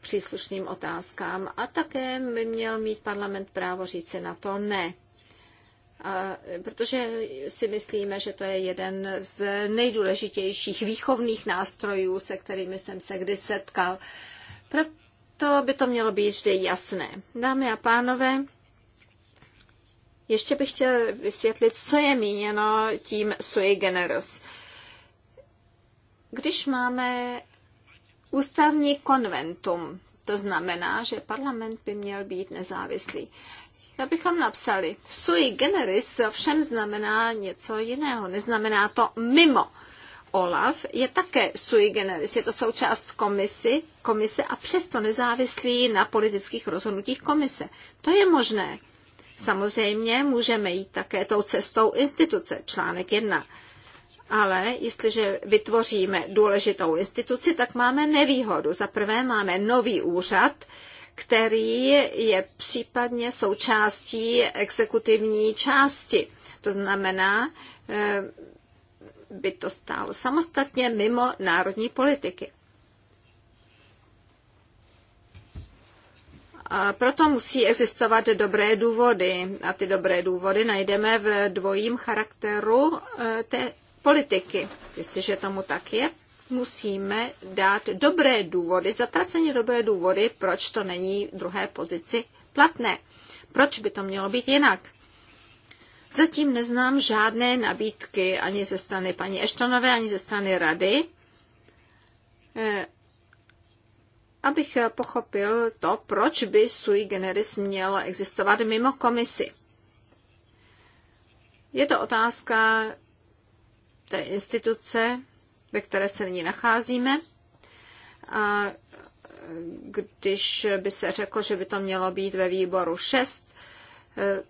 příslušným otázkám a také by měl mít parlament právo říci na to ne. A protože si myslíme, že to je jeden z nejdůležitějších výchovných nástrojů, se kterými jsem se kdy setkal. Proto by to mělo být vždy jasné. Dámy a pánové, ještě bych chtěl vysvětlit, co je míněno tím sui generis. Když máme ústavní konventum. To znamená, že parlament by měl být nezávislý. Abychom napsali, sui generis všem znamená něco jiného, neznamená to mimo. Olaf je také sui generis, je to součást komisy, komise a přesto nezávislý na politických rozhodnutích komise. To je možné. Samozřejmě můžeme jít také tou cestou instituce, článek 1. Ale jestliže vytvoříme důležitou instituci, tak máme nevýhodu. Za prvé máme nový úřad, který je případně součástí exekutivní části. To znamená, eh, by to stálo samostatně mimo národní politiky. A proto musí existovat dobré důvody a ty dobré důvody najdeme v dvojím charakteru eh, té politiky. Jestliže tomu tak je, musíme dát dobré důvody, zatraceně dobré důvody, proč to není druhé pozici platné. Proč by to mělo být jinak? Zatím neznám žádné nabídky ani ze strany paní Eštonové, ani ze strany rady, eh, abych pochopil to, proč by sui generis měl existovat mimo komisi. Je to otázka té instituce, ve které se nyní nacházíme. A když by se řeklo, že by to mělo být ve výboru 6 eh,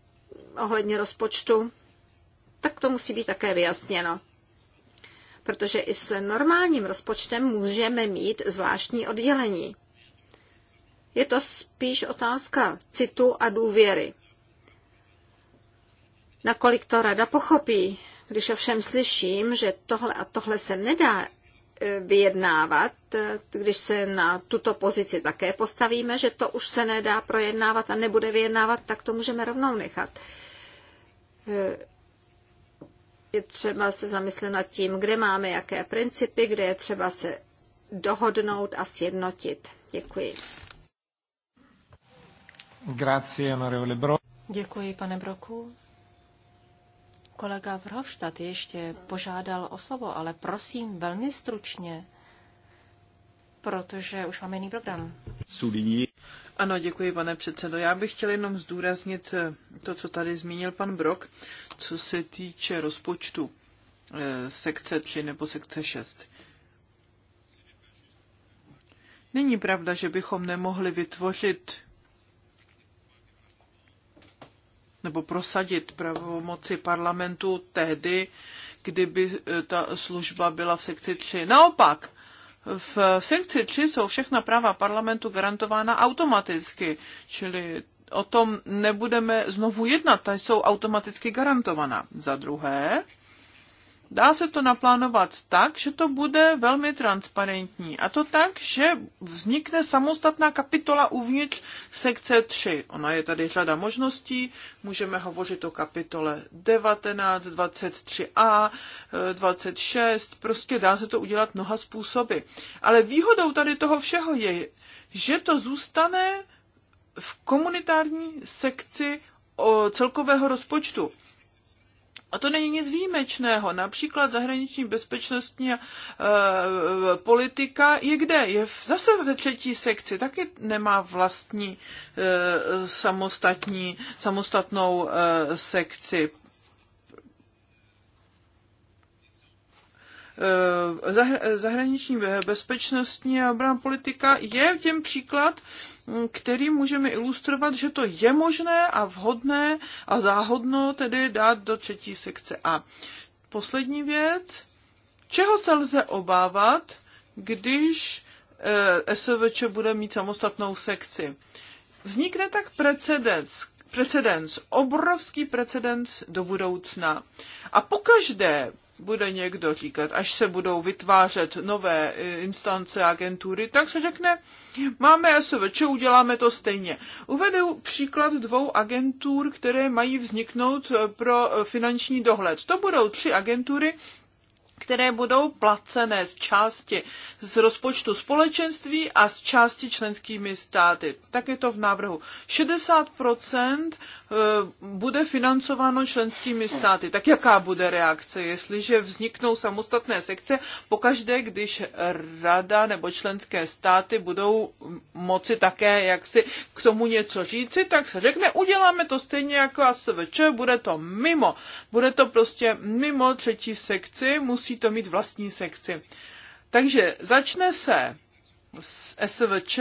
ohledně rozpočtu, tak to musí být také vyjasněno. Protože i s normálním rozpočtem můžeme mít zvláštní oddělení. Je to spíš otázka citu a důvěry. Nakolik to rada pochopí, když ovšem slyším, že tohle a tohle se nedá e, vyjednávat, e, když se na tuto pozici také postavíme, že to už se nedá projednávat a nebude vyjednávat, tak to můžeme rovnou nechat. E, je třeba se zamyslet nad tím, kde máme jaké principy, kde je třeba se dohodnout a sjednotit. Děkuji. Grazie, Děkuji, pane Broku. Kolega Vrhovštat ještě požádal o slovo, ale prosím velmi stručně, protože už máme jiný program. Sudí. Ano, děkuji, pane předsedo. Já bych chtěl jenom zdůraznit eh, to, co tady zmínil pan Brok, co se týče rozpočtu eh, sekce 3 nebo sekce 6. Není pravda, že bychom nemohli vytvořit nebo prosadit pravomoci parlamentu tehdy, kdyby e, ta služba byla v sekci 3. Naopak, v sekci 3 jsou všechna práva parlamentu garantována automaticky, čili o tom nebudeme znovu jednat, ta jsou automaticky garantovaná. Za druhé, Dá se to naplánovat tak, že to bude velmi transparentní. A to tak, že vznikne samostatná kapitola uvnitř sekce 3. Ona je tady řada možností. Můžeme hovořit o kapitole 19, 23a, 26. Prostě dá se to udělat mnoha způsoby. Ale výhodou tady toho všeho je, že to zůstane v komunitární sekci celkového rozpočtu. A to není nic výjimečného. Například zahraniční bezpečnostní e, politika je kde? Je v, zase ve třetí sekci, taky nemá vlastní e, samostatní, samostatnou e, sekci. E, zahraniční bezpečnostní a obranná politika je v těm příklad, kterým můžeme ilustrovat, že to je možné a vhodné a záhodno tedy dát do třetí sekce. A poslední věc, čeho se lze obávat, když eh, SVČ bude mít samostatnou sekci. Vznikne tak precedens, precedens, obrovský precedens do budoucna. A pokaždé, bude někdo říkat, až se budou vytvářet nové e, instance, agentury, tak se řekne, máme SVČ, uděláme to stejně. Uvedu příklad dvou agentur, které mají vzniknout e, pro e, finanční dohled. To budou tři agentury, které budou placené z části z rozpočtu společenství a z části členskými státy. Tak je to v návrhu. 60% e, bude financováno členskými státy. Tak jaká bude reakce, jestliže vzniknou samostatné sekce pokaždé, když rada nebo členské státy budou moci také jaksi k tomu něco říci, tak se řekne, uděláme to stejně jako ASVČ, bude to mimo. Bude to prostě mimo třetí sekci, musí musí to mít vlastní sekci. Takže začne se s SVČ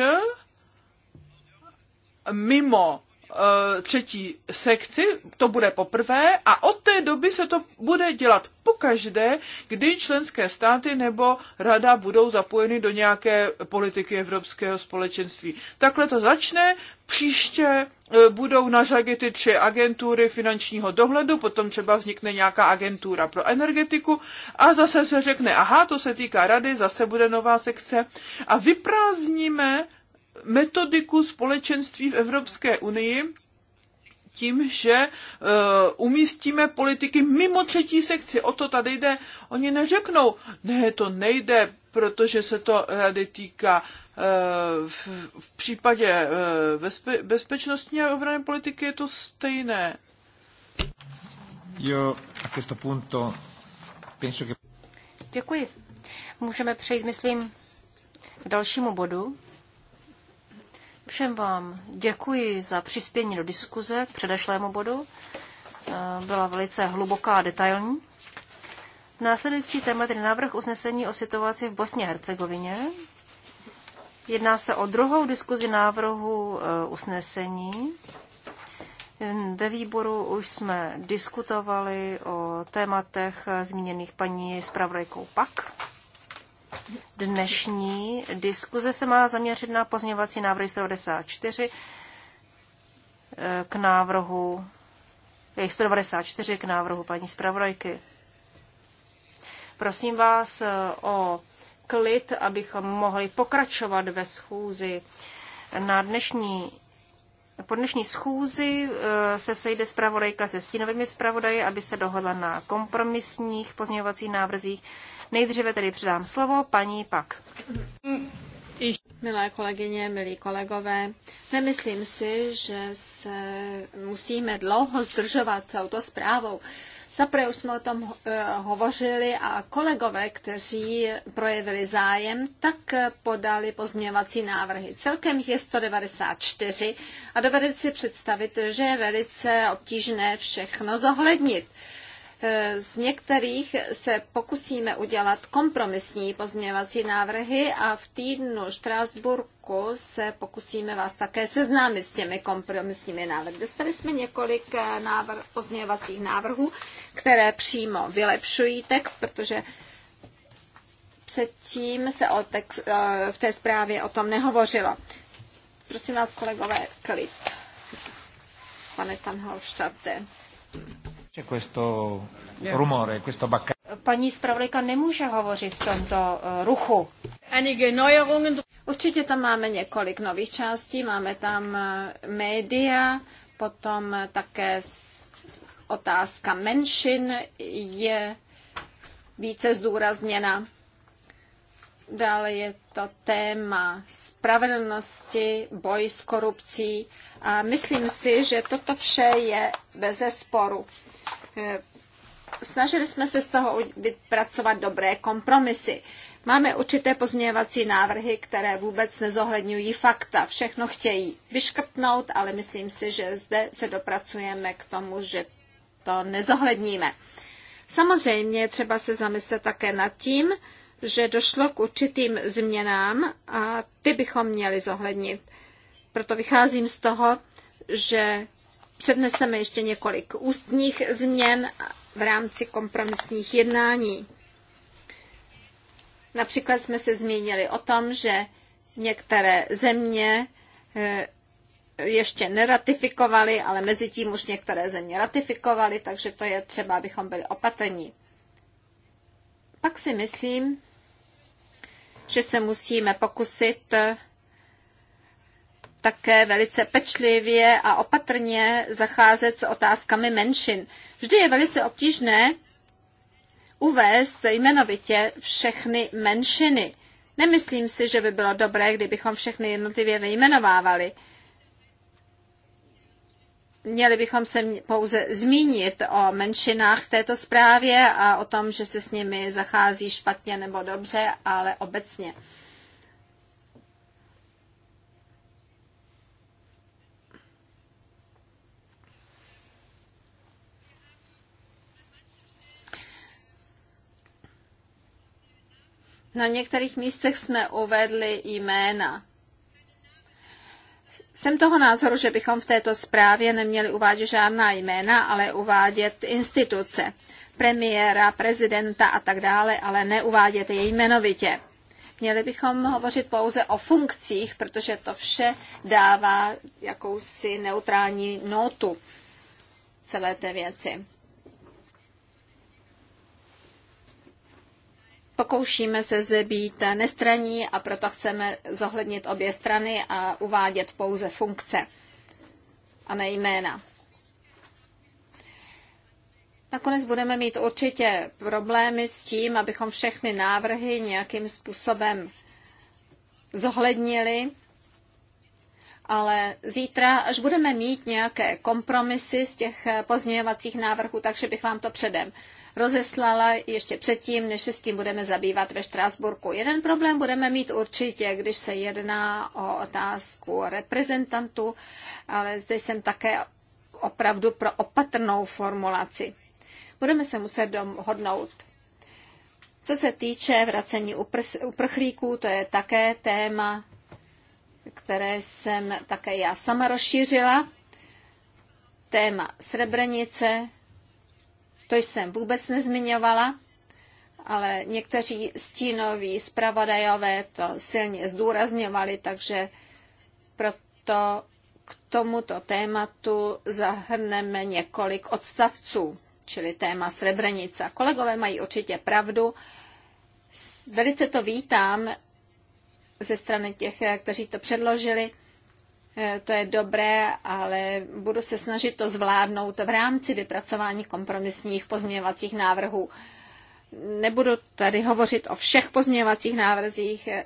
mimo eh, třetí sekci, to bude poprvé a od té doby se to bude dělat pokaždé, kdy členské státy nebo rada budou zapojeny do nějaké politiky Evropského společenství. Takhle to začne, Příště e, budou na řadě ty tři agentury finančního dohledu, potom třeba vznikne nějaká agentura pro energetiku a zase se řekne, aha, to se týká rady, zase bude nová sekce a vyprázdníme metodiku společenství v Evropské unii, tím, že uh, umístíme politiky mimo třetí sekci. O to tady jde. Oni neřeknou, ne, to nejde, protože se to rady týká. Uh, Eh, v případě eh, bezpe- bezpečnostní a obranné politiky je to stejné. Jo, a questo punto penso che... Děkuji. Můžeme přejít, myslím, k dalšímu bodu. Všem vám děkuji za přispění do diskuze k předešlému bodu. Eh, byla velice hluboká a detailní. Následující téma je návrh usnesení o situaci v Bosně a Hercegovině. Jedná se o druhou diskuzi návrhu e, usnesení. Ve výboru už jsme diskutovali o tématech e, zmíněných paní zpravodajkou PAK. Dnešní diskuze se má zaměřit na pozměňovací návrhy 194 e, k návrhu 194 k návrhu paní zpravodajky. Prosím vás o klid, abychom mohli pokračovat ve schůzi. Na dnešní po dnešní schůzi eh, se sejde zpravodajka se stínovými zpravodaji, aby se dohodla na kompromisních pozměňovacích návrzích. Nejdříve tedy předám slovo paní Pak. Milé kolegyně, milí kolegové, nemyslím si, že se musíme dlouho zdržovat touto zprávou. Zaprvé už jsme o tom eh, hovořili a kolegové, kteří projevili zájem, tak podali pozměňovací návrhy. Celkem je 194 a dovedete si představit, že je velice obtížné všechno zohlednit. E, z některých se pokusíme udělat kompromisní pozměňovací návrhy a v týdnu Štrásburku se pokusíme vás také seznámit s těmi kompromisními návrhy. Dostali jsme několik e, návr- pozměňovacích návrhů, které přímo vylepšují text, protože předtím se o text, e, v té zprávě o tom nehovořilo. Prosím vás, kolegové, klid. Pane Tanholštate. Paní zpravodajka nemůže hovořit v tomto eh, ruchu. Určitě tam máme několik nových částí, máme tam eh, média, potom eh, také otázka menšin je více zdůrazněna. Dále je to téma spravedlnosti, boj s korupcí a myslím si, že toto vše je bez sporu. Eh, snažili jsme se z toho vypracovat dobré kompromisy. Máme určité pozměňovací návrhy, které vůbec nezohledňují fakta. Všechno chtějí vyškrtnout, ale myslím si, že zde se dopracujeme k tomu, že to nezohledníme. Samozřejmě třeba se zamyslet také nad tím, že došlo k určitým změnám a ty bychom měli zohlednit. Proto vycházím z toho, že předneseme ještě několik ústních změn v rámci kompromisních jednání. Například jsme se zmínili o tom, že některé země eh, ještě neratifikovali, ale mezi tím už některé země ratifikovaly, takže to je třeba, abychom byli opatrní. Pak si myslím, že se musíme pokusit eh, také velice pečlivě a opatrně zacházet s otázkami menšin. Vždy je velice obtížné uvést jmenovitě všechny menšiny. Nemyslím si, že by bylo dobré, kdybychom všechny jednotlivě vyjmenovávali. Měli bychom se pouze zmínit o menšinách v této zprávě a o tom, že se s nimi zachází špatně nebo dobře, ale obecně. Na některých místech jsme uvedli jména. Jsem toho názoru, že bychom v této zprávě neměli uvádět žádná jména, ale uvádět instituce, premiéra, prezidenta a tak dále, ale neuvádět je jmenovitě. Měli bychom hovořit pouze o funkcích, protože to vše dává jakousi neutrální notu celé té věci. Pokoušíme se zde být nestraní a proto chceme zohlednit obě strany a uvádět pouze funkce a ne jména. Nakonec budeme mít určitě problémy s tím, abychom všechny návrhy nějakým způsobem zohlednili, ale zítra, až budeme mít nějaké kompromisy z těch pozměňovacích návrhů, takže bych vám to předem rozeslala ještě předtím, než se s tím budeme zabývat ve Štrásburku. Jeden problém budeme mít určitě, když se jedná o otázku reprezentantů, ale zde jsem také opravdu pro opatrnou formulaci. Budeme se muset dohodnout. Co se týče vracení uprchlíků, to je také téma, které jsem také já sama rozšířila. Téma Srebrenice to jsem vůbec nezmiňovala, ale někteří stínoví zpravodajové to silně zdůrazňovali, takže proto k tomuto tématu zahrneme několik odstavců, čili téma Srebrenica. Kolegové mají určitě pravdu. Velice to vítám ze strany těch, kteří to předložili. Eh, to je dobré, ale budu se snažit to zvládnout v rámci vypracování kompromisních pozměňovacích návrhů. Nebudu tady hovořit o všech pozměňovacích návrzích. Eh,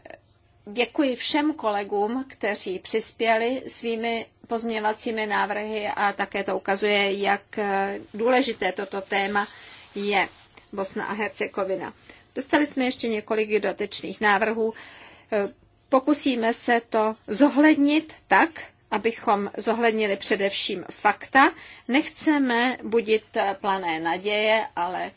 děkuji všem kolegům, kteří přispěli svými pozměňovacími návrhy a také to ukazuje, jak eh, důležité toto téma je Bosna a Hercegovina. Dostali jsme ještě několik dodatečných návrhů Pokusíme se to zohlednit tak, abychom zohlednili především fakta. Nechceme budit eh, plané naděje, ale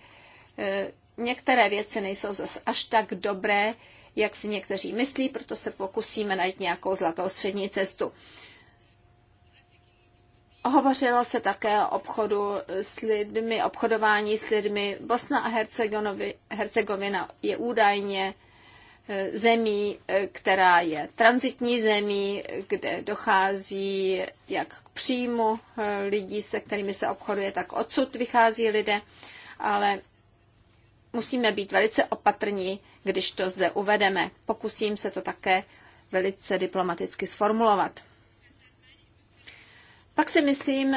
eh, některé věci nejsou zase až tak dobré, jak si někteří myslí, proto se pokusíme najít nějakou zlatou střední cestu. Hovořilo se také o obchodu s lidmi, obchodování s lidmi. Bosna a Hercegovina je údajně zemí, eh, která je transitní zemí, kde dochází jak k příjmu eh, lidí, se kterými se obchoduje, tak odsud vychází lidé, ale musíme být velice opatrní, když to zde uvedeme. Pokusím se to také velice diplomaticky sformulovat. Pak si myslím,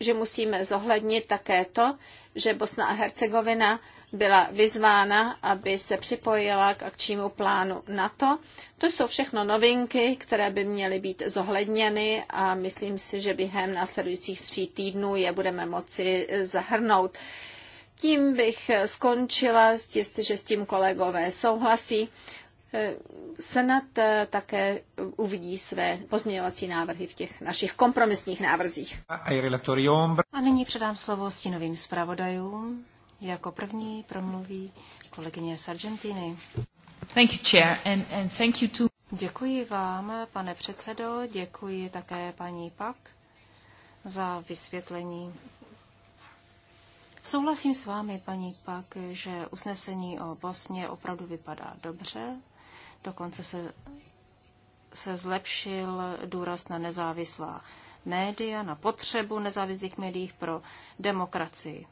že musíme zohlednit také to, že Bosna a Hercegovina byla vyzvána, aby se připojila k akčnímu plánu NATO. To jsou všechno novinky, které by měly být zohledněny a myslím si, že během následujících tří týdnů je budeme moci zahrnout. Tím bych skončila, jestliže s tím kolegové souhlasí. Senat také uvidí své pozměňovací návrhy v těch našich kompromisních návrzích. A nyní předám slovo stinovým zpravodajům. Jako první promluví kolegyně z Argentiny. Thank you, chair, and, and thank you to... Děkuji vám, pane předsedo, děkuji také paní Pak za vysvětlení. Souhlasím s vámi, paní Pak, že usnesení o Bosně opravdu vypadá dobře. Dokonce se, se zlepšil důraz na nezávislá média, na potřebu nezávislých médií pro demokracii.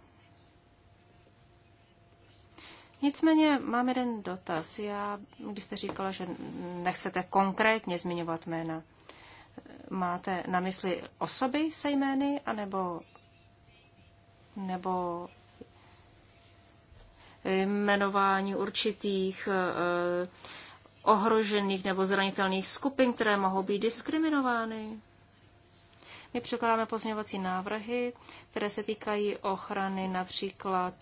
Nicméně mám jeden dotaz. Já, když jste říkala, že nechcete konkrétně zmiňovat jména, máte na mysli osoby se jmény, anebo nebo jmenování určitých eh, ohrožených nebo zranitelných skupin, které mohou být diskriminovány? My překládáme pozměňovací návrhy, které se týkají ochrany například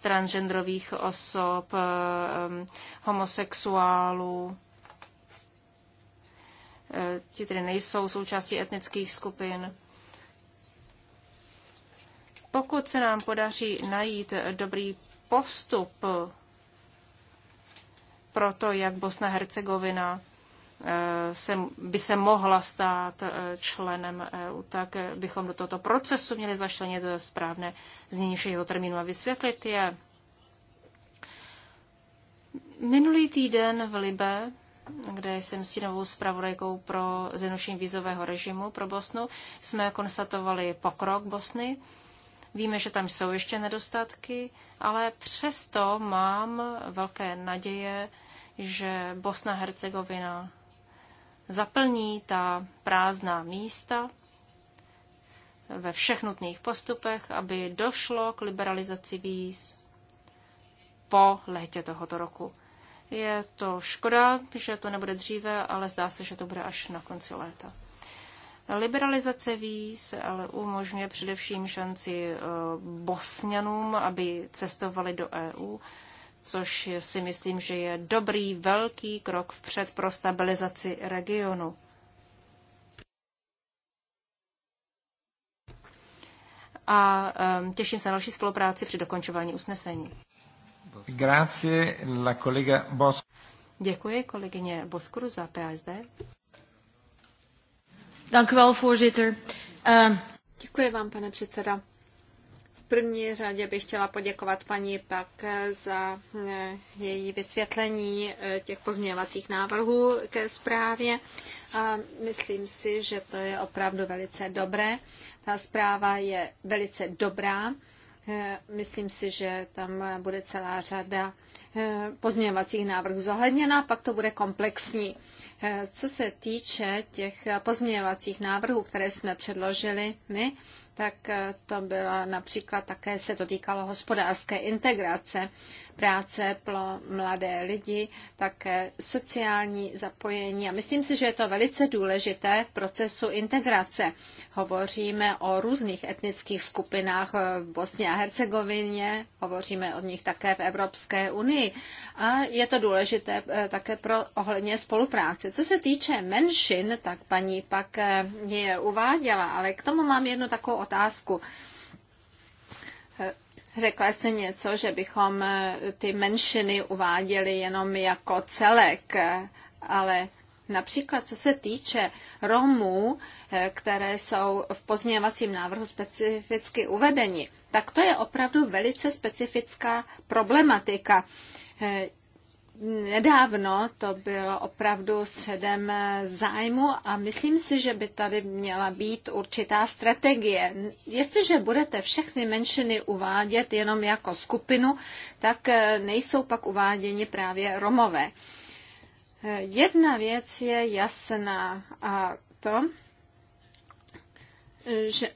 transgenderových osob, homosexuálů. E, ti tedy nejsou součástí etnických skupin. Pokud se nám podaří najít dobrý postup pro to, jak Bosna Hercegovina Eh, se, by se mohla stát eh, členem EU, tak eh, bychom do tohoto procesu měli zašlenit správné znění všeho termínu a vysvětlit je. Minulý týden v Libe, kde jsem novou zpravodajkou pro zjednodušení vízového režimu pro Bosnu, jsme konstatovali pokrok Bosny. Víme, že tam jsou ještě nedostatky, ale přesto mám velké naděje, že Bosna Hercegovina zaplní ta prázdná místa ve všech nutných postupech, aby došlo k liberalizaci víz po létě tohoto roku. Je to škoda, že to nebude dříve, ale zdá se, že to bude až na konci léta. Liberalizace víz ale umožňuje především šanci eh, Bosňanům, aby cestovali do EU což si myslím, že je dobrý velký krok vpřed pro stabilizaci regionu. A těším se na další spolupráci při dokončování usnesení. Grazie, la kolega Bos. Děkuji kolegyně Boskuru za PSD. Ehm, Děkuji vám, pane předseda první řadě bych chtěla poděkovat paní Pak za eh, její vysvětlení eh, těch pozměňovacích návrhů ke zprávě. A myslím si, že to je opravdu velice dobré. Ta zpráva je velice dobrá. Eh, myslím si, že tam bude celá řada Eh, pozměňovacích návrhů zohledněna, pak to bude komplexní. Eh, co se týče těch pozměňovacích návrhů, které jsme předložili my, tak eh, to bylo například také se to týkalo hospodářské integrace, práce pro mladé lidi, také sociální zapojení. A myslím si, že je to velice důležité v procesu integrace. Hovoříme o různých etnických skupinách v Bosně a Hercegovině, hovoříme o nich také v Evropské unii unii. A je to důležité eh, také pro ohledně spolupráce. Co se týče menšin, tak paní pak je eh, uváděla, ale k tomu mám jednu takovou otázku. Eh, řekla jste něco, že bychom ty menšiny uváděli jenom jako celek, ale Například co se týče Romů, které jsou v pozměňovacím návrhu specificky uvedeni tak to je opravdu velice specifická problematika. Eh, nedávno to bylo opravdu středem eh, zájmu a myslím si, že by tady měla být určitá strategie. Jestliže budete všechny menšiny uvádět jenom jako skupinu, tak eh, nejsou pak uváděni právě Romové. Jedna věc je jasná a to, že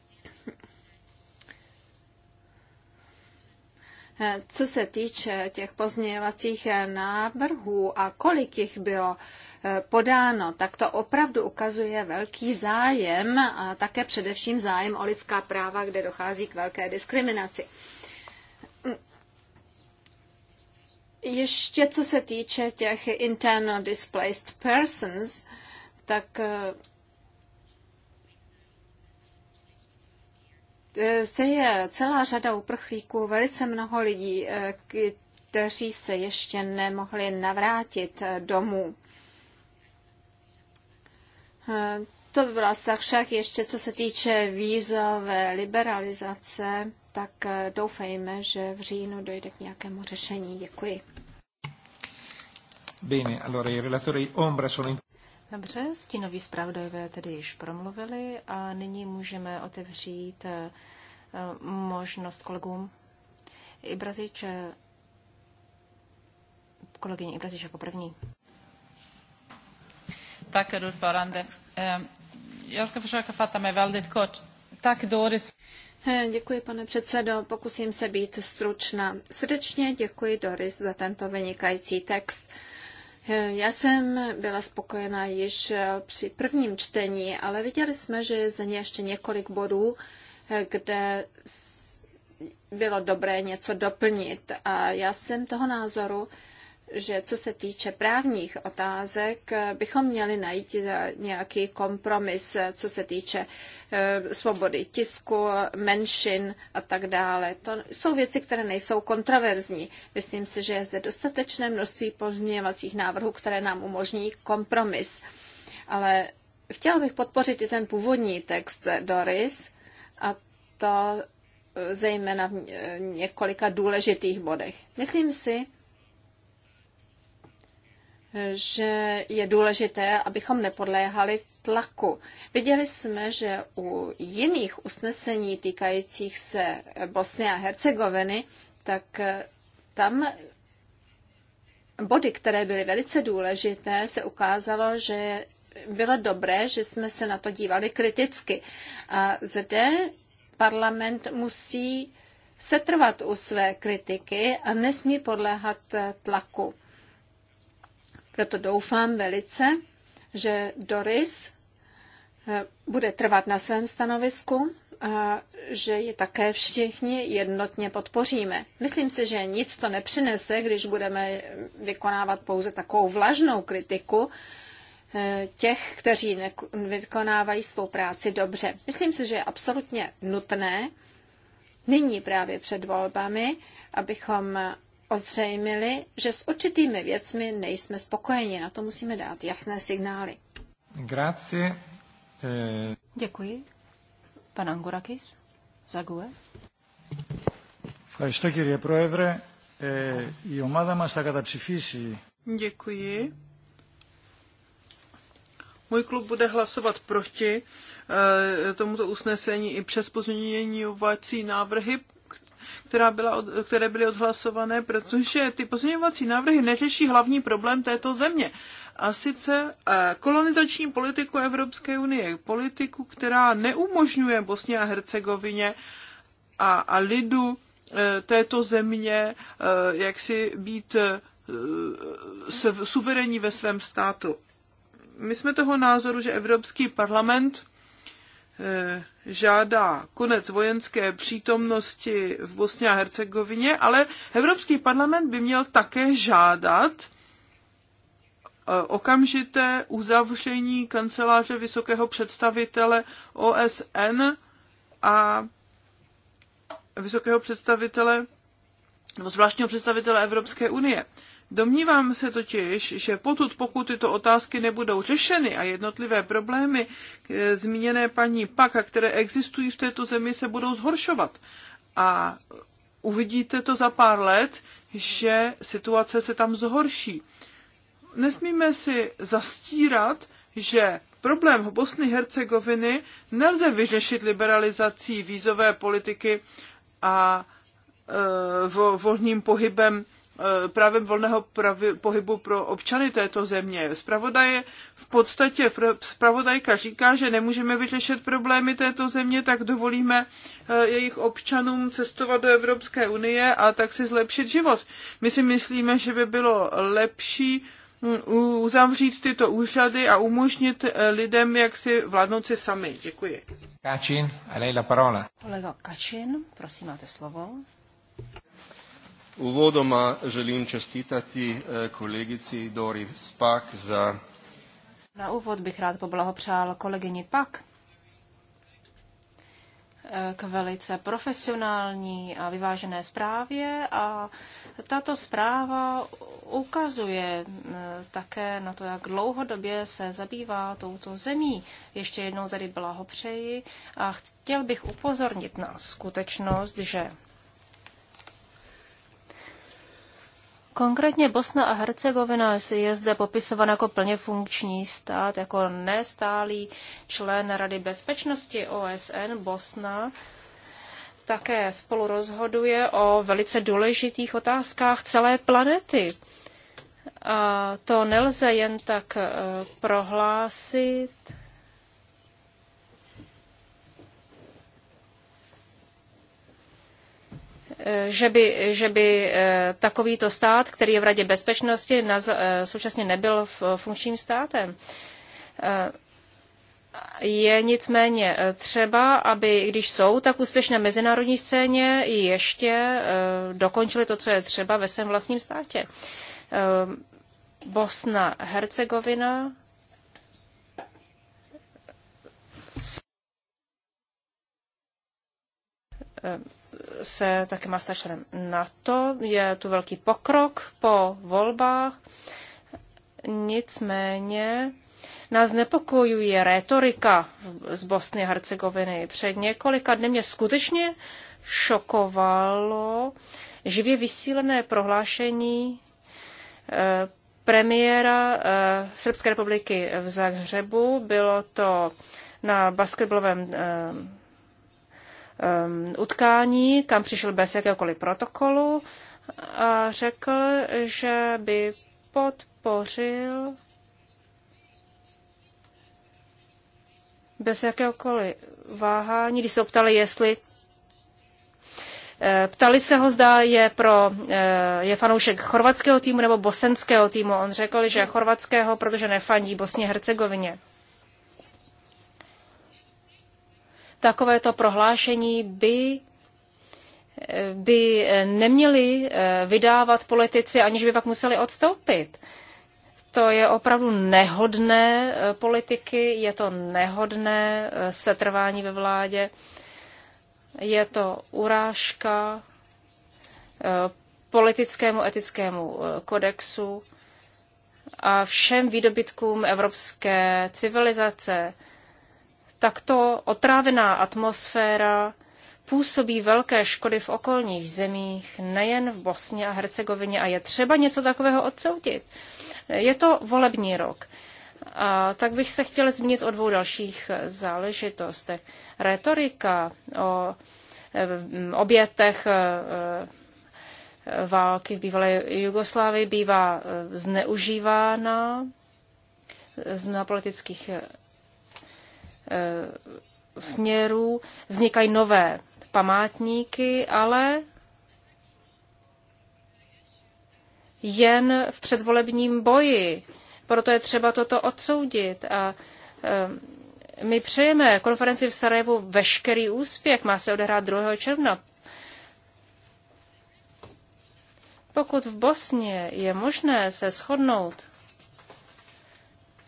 Co se týče těch pozměňovacích návrhů a kolik jich bylo eh, podáno, tak to opravdu ukazuje velký zájem a také především zájem o lidská práva, kde dochází k velké diskriminaci. Ještě co se týče těch internal displaced persons, tak eh, Eh, zde je celá řada uprchlíků, velice mnoho lidí, eh, kteří se ještě nemohli navrátit eh, domů. To by byla tak však ještě, co se týče vízové liberalizace, tak doufejme, že v říjnu dojde k nějakému řešení. Děkuji. Bene, allora i relatori ombra sono in... Dobře, stínoví zpravodajové tedy již promluvili a nyní můžeme otevřít eh, možnost kolegům. Ibrazič, eh, kolegyně Ibrazič jako první. Tack, ordförande. Eh, Já se försöka fatta je velmi kort. Tak, Doris. Děkuji, pane předsedo. Pokusím se být stručná. Srdečně děkuji, Doris, za tento vynikající text. Já jsem byla spokojená již při prvním čtení, ale viděli jsme, že je zde ještě několik bodů, kde bylo dobré něco doplnit. A já jsem toho názoru, že co se týče právních otázek, bychom měli najít nějaký kompromis, co se týče eh, svobody tisku, menšin a tak dále. To jsou věci, které nejsou kontroverzní. Myslím si, že je zde dostatečné množství pozměňovacích návrhů, které nám umožní kompromis. Ale chtěla bych podpořit i ten původní text Doris a to eh, zejména v několika důležitých bodech. Myslím si, že je důležité, abychom nepodléhali tlaku. Viděli jsme, že u jiných usnesení týkajících se Bosny a Hercegoviny, tak eh, tam body, které byly velice důležité, se ukázalo, že bylo dobré, že jsme se na to dívali kriticky. A zde parlament musí setrvat u své kritiky a nesmí podléhat tlaku. Proto doufám velice, že Doris eh, bude trvat na svém stanovisku a že je také všichni jednotně podpoříme. Myslím si, že nic to nepřinese, když budeme vykonávat pouze takovou vlažnou kritiku eh, těch, kteří vykonávají svou práci dobře. Myslím si, že je absolutně nutné nyní právě před volbami, abychom ozřejmili, že s určitými věcmi nejsme spokojeni. Na to musíme dát jasné signály. Grazie. Eh, Děkuji. Pan Angurakis, Zague. Ευχαριστώ κύριε Πρόεδρε. Ε, η ομάδα μας θα καταψηφίσει. Děkuji. Můj klub bude hlasovat proti eh, tomuto usnesení i přes pozměňovací návrhy, která byla od, které byly odhlasované, protože ty pozměňovací návrhy neřeší hlavní problém této země. A sice eh, kolonizační politiku Evropské unie, politiku, která neumožňuje Bosně a Hercegovině a, a lidu eh, této země, eh, jak si být suverénní ve svém státu. My jsme toho názoru, že Evropský parlament Eh, žádá konec vojenské přítomnosti v Bosně a Hercegovině, ale Evropský parlament by měl také žádat eh, okamžité uzavření kanceláře vysokého představitele OSN a vysokého představitele nebo zvláštního představitele Evropské unie. Domnívám se totiž, že potud, pokud tyto otázky nebudou řešeny a jednotlivé problémy eh, zmíněné paní Pak, a které existují v této zemi, se budou zhoršovat. A uvidíte to za pár let, že situace se tam zhorší. Nesmíme si zastírat, že problém Bosny Hercegoviny nelze vyřešit liberalizací vízové politiky a e, volným pohybem Eh, právem volného pravě, pohybu pro občany této země. Spravodaje v podstatě, spravodajka říká, že nemůžeme vyřešit problémy této země, tak dovolíme eh, jejich občanům cestovat do Evropské unie a tak si zlepšit život. My si myslíme, že by bylo lepší hm, uzavřít tyto úřady a umožnit eh, lidem, jak si vládnout si sami. Děkuji. Kačin, a lei la parola. Kolega Kačin, prosím, máte slovo. Uvodoma želim čestitati eh, kolegici Dori Spak za... Na úvod bych rád poblahopřál kolegyni Pak eh, k velice profesionální a vyvážené zprávě a tato zpráva ukazuje eh, také na to, jak dlouhodobě se zabývá touto zemí. Ještě jednou tady blahopřeji a chtěl bych upozornit na skutečnost, že Konkrétně Bosna a Hercegovina je zde popisována jako plně funkční stát, jako nestálý člen Rady bezpečnosti OSN Bosna také spolu rozhoduje o velice důležitých otázkách celé planety. A to nelze jen tak eh, prohlásit že by, že by eh, takovýto stát, který je v Radě bezpečnosti, eh, současně nebyl funkčním státem. Eh, je nicméně třeba, aby, když jsou tak úspěšné mezinárodní scéně, ještě dokončili to, co je třeba ve svém vlastním státě. Bosna, Hercegovina, Um se také má stát členem NATO. Je tu velký pokrok po volbách. Nicméně nás nepokojuje retorika z Bosny a Hercegoviny. Před několika dny mě skutečně šokovalo živě vysílené prohlášení eh, premiéra eh, Srbské republiky v Zahřebu. Bylo to na basketbalovém eh, um, utkání, kam přišel bez jakéhokoliv protokolu a řekl, že by podpořil bez jakéhokoliv váhání, když se ptali, jestli eh, Ptali se ho, zda je, pro, eh, je fanoušek chorvatského týmu nebo bosenského týmu. On řekl, že chorvatského, protože nefandí Bosně Hercegovině. takovéto prohlášení by by neměli eh, vydávat politici, aniž by pak museli odstoupit. To je opravdu nehodné eh, politiky, je to nehodné eh, setrvání ve vládě, je to urážka politickému etickému kodexu a všem výdobytkům evropské civilizace, Takto otrávená atmosféra působí velké škody v okolních zemích, nejen v Bosně a Hercegovině a je třeba něco takového odsoudit. Je to volební rok. A tak bych se chtěl zmínit o dvou dalších záležitostech. Retorika o obětech e, e, války v bývalé Jugoslávii bývá e, zneužívána na politických Eh, směrů vznikají nové památníky, ale jen v předvolebním boji. Proto je třeba toto odsoudit. A eh, my přejeme konferenci v Sarajevu veškerý úspěch. Má se odehrát 2. června. Pokud v Bosně je možné se shodnout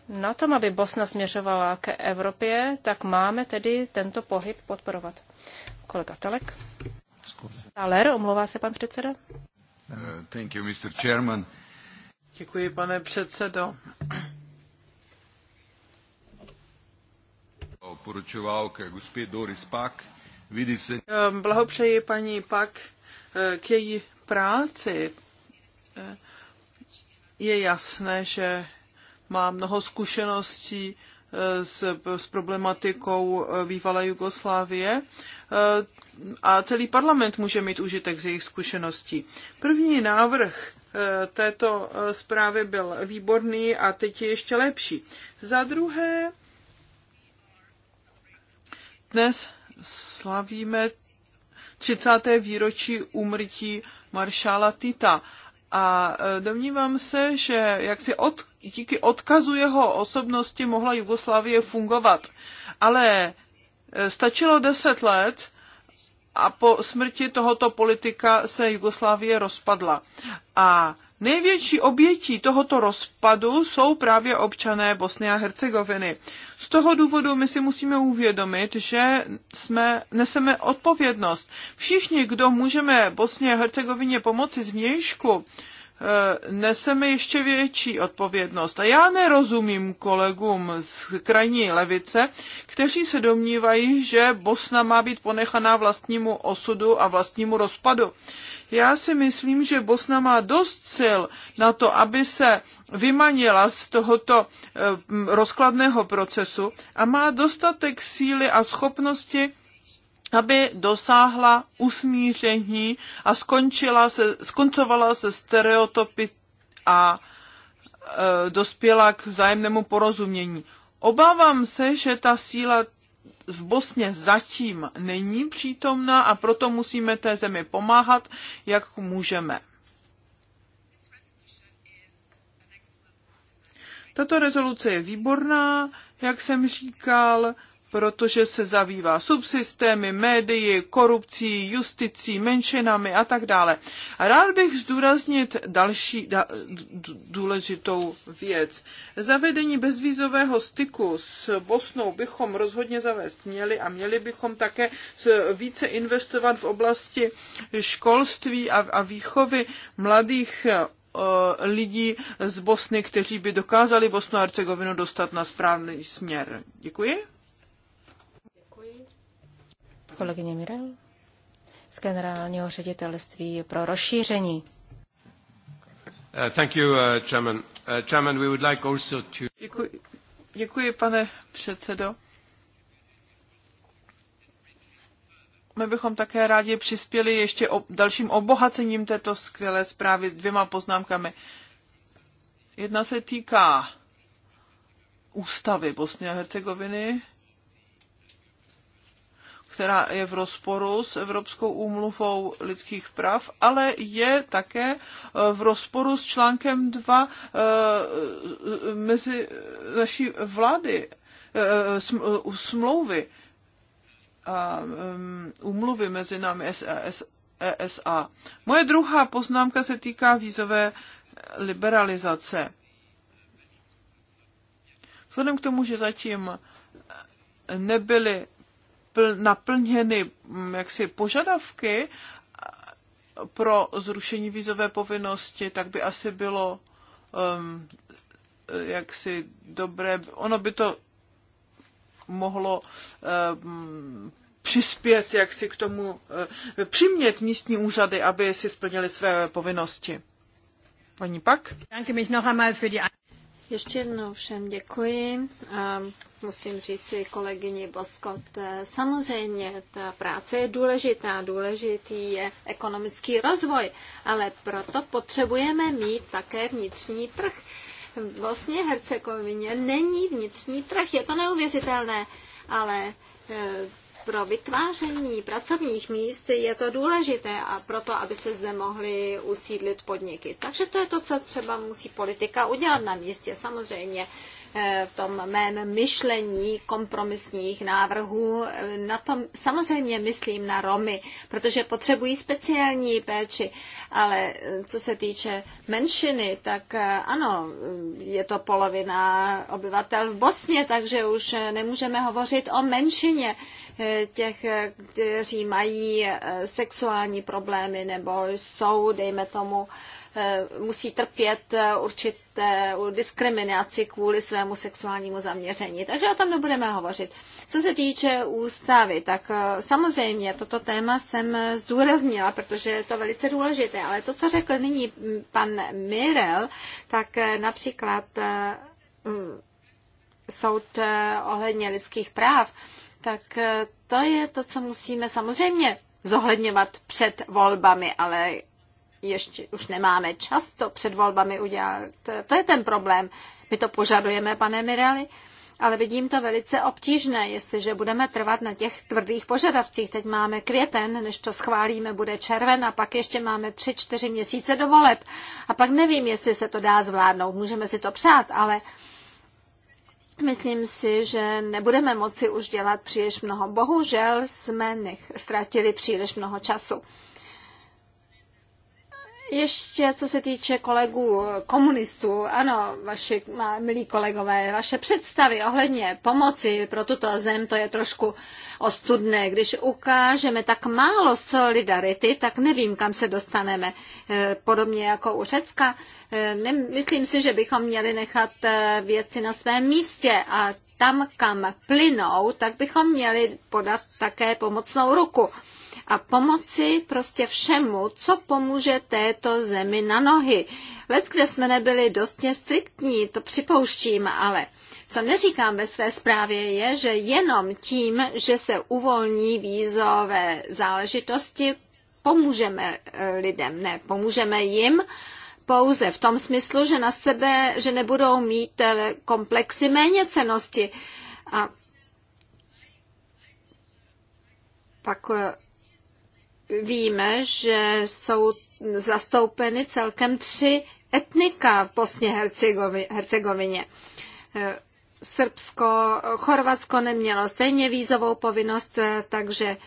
na tom, aby Bosna směřovala ke Evropě, tak máme tedy tento pohyb podporovat. Kolega Telek. Taler, omlouvá se pan předseda. Uh, thank you, Mr. Chairman. Děkuji, pane předsedo. Doris Pak. Vidí se... Ehm, blahopřeji paní Pak eh, k její práci. Eh, je jasné, že má mnoho zkušeností eh, s, s problematikou eh, bývalé Jugoslávie eh, a celý parlament může mít užitek z jejich zkušeností. První návrh této zprávy byl výborný a teď je ještě lepší. Za druhé, dnes slavíme 30. výročí úmrtí maršála Tita a domnívám se, že jak si od díky odkazu jeho osobnosti mohla Jugoslávie fungovat. Ale e, stačilo deset let a po smrti tohoto politika se Jugoslávie rozpadla. A Největší obětí tohoto rozpadu jsou právě občané Bosny a Hercegoviny. Z toho důvodu my si musíme uvědomit, že jsme, neseme odpovědnost. Všichni, kdo můžeme Bosně a Hercegovině pomoci z vnějšku, Eh, neseme ještě větší odpovědnost. A já nerozumím kolegům z krajní levice, kteří se domnívají, že Bosna má být ponechaná vlastnímu osudu a vlastnímu rozpadu. Já si myslím, že Bosna má dost sil na to, aby se vymanila z tohoto eh, rozkladného procesu a má dostatek síly a schopnosti aby dosáhla usmíření a skončila se, skoncovala se stereotopy a e, dospěla k vzájemnému porozumění. Obávám se, že ta síla v Bosně zatím není přítomná a proto musíme té zemi pomáhat, jak můžeme. Tato rezoluce je výborná, jak jsem říkal, protože se zavývá subsystémy, médii, korupcí, justicí, menšinami a tak dále. Rád bych zdůraznit další da, důležitou věc. Zavedení bezvízového styku s Bosnou bychom rozhodně zavést měli a měli bychom také více investovat v oblasti školství a, a výchovy mladých eh, lidí z Bosny, kteří by dokázali Bosnu a Hercegovinu dostat na správný směr. Děkuji. Kolegyně Mirel z generálního ředitelství pro rozšíření. Uh, uh, uh, děkuji, děkuji, pane předsedo. My bychom také rádi přispěli ještě o dalším obohacením této skvělé zprávy dvěma poznámkami. Jedna se týká ústavy Bosny a Hercegoviny která je v rozporu s Evropskou úmluvou lidských práv, ale je také eh, v rozporu s článkem 2 eh, mezi naší vlády, eh, smlouvy, mm, úmluvy mezi námi ESA. Moje druhá poznámka se týká vízové liberalizace. Vzhledem k tomu, že zatím nebyly naplněny mm, jaksi požadavky pro zrušení vízové povinnosti, tak by asi bylo um, jaksi dobré, ono by to mohlo um, přispět jaksi k tomu, uh, přimět místní úřady, aby si splnili své povinnosti. Paní Pak? Ještě jednou všem děkuji. A musím říct si kolegyni Boskot. Eh, samozřejmě ta práce je důležitá, důležitý je ekonomický rozvoj, ale proto potřebujeme mít také vnitřní trh. V Bosně Hercegovině není vnitřní trh, je to neuvěřitelné, ale eh, pro vytváření pracovních míst je to důležité a proto, aby se zde mohly usídlit podniky. Takže to je to, co třeba musí politika udělat na místě. Samozřejmě Eh, v tom mém myšlení kompromisních návrhů. Eh, na tom samozřejmě myslím na Romy, protože potřebují speciální péči, ale eh, co se týče menšiny, tak ano, je to polovina obyvatel v Bosně, takže už nemůžeme hovořit o menšině těch, kteří mají sexuální problémy nebo jsou, dejme tomu, Eh, musí trpět eh, určité diskriminaci kvůli svému sexuálnímu zaměření. Takže o tom nebudeme hovořit. Co se týče ústavy, tak eh, samozřejmě toto téma jsem zdůraznila, protože je to velice důležité, ale to, co řekl nyní pan Mirel, tak například mm, soud ohledně lidských práv, tak to je to, co musíme samozřejmě zohledňovat před volbami, ale ještě už nemáme čas to před volbami udělat. To je ten problém. My to požadujeme, pane Mireli, ale vidím to velice obtížné, jestliže budeme trvat na těch tvrdých požadavcích. Teď máme květen, než to schválíme, bude červen a pak ještě máme tři, čtyři měsíce do voleb. A pak nevím, jestli se to dá zvládnout. Můžeme si to přát, ale Myslím si, že nebudeme moci už dělat příliš mnoho. Bohužel jsme nech, ztratili příliš mnoho času. Ještě co se týče kolegů komunistů, ano, vaši milí kolegové, vaše představy ohledně pomoci pro tuto zem, to je trošku ostudné. Když ukážeme tak málo solidarity, tak nevím, kam se dostaneme. E, podobně jako u Řecka, e, myslím si, že bychom měli nechat e, věci na svém místě a tam, kam plynou, tak bychom měli podat také pomocnou ruku a pomoci prostě všemu, co pomůže této zemi na nohy. Lec, kde jsme nebyli dostně striktní, to připouštím, ale co neříkám ve své zprávě je, že jenom tím, že se uvolní vízové záležitosti, pomůžeme eh, lidem, ne, pomůžeme jim, pouze v tom smyslu, že na sebe, že nebudou mít eh, komplexy méněcenosti. A pak eh, víme, že jsou zastoupeny celkem tři etnika v Bosně Hercegovině. Srbsko, Chorvatsko nemělo stejně vízovou povinnost, takže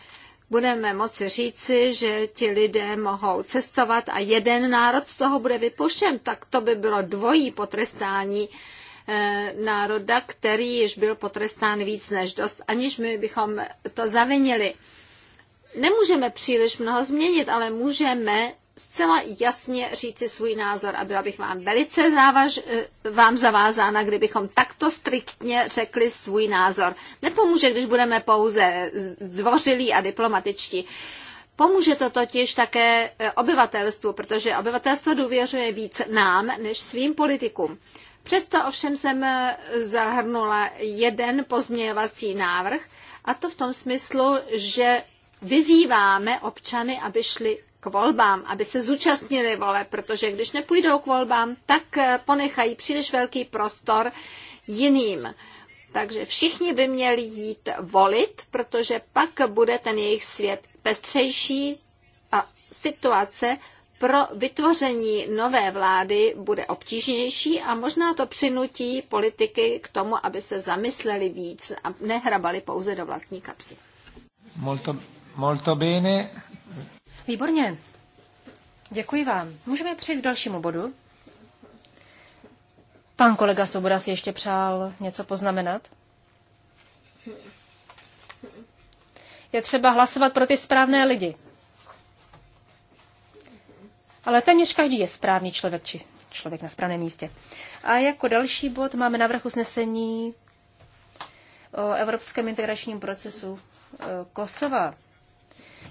budeme moci říci, že ti lidé mohou cestovat a jeden národ z toho bude vypuštěn, tak to by bylo dvojí potrestání eh, národa, který již byl potrestán víc než dost, aniž my bychom to zavinili nemůžeme příliš mnoho změnit, ale můžeme zcela jasně říci svůj názor a byla bych vám velice závaž, eh, vám zavázána, kdybychom takto striktně řekli svůj názor. Nepomůže, když budeme pouze zdvořilí a diplomatičtí. Pomůže to totiž také eh, obyvatelstvu, protože obyvatelstvo důvěřuje víc nám než svým politikům. Přesto ovšem jsem eh, zahrnula jeden pozměňovací návrh, a to v tom smyslu, že vyzýváme občany, aby šli k volbám, aby se zúčastnili voleb, protože když nepůjdou k volbám, tak eh, ponechají příliš velký prostor jiným. Takže všichni by měli jít volit, protože pak bude ten jejich svět pestřejší a situace pro vytvoření nové vlády bude obtížnější a možná to přinutí politiky k tomu, aby se zamysleli víc a nehrabali pouze do vlastní kapsy. Molto Molto bene. Výborně. Děkuji vám. Můžeme přijít k dalšímu bodu. Pan kolega Svoboda si ještě přál něco poznamenat. Je třeba hlasovat pro ty správné lidi. Ale téměř každý je správný člověk, či člověk na správném místě. A jako další bod máme navrh usnesení o evropském integračním procesu eh, Kosova.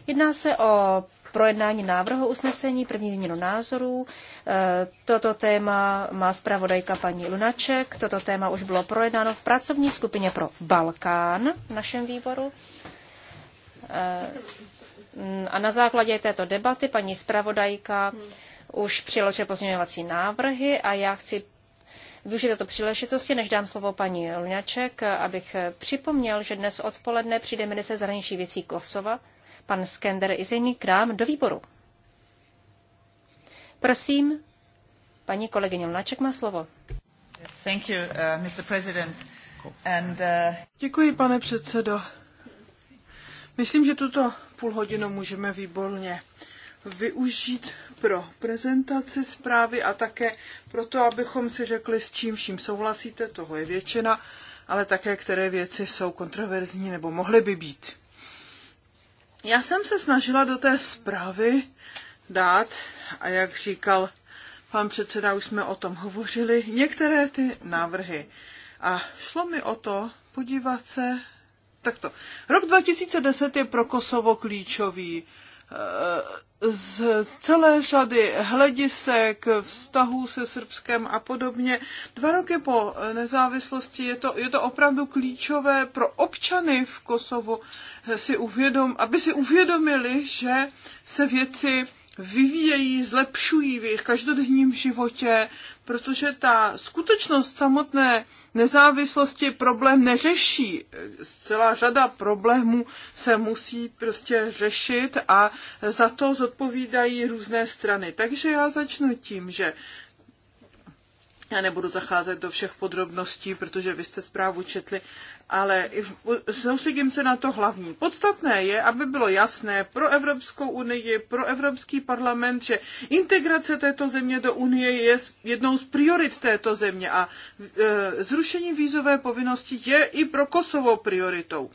Jedná se o projednání návrhu usnesení, první výměnu názorů. Eh, Toto téma má zpravodajka paní Lunaček. Toto téma už bylo projednáno v pracovní skupině pro Balkán v našem výboru. Eh, a na základě této debaty paní zpravodajka už přiložil pozměňovací návrhy a já chci využít této příležitosti, než dám slovo paní Lňaček, abych připomněl, že dnes odpoledne přijde minister zahraničí věcí Kosova, pan Skender Izini k nám do výboru. Prosím, paní kolegyně Lunaček má slovo. Thank you, uh, Mr. President. And, uh... Děkuji, pane předsedo. Myslím, že tuto půl hodinu můžeme výborně využít pro prezentaci zprávy a také pro to, abychom si řekli, s čím vším souhlasíte, toho je většina, ale také, které věci jsou kontroverzní nebo mohly by být. Já jsem se snažila do té zprávy dát, a jak říkal pan předseda, už jsme o tom hovořili, některé ty návrhy. A šlo mi o to podívat se takto. Rok 2010 je pro Kosovo klíčový. Eh, z, z celé řady hledisek, vztahů se Srbskem a podobně. Dva roky po nezávislosti je to, je to opravdu klíčové pro občany v Kosovu, eh, si uvědom, aby si uvědomili, že se věci vyvíjejí, zlepšují v jejich každodenním životě, protože ta skutečnost samotné nezávislosti problém neřeší. Celá řada problémů se musí prostě řešit a za to zodpovídají různé strany. Takže já začnu tím, že já nebudu zacházet do všech podrobností, protože vy jste zprávu četli ale soustředím se na to hlavní. Podstatné je, aby bylo jasné pro Evropskou unii, pro Evropský parlament, že integrace této země do Unie je jednou z priorit této země a e, zrušení vízové povinnosti je i pro Kosovo prioritou.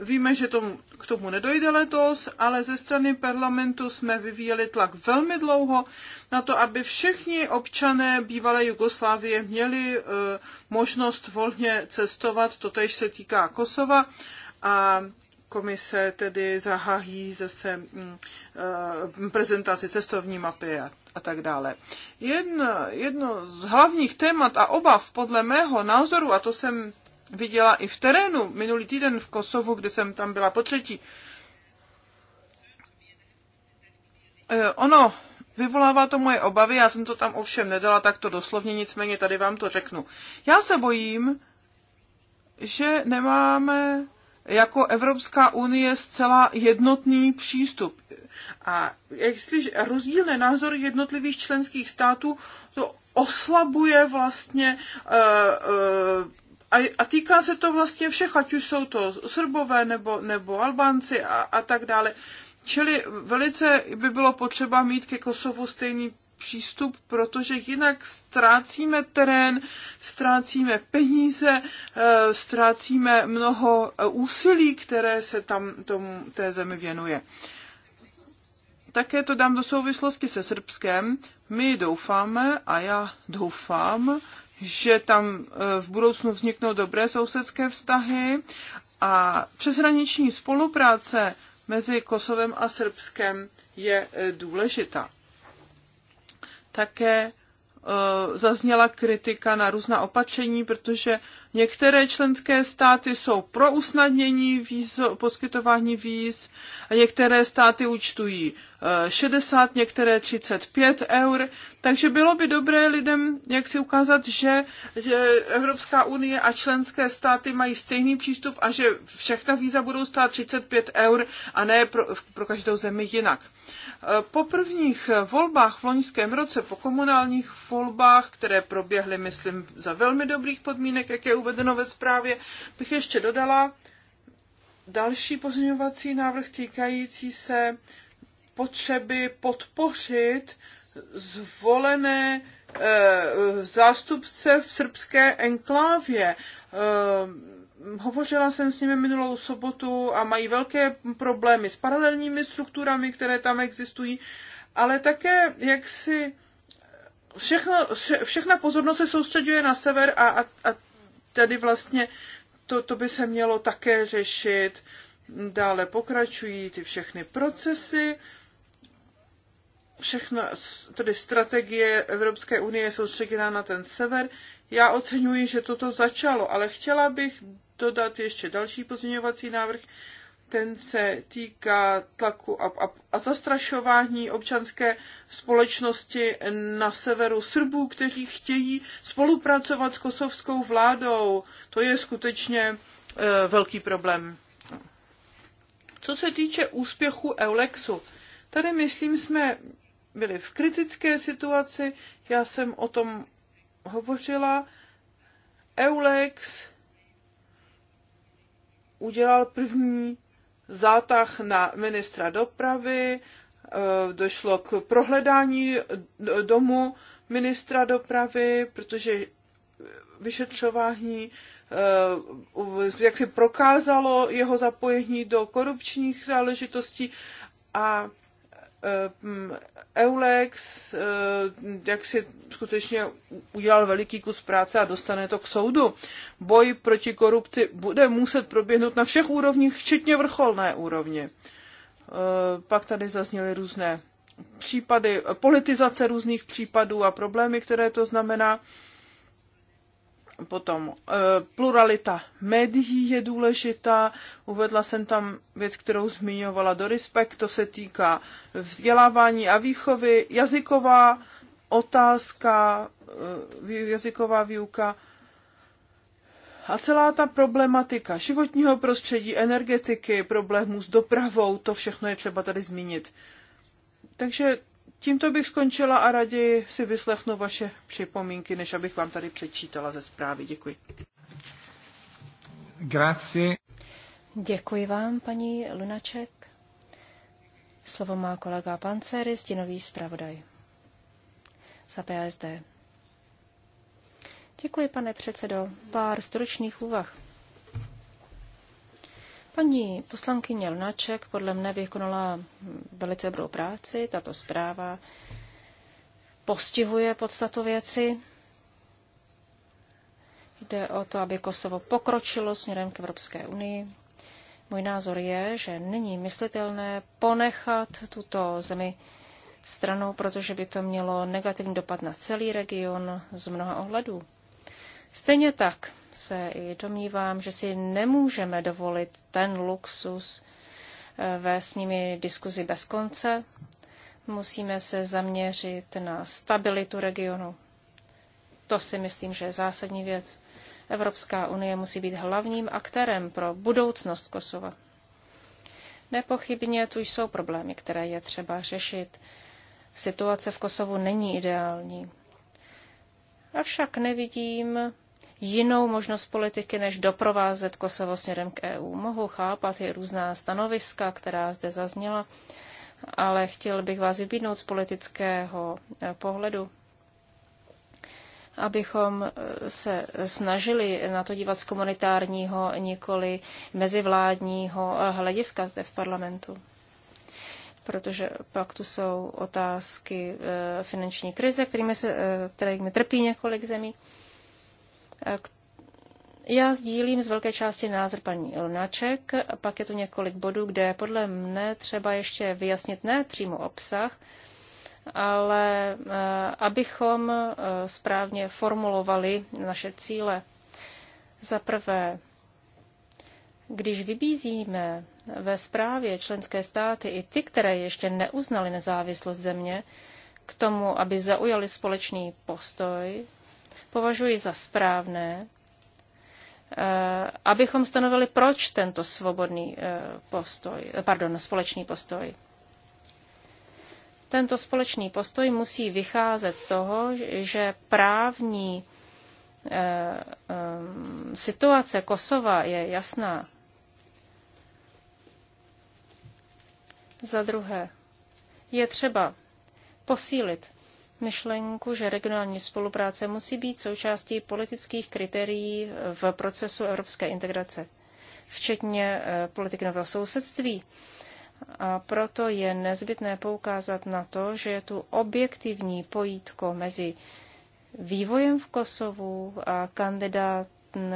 Víme, že tomu, k tomu nedojde letos, ale ze strany parlamentu jsme vyvíjeli tlak velmi dlouho na to, aby všichni občané bývalé Jugoslávie měli eh, možnost volně cestovat, to tež se týká Kosova. A komise tedy zahájí zase mm, eh, prezentaci cestovní mapy a, a tak dále. Jedno, jedno z hlavních témat a obav podle mého názoru, a to jsem viděla i v terénu minulý týden v Kosovu, kde jsem tam byla po třetí. E, ono vyvolává to moje obavy, já jsem to tam ovšem nedala takto doslovně, nicméně tady vám to řeknu. Já se bojím, že nemáme jako Evropská unie zcela jednotný přístup. A jestliže rozdílné názory jednotlivých členských států, to oslabuje vlastně uh, uh, a, a týká se to vlastně všech, ať už jsou to Srbové nebo, nebo Albánci a, a tak dále. Čili velice by bylo potřeba mít ke Kosovu stejný přístup, protože jinak ztrácíme terén, ztrácíme peníze, eh, ztrácíme mnoho eh, úsilí, které se tam tomu, té zemi věnuje. Také to dám do souvislosti se Srbskem. My doufáme a já doufám, že tam e, v budoucnu vzniknou dobré sousedské vztahy a přeshraniční spolupráce mezi Kosovem a Srbskem je e, důležitá. Také e, zazněla kritika na různá opatření, protože Některé členské státy jsou pro usnadnění víz, poskytování víz, a některé státy účtují 60, eh, některé 35 eur. Takže bylo by dobré lidem jak si ukázat, že, že Evropská unie a členské státy mají stejný přístup a že všechna víza budou stát 35 eur a ne pro, pro každou zemi jinak. Eh, po prvních volbách v loňském roce, po komunálních volbách, které proběhly, myslím, za velmi dobrých podmínek, jak je uvedeno ve zprávě, bych ještě dodala další pozměňovací návrh týkající se potřeby podpořit zvolené eh, zástupce v srbské enklávě. Eh, hovořila jsem s nimi minulou sobotu a mají velké problémy s paralelními strukturami, které tam existují, ale také jak si všechno, všechna pozornost se soustředuje na sever a, a, a tady vlastně to, to by se mělo také řešit. Dále pokračují ty všechny procesy, všechno, tedy strategie Evropské unie je soustředěná na ten sever. Já oceňuji, že toto začalo, ale chtěla bych dodat ještě další pozměňovací návrh, ten se týká tlaku a, a, a zastrašování občanské společnosti na severu Srbů, kteří chtějí spolupracovat s kosovskou vládou. To je skutečně e, velký problém. Co se týče úspěchu Eulexu, tady myslím, jsme byli v kritické situaci, já jsem o tom hovořila. Eulex udělal první zátah na ministra dopravy, eh, došlo k prohledání domu ministra dopravy, protože vyšetřování eh, jak se prokázalo jeho zapojení do korupčních záležitostí a Eh, mm, Eulex, eh, jak si skutečně udělal veliký kus práce a dostane to k soudu. Boj proti korupci bude muset proběhnout na všech úrovních, včetně vrcholné úrovně. Eh, pak tady zazněly různé případy, politizace různých případů a problémy, které to znamená. Potom eh, pluralita médií je důležitá. Uvedla jsem tam věc, kterou zmiňovala do respekt, to se týká vzdělávání a výchovy, jazyková otázka, eh, jazyková výuka a celá ta problematika životního prostředí, energetiky, problémů s dopravou, to všechno je třeba tady zmínit. Takže Tímto bych skončila a raději si vyslechnu vaše připomínky, než abych vám tady přečítala ze zprávy. Děkuji. Grazie. Děkuji vám, paní Lunaček. Slovo má kolega Pancery, stinový zpravodaj. Za PSD. Děkuji, pane předsedo. Pár stručných úvah. Paní poslankyně Lnaček podle mne vykonala velice dobrou práci. Tato zpráva postihuje podstatu věci. Jde o to, aby Kosovo pokročilo směrem k Evropské unii. Můj názor je, že není myslitelné ponechat tuto zemi stranou, protože by to mělo negativní dopad na celý region z mnoha ohledů. Stejně tak se i domnívám, že si nemůžeme dovolit ten luxus eh, ve s nimi diskuzi bez konce. Musíme se zaměřit na stabilitu regionu. To si myslím, že je zásadní věc. Evropská unie musí být hlavním aktérem pro budoucnost Kosova. Nepochybně tu jsou problémy, které je třeba řešit. Situace v Kosovu není ideální. Avšak nevidím jinou možnost politiky, než doprovázet Kosovo směrem k EU. Mohu chápat i různá stanoviska, která zde zazněla, ale chtěl bych vás vybídnout z politického eh, pohledu, abychom eh, se snažili na to dívat z komunitárního, nikoli mezivládního eh, hlediska zde v parlamentu protože pak tu jsou otázky e, finanční krize, kterými, se, e, kterými trpí několik zemí. Já sdílím z velké části názor paní Ilnaček, pak je tu několik bodů, kde podle mne třeba ještě vyjasnit ne přímo obsah, ale e, abychom správně formulovali naše cíle. Za prvé, když vybízíme ve zprávě členské státy, i ty, které ještě neuznaly nezávislost země, k tomu, aby zaujali společný postoj, považuji za správné, eh, abychom stanovili, proč tento svobodný eh, postoj, eh, pardon, společný postoj. Tento společný postoj musí vycházet z toho, že právní situace Kosova je jasná. Za druhé, je třeba posílit myšlenku, že regionální spolupráce musí být součástí politických kritérií v procesu evropské integrace, včetně eh, politik nového sousedství. A proto je nezbytné poukázat na to, že je tu objektivní pojítko mezi vývojem v Kosovu a kandidát,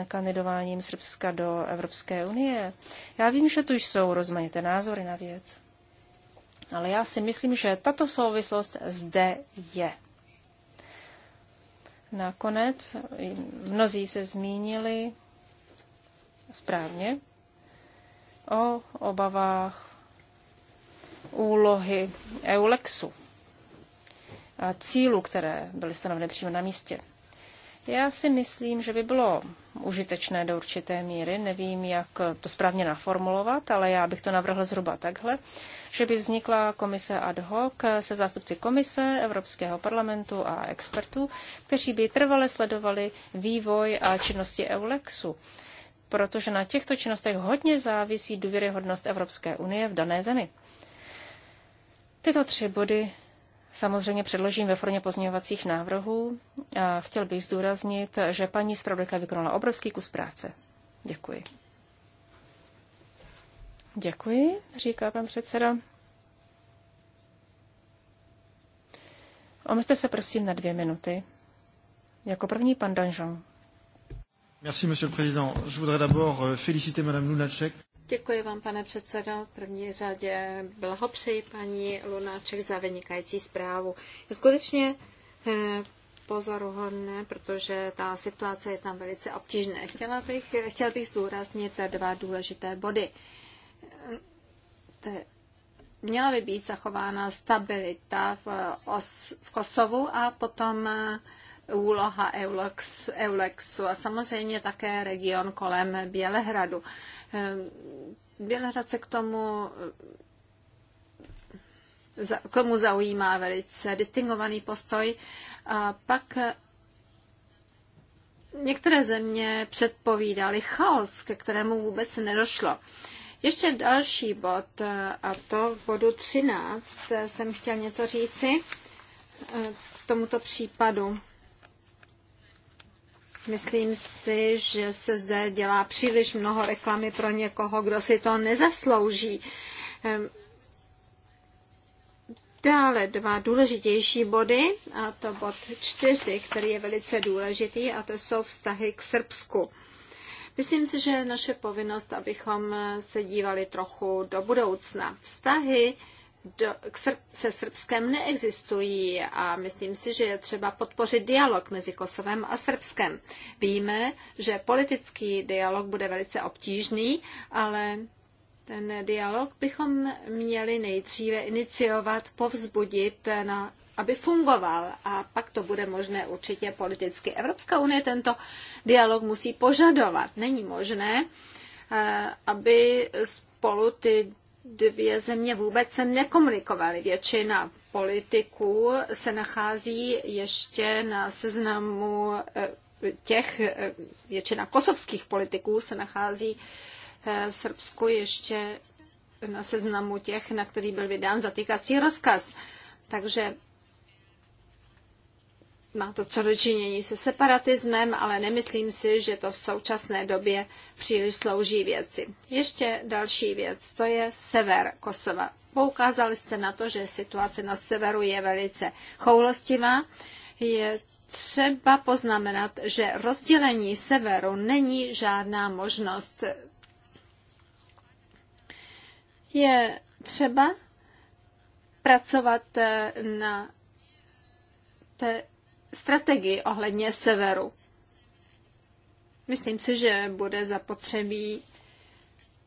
kandidováním Srbska do Evropské unie. Já vím, že tu jsou rozmanité názory na věc. Ale já si myslím, že tato souvislost zde je. Nakonec mnozí se zmínili správně o obavách úlohy EULEXu a cílu, které byly stanoveny přímo na místě. Já si myslím, že by bylo užitečné do určité míry, nevím, jak to správně naformulovat, ale já bych to navrhl zhruba takhle, že by vznikla komise ad hoc se zástupci komise, Evropského parlamentu a expertů, kteří by trvale sledovali vývoj a činnosti EULEXu, protože na těchto činnostech hodně závisí důvěryhodnost Evropské unie v dané zemi. Tyto tři body samozřejmě předložím ve formě pozměňovacích návrhů. A chtěl bych zdůraznit, že paní zpravodajka vykonala obrovský kus práce. Děkuji. Děkuji, říká pan předseda. Omezte se prosím na dvě minuty. Jako první pan Danjean. Merci, monsieur le président. Je voudrais d'abord euh, féliciter madame Lunacek. Děkuji vám, pane předsedo. V první řadě blahopřeji paní Lunáček za vynikající zprávu. Je skutečně eh, pozoruhodné, protože ta situace je tam velice obtížná. Chtěla bych, chtěl bych zdůraznit dva důležité body. Měla by být zachována stabilita v, Os- v Kosovu a potom eh, úloha Eulexu a samozřejmě také region kolem Bělehradu. Eh, Bělehrad se k tomu eh, k tomu zaujímá velice distingovaný postoj. A pak eh, některé země předpovídaly chaos, ke kterému vůbec nedošlo. Ještě další bod, a to v bodu 13 jsem chtěl něco říci k tomuto případu. Myslím si, že se zde dělá příliš mnoho reklamy pro někoho, kdo si to nezaslouží. Ehm, dále dva důležitější body, a to bod čtyři, který je velice důležitý, a to jsou vztahy k Srbsku. Myslím si, že je naše povinnost, abychom se dívali trochu do budoucna. Vztahy do, k se Srbskem neexistují a myslím si, že je třeba podpořit dialog mezi Kosovem a Srbskem. Víme, že politický dialog bude velice obtížný, ale ten dialog bychom měli nejdříve iniciovat, povzbudit na aby fungoval a pak to bude možné určitě politicky. Evropská unie tento dialog musí požadovat. Není možné, eh, aby spolu ty dvě země vůbec se nekomunikovaly. Většina politiků se nachází ještě na seznamu eh, těch, eh, většina kosovských politiků se nachází eh, v Srbsku ještě na seznamu těch, na který byl vydán zatýkací rozkaz. Takže má to co dočinění se separatismem, ale nemyslím si, že to v současné době příliš slouží věci. Ještě další věc, to je sever Kosova. Poukázali jste na to, že situace na severu je velice choulostivá. Je třeba poznamenat, že rozdělení severu není žádná možnost. Je třeba pracovat eh, na té strategii ohledně severu. Myslím si, že bude zapotřebí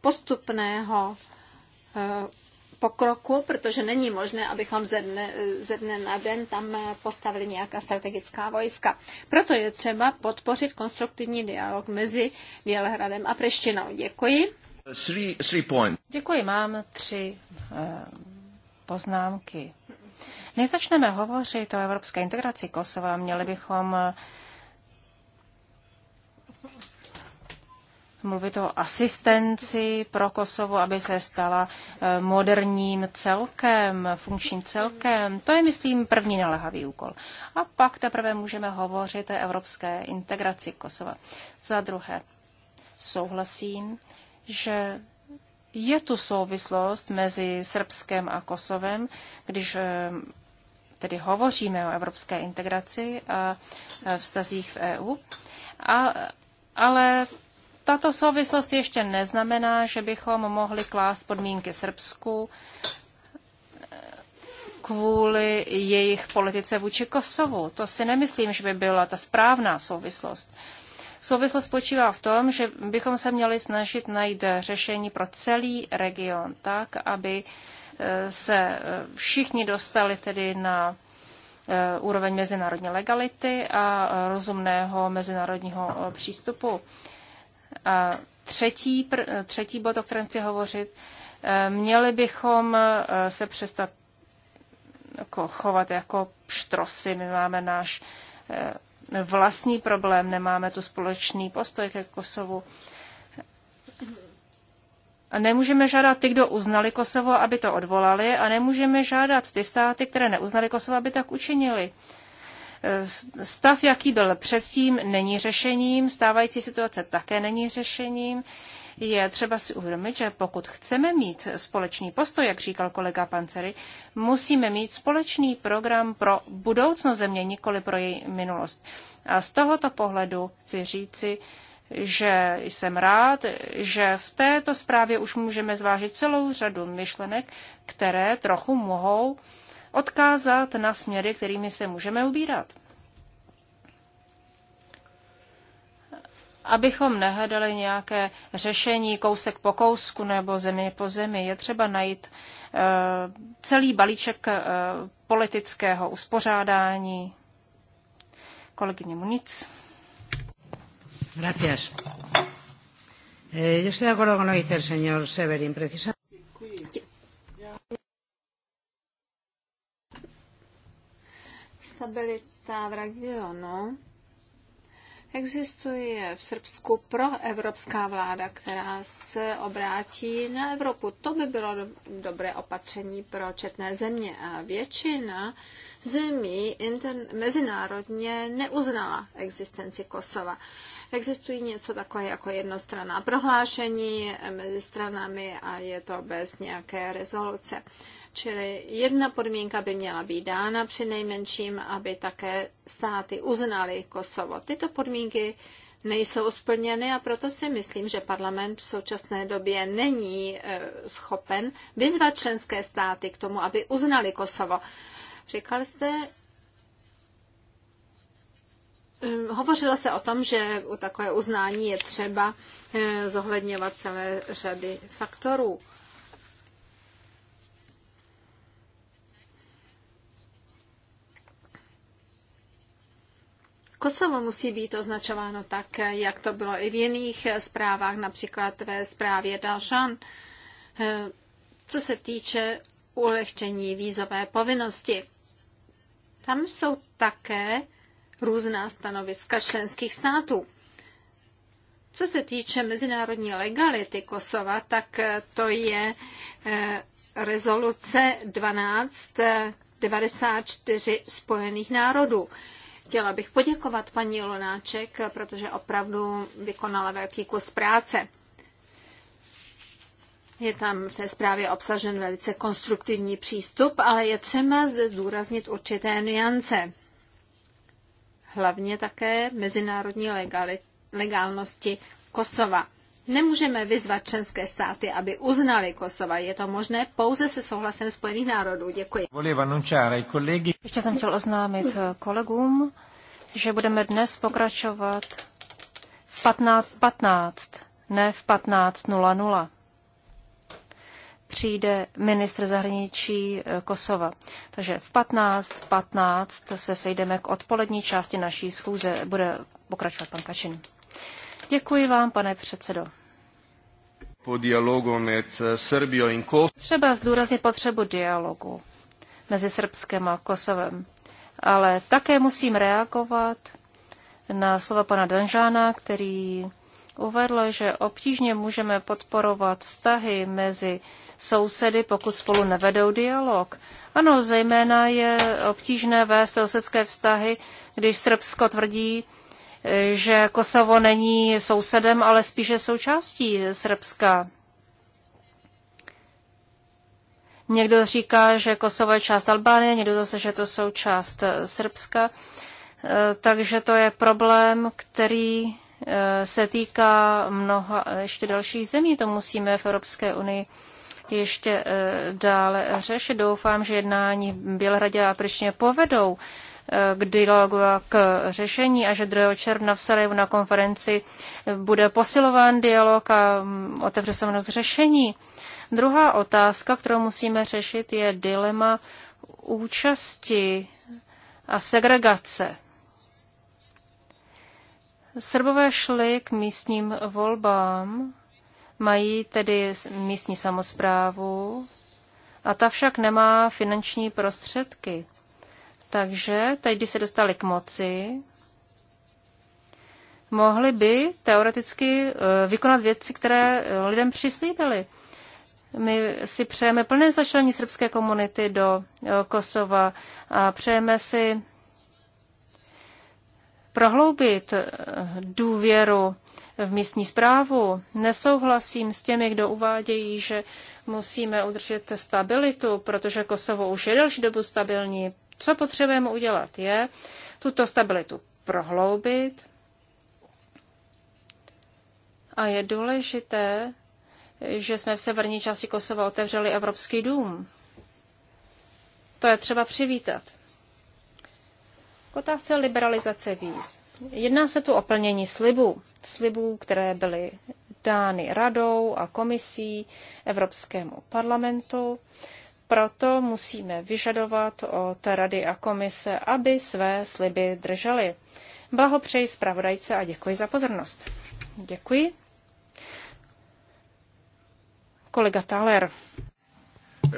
postupného eh, pokroku, protože není možné, abychom ze dne, ze dne na den tam eh, postavili nějaká strategická vojska. Proto je třeba podpořit konstruktivní dialog mezi Bělehradem a Preštinou. Děkuji. Three, three point. Děkuji, mám tři eh, poznámky. Než začneme hovořit o evropské integraci Kosova, měli bychom eh, mluvit o asistenci pro Kosovo, aby se stala eh, moderním celkem, funkčním celkem. To je, myslím, první nalehavý úkol. A pak teprve můžeme hovořit o evropské integraci Kosova. Za druhé, souhlasím, že je tu souvislost mezi Srbskem a Kosovem, když eh, tedy hovoříme o evropské integraci a eh, vztazích v EU. A, ale tato souvislost ještě neznamená, že bychom mohli klást podmínky Srbsku eh, kvůli jejich politice vůči Kosovu. To si nemyslím, že by byla ta správná souvislost. Uh, Souvislost spočívá v tom, že bychom se měli snažit najít řešení pro celý region tak, aby e, se e, všichni dostali tedy na e, úroveň mezinárodní legality a rozumného mezinárodního přístupu. A třetí, třetí bod, o kterém chci hovořit, měli bychom se přestat jako chovat jako pštrosy. My máme náš vlastní problém, nemáme tu společný postoj ke Kosovu. A nemůžeme žádat ty, kdo uznali Kosovo, aby to odvolali, a nemůžeme žádat ty státy, které neuznali Kosovo, aby tak učinili. Stav, jaký byl předtím, není řešením, stávající situace také není řešením je třeba si uvědomit, že pokud chceme mít společný postoj, jak říkal kolega Pancery, musíme mít společný program pro budoucnost země, nikoli pro její minulost. A z tohoto pohledu chci říci, že jsem rád, že v této zprávě už můžeme zvážit celou řadu myšlenek, které trochu mohou odkázat na směry, kterými se můžeme ubírat. abychom nehledali nějaké řešení kousek po kousku nebo země po zemi. Je třeba najít eh, celý balíček eh, politického uspořádání. Kolegyně Munic. Gracias. Eh, yo estoy de acuerdo con lo que dice el señor Severin. Precisamente. Stabilita v regionu Existuje v Srbsku proevropská vláda, která se obrátí na Evropu. To by bylo do, dobré opatření pro četné země. A většina zemí inter, mezinárodně neuznala existenci Kosova. Existují něco takové jako jednostranná prohlášení mezi stranami a je to bez nějaké rezoluce. Čili jedna podmínka by měla být dána při nejmenším, aby také státy uznaly Kosovo. Tyto podmínky nejsou splněny a proto si myslím, že parlament v současné době není e, schopen vyzvat členské státy k tomu, aby uznali Kosovo. Říkal jste, e, hovořilo se o tom, že u takové uznání je třeba e, zohledňovat celé řady faktorů. Kosovo musí být označováno tak, jak to bylo i v jiných zprávách, například ve zprávě Dalšan, co se týče ulehčení vízové povinnosti. Tam jsou také různá stanoviska členských států. Co se týče mezinárodní legality Kosova, tak to je eh, rezoluce 1294 eh, Spojených národů. Chtěla bych poděkovat paní Lunáček, protože opravdu vykonala velký kus práce. Je tam v té zprávě obsažen velice konstruktivní přístup, ale je třeba zde zdůraznit určité nuance. Hlavně také mezinárodní legali, legálnosti Kosova. Nemůžeme vyzvat členské státy, aby uznali Kosova. Je to možné pouze se souhlasem Spojených národů. Děkuji. Ještě jsem chtěl oznámit eh, kolegům, že budeme dnes pokračovat v 15.15, 15, ne v 15.00. Přijde ministr zahraničí eh, Kosova. Takže v 15.15 15 se sejdeme k odpolední části naší schůze. Bude pokračovat pan Kačin. Děkuji vám, pane předsedo. Po dialogu mezi eh, Srbiou in Kosovo. Třeba zdůraznit potřebu dialogu mezi Srbskem a Kosovem. Ale také musím reagovat na slova pana Danžána, který uvedl, že obtížně můžeme podporovat vztahy mezi sousedy, pokud spolu nevedou dialog. Ano, zejména je obtížné vést sousedské vztahy, když Srbsko tvrdí, že Kosovo není sousedem, ale spíše součástí Srbska. Někdo říká, že Kosovo je část Albánie, někdo zase, že to jsou část Srbska. E, takže to je problém, který e, se týká mnoha ještě dalších zemí. To musíme v Evropské unii ještě e, dále řešit. Doufám, že jednání v Bělehradě a Prištině povedou k dialogu a k řešení a že 2. června v Sarajevu na konferenci bude posilován dialog a otevře se mnoho řešení. Druhá otázka, kterou musíme řešit, je dilema účasti a segregace. Srbové šli k místním volbám, mají tedy místní samozprávu, a ta však nemá finanční prostředky. Takže teď, když se dostali k moci, mohli by teoreticky eh, vykonat věci, které eh, lidem přislíbili. My si přejeme plné začlení srbské komunity do eh, Kosova a přejeme si prohloubit důvěru v místní zprávu. Nesouhlasím s těmi, kdo uvádějí, že musíme udržet stabilitu, protože Kosovo už je delší dobu stabilní. Co potřebujeme udělat je tuto stabilitu prohloubit a je důležité, že jsme v severní části Kosova otevřeli Evropský dům. To je třeba přivítat. K otázce liberalizace víz. Jedná se tu o plnění slibů. Slibů, které byly dány radou a komisí Evropskému parlamentu. Proto musíme vyžadovat od Rady a komise, aby své sliby držely. Blahopřeji zpravodajce a děkuji za pozornost. Děkuji. Kolega Thaler.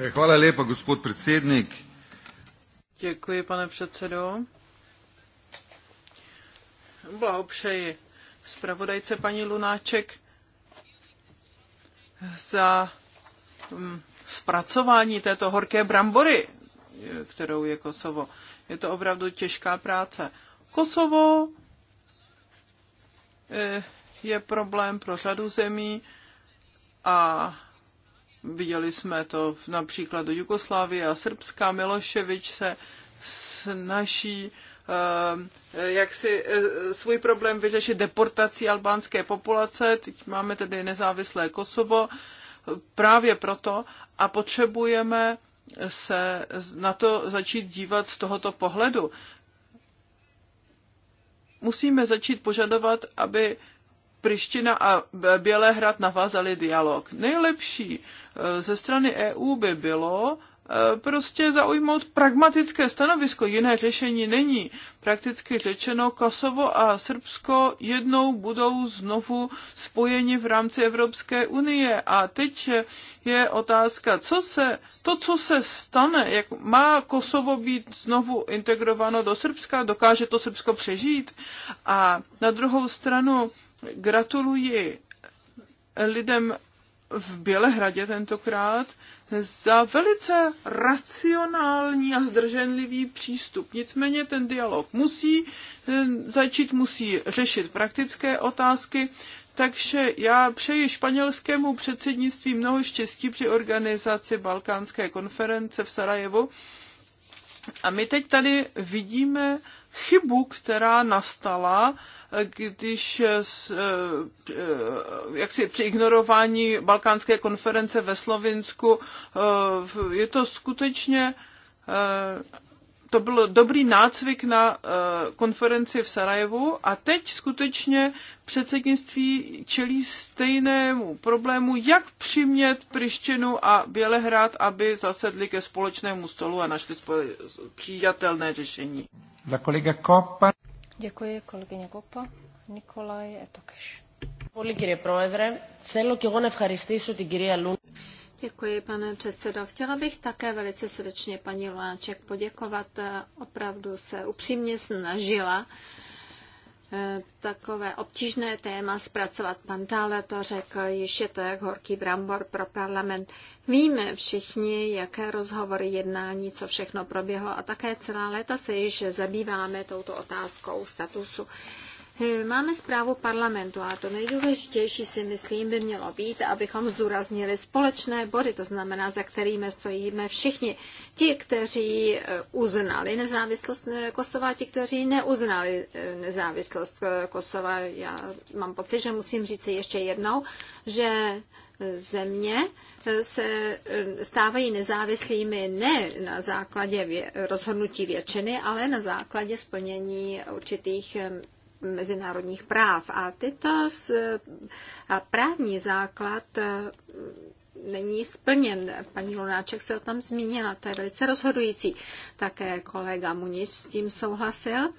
Hvala lepa, gospod predsednik. Děkuji, pane předsedo. Blahopřeji zpravodajce paní Lunáček za mm, zpracování této horké brambory, kterou je Kosovo. Je to opravdu těžká práce. Kosovo eh, je problém pro řadu zemí a viděli jsme to například do Jugoslávie a Srbska. Miloševič se snaží eh, eh, jak si svůj problém vyřešit deportací albánské populace. Teď máme tedy nezávislé Kosovo právě proto, a potřebujeme se na to začít dívat z tohoto pohledu. Musíme začít požadovat, aby Priština a Bělehrad navázali dialog. Nejlepší eh, ze strany EU by bylo, Eh, prostě zaujmout pragmatické stanovisko. Jiné řešení není. Prakticky řečeno, Kosovo a Srbsko jednou budou znovu spojeni v rámci Evropské unie. A teď je otázka, co se, to, co se stane, jak má Kosovo být znovu integrováno do Srbska, dokáže to Srbsko přežít. A na druhou stranu gratuluji lidem v Bělehradě tentokrát za velice racionální a zdrženlivý přístup. Nicméně ten dialog musí začít, musí řešit praktické otázky, takže já přeji španělskému předsednictví mnoho štěstí při organizaci Balkánské konference v Sarajevu. A my teď tady vidíme chybu, která nastala když eh, eh, jak si při ignorování balkánské konference ve Slovinsku eh, je to skutečně to byl dobrý nácvik na konferenci v Sarajevu a teď skutečně předsednictví čelí stejnému problému, jak přimět Prištinu a Bělehrad, aby zasedli ke společnému stolu a našli přijatelné řešení. La kolega Koppa. Děkuji kolegyně Kopa. Nikolaj Etokeš. Πολύ κύριε Πρόεδρε, Děkuji, pane předsedo. Chtěla bych také velice srdečně paní Lunáček poděkovat. Eh, opravdu se upřímně snažila Eh, takové obtížné téma zpracovat. Pan Tále to řekl, již je to jak horký brambor pro parlament. Víme všichni, jaké rozhovory, jednání, co všechno proběhlo a také celá léta se již zabýváme touto otázkou statusu Hm, máme zprávu parlamentu a to nejdůležitější si myslím by mělo být, abychom zdůraznili společné body, to znamená, za kterými stojíme všichni. Ti, kteří eh, uznali nezávislost eh, Kosova, ti, kteří neuznali eh, nezávislost Kosova. Já mám pocit, že musím říct ještě jednou, že země, se stávají nezávislými ne na základě rozhodnutí většiny, ale na základě splnění určitých mezinárodních práv. A tyto z, a právní základ e, není splněn. Paní Lunáček se o tom zmínila, to je velice rozhodující. Také kolega Muniš s tím souhlasil.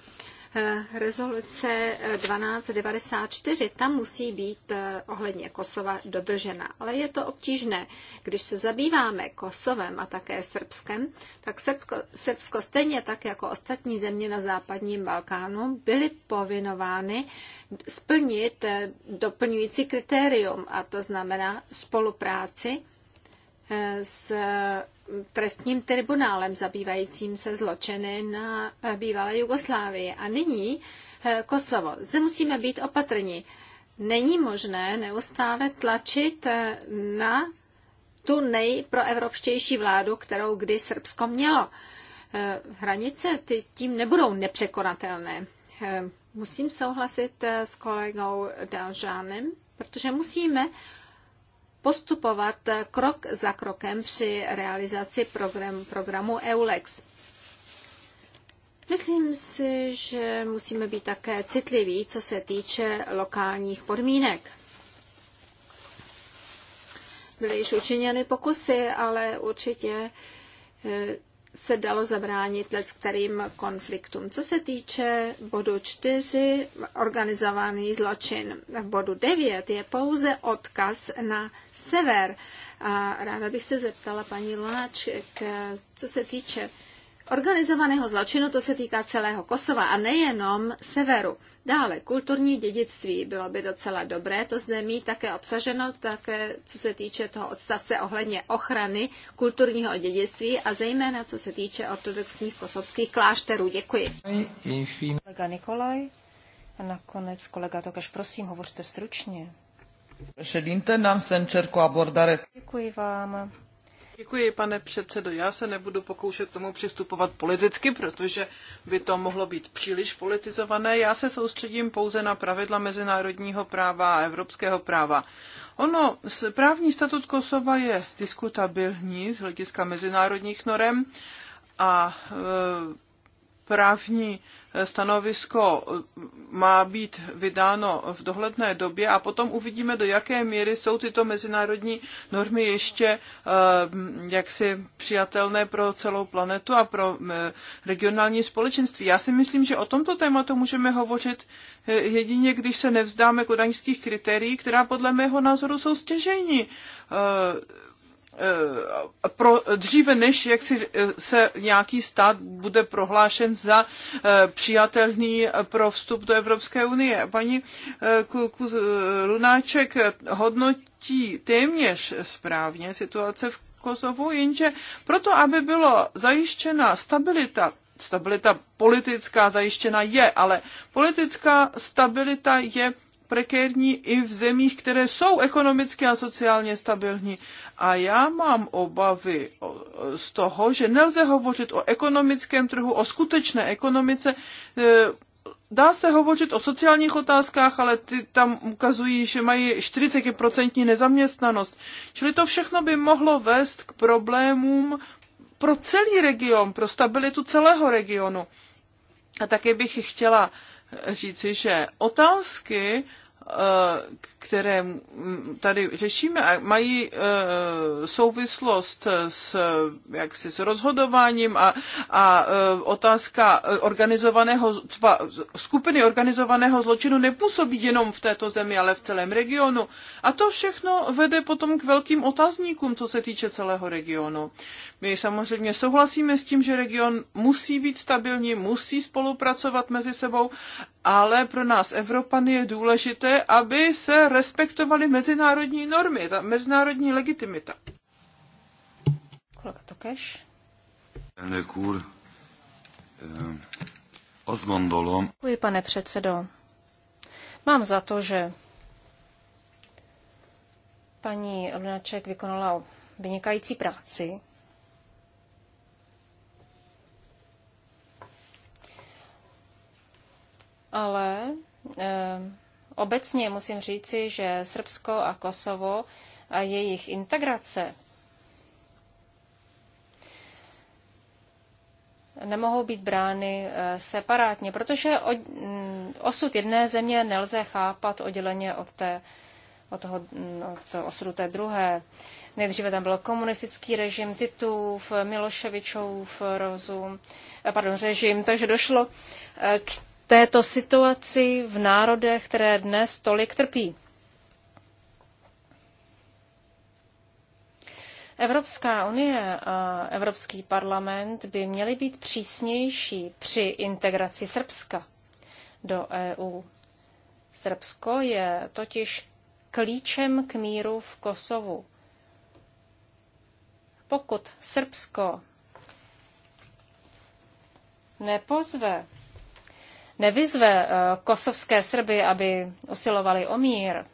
Eh, rezoluce 1294, eh, tam musí být eh, ohledně Kosova dodržena. Ale je to obtížné. Když se zabýváme Kosovem a také Srbskem, tak Srbko, Srbsko stejně tak jako ostatní země na západním Balkánu byly povinovány splnit doplňující kritérium, a to znamená spolupráci s trestním tribunálem zabývajícím se zločiny na bývalé Jugoslávii. A nyní eh, Kosovo. Zde musíme být opatrní. Není možné neustále tlačit eh, na tu nejproevropštější vládu, kterou kdy Srbsko mělo. Eh, hranice ty tím nebudou nepřekonatelné. Musím souhlasit s kolegou Dalžánem, protože musíme postupovat eh, krok za krokem při realizaci program, programu EULEX. Myslím si, že musíme být také citliví, co se týče lokálních podmínek. Byly již učiněny pokusy, ale určitě eh, se dalo zabránit let s kterým konfliktům. Co se týče bodu 4, organizovaný zločin, v bodu 9 je pouze odkaz na sever. A ráda bych se zeptala paní Lunáček, co se týče organizovaného zločinu, to se týká celého Kosova a nejenom severu. Dále, kulturní dědictví bylo by docela dobré, to zde mít také obsaženo, také co se týče toho odstavce ohledně ochrany kulturního dědictví a zejména co se týče ortodoxních kosovských klášterů. Děkuji. Kolega Nikolaj a nakonec kolega Tokaš, prosím, hovořte stručně. Președinte, n-am să încerc o abordare. Děkuji vám. Děkuji, pane předsedo. Já se nebudu pokoušet k tomu přistupovat politicky, protože by to mohlo být příliš politizované. Já se soustředím pouze na pravidla mezinárodního práva a evropského práva. Ono, právní statut Kosova je diskutabilní z hlediska mezinárodních norem a e, právní stanovisko má být vydáno v dohledné době a potom uvidíme, do jaké míry jsou tyto mezinárodní normy ještě eh, jaksi přijatelné pro celou planetu a pro eh, regionální společenství. Já si myslím, že o tomto tématu můžeme hovořit eh, jedině, když se nevzdáme kodaňských kritérií, která podle mého názoru jsou stěžejní Eh, pro, dříve než jak si eh, se nějaký stát bude prohlášen za eh, přijatelný pro vstup do Evropské unie. Paní Lunáček hodnotí téměř správně situace v Kosovu, jenže proto, aby byla zajištěna stabilita stabilita politická zajištěna je, ale politická stabilita je prekérní i v zemích, které jsou ekonomicky a sociálně stabilní. A já mám obavy z toho, že nelze hovořit o ekonomickém trhu, o skutečné ekonomice. E, dá se hovořit o sociálních otázkách, ale ty tam ukazují, že mají 40% nezaměstnanost. Čili to všechno by mohlo vést k problémům pro celý region, pro stabilitu celého regionu. A také bych chtěla říci, že otázky které tady řešíme, mají eh, souvislost s, jaksi, s rozhodováním a, a eh, otázka organizovaného, tva, skupiny organizovaného zločinu nepůsobí jenom v této zemi, ale v celém regionu. A to všechno vede potom k velkým otazníkům, co se týče celého regionu. My samozřejmě souhlasíme s tím, že region musí být stabilní, musí spolupracovat mezi sebou, ale pro nás Evropany je důležité, aby se respektovaly mezinárodní normy, ta mezinárodní legitimita. Kolega Tokeš. Elnök úr, eh, azt gondolom... Děkuji, pane předsedo. Mám za to, že paní Lunaček vykonala vynikající práci ale eh, obecně musím říci, že Srbsko a Kosovo a jejich integrace nemohou být brány eh, separátně, protože mm, osud jedné země nelze chápat odděleně od, té, od, toho, mm, od toho osudu té druhé. Nejdříve tam byl komunistický režim, Titův, Miloševičův rozum, eh, pardon, režim, takže došlo k této situaci v národech, které dnes tolik trpí. Evropská unie a Evropský parlament by měly být přísnější při integraci Srbska do EU. Srbsko je totiž klíčem k míru v Kosovu. Pokud Srbsko nepozve nevyzve eh, kosovské Srby, aby usilovali o mír,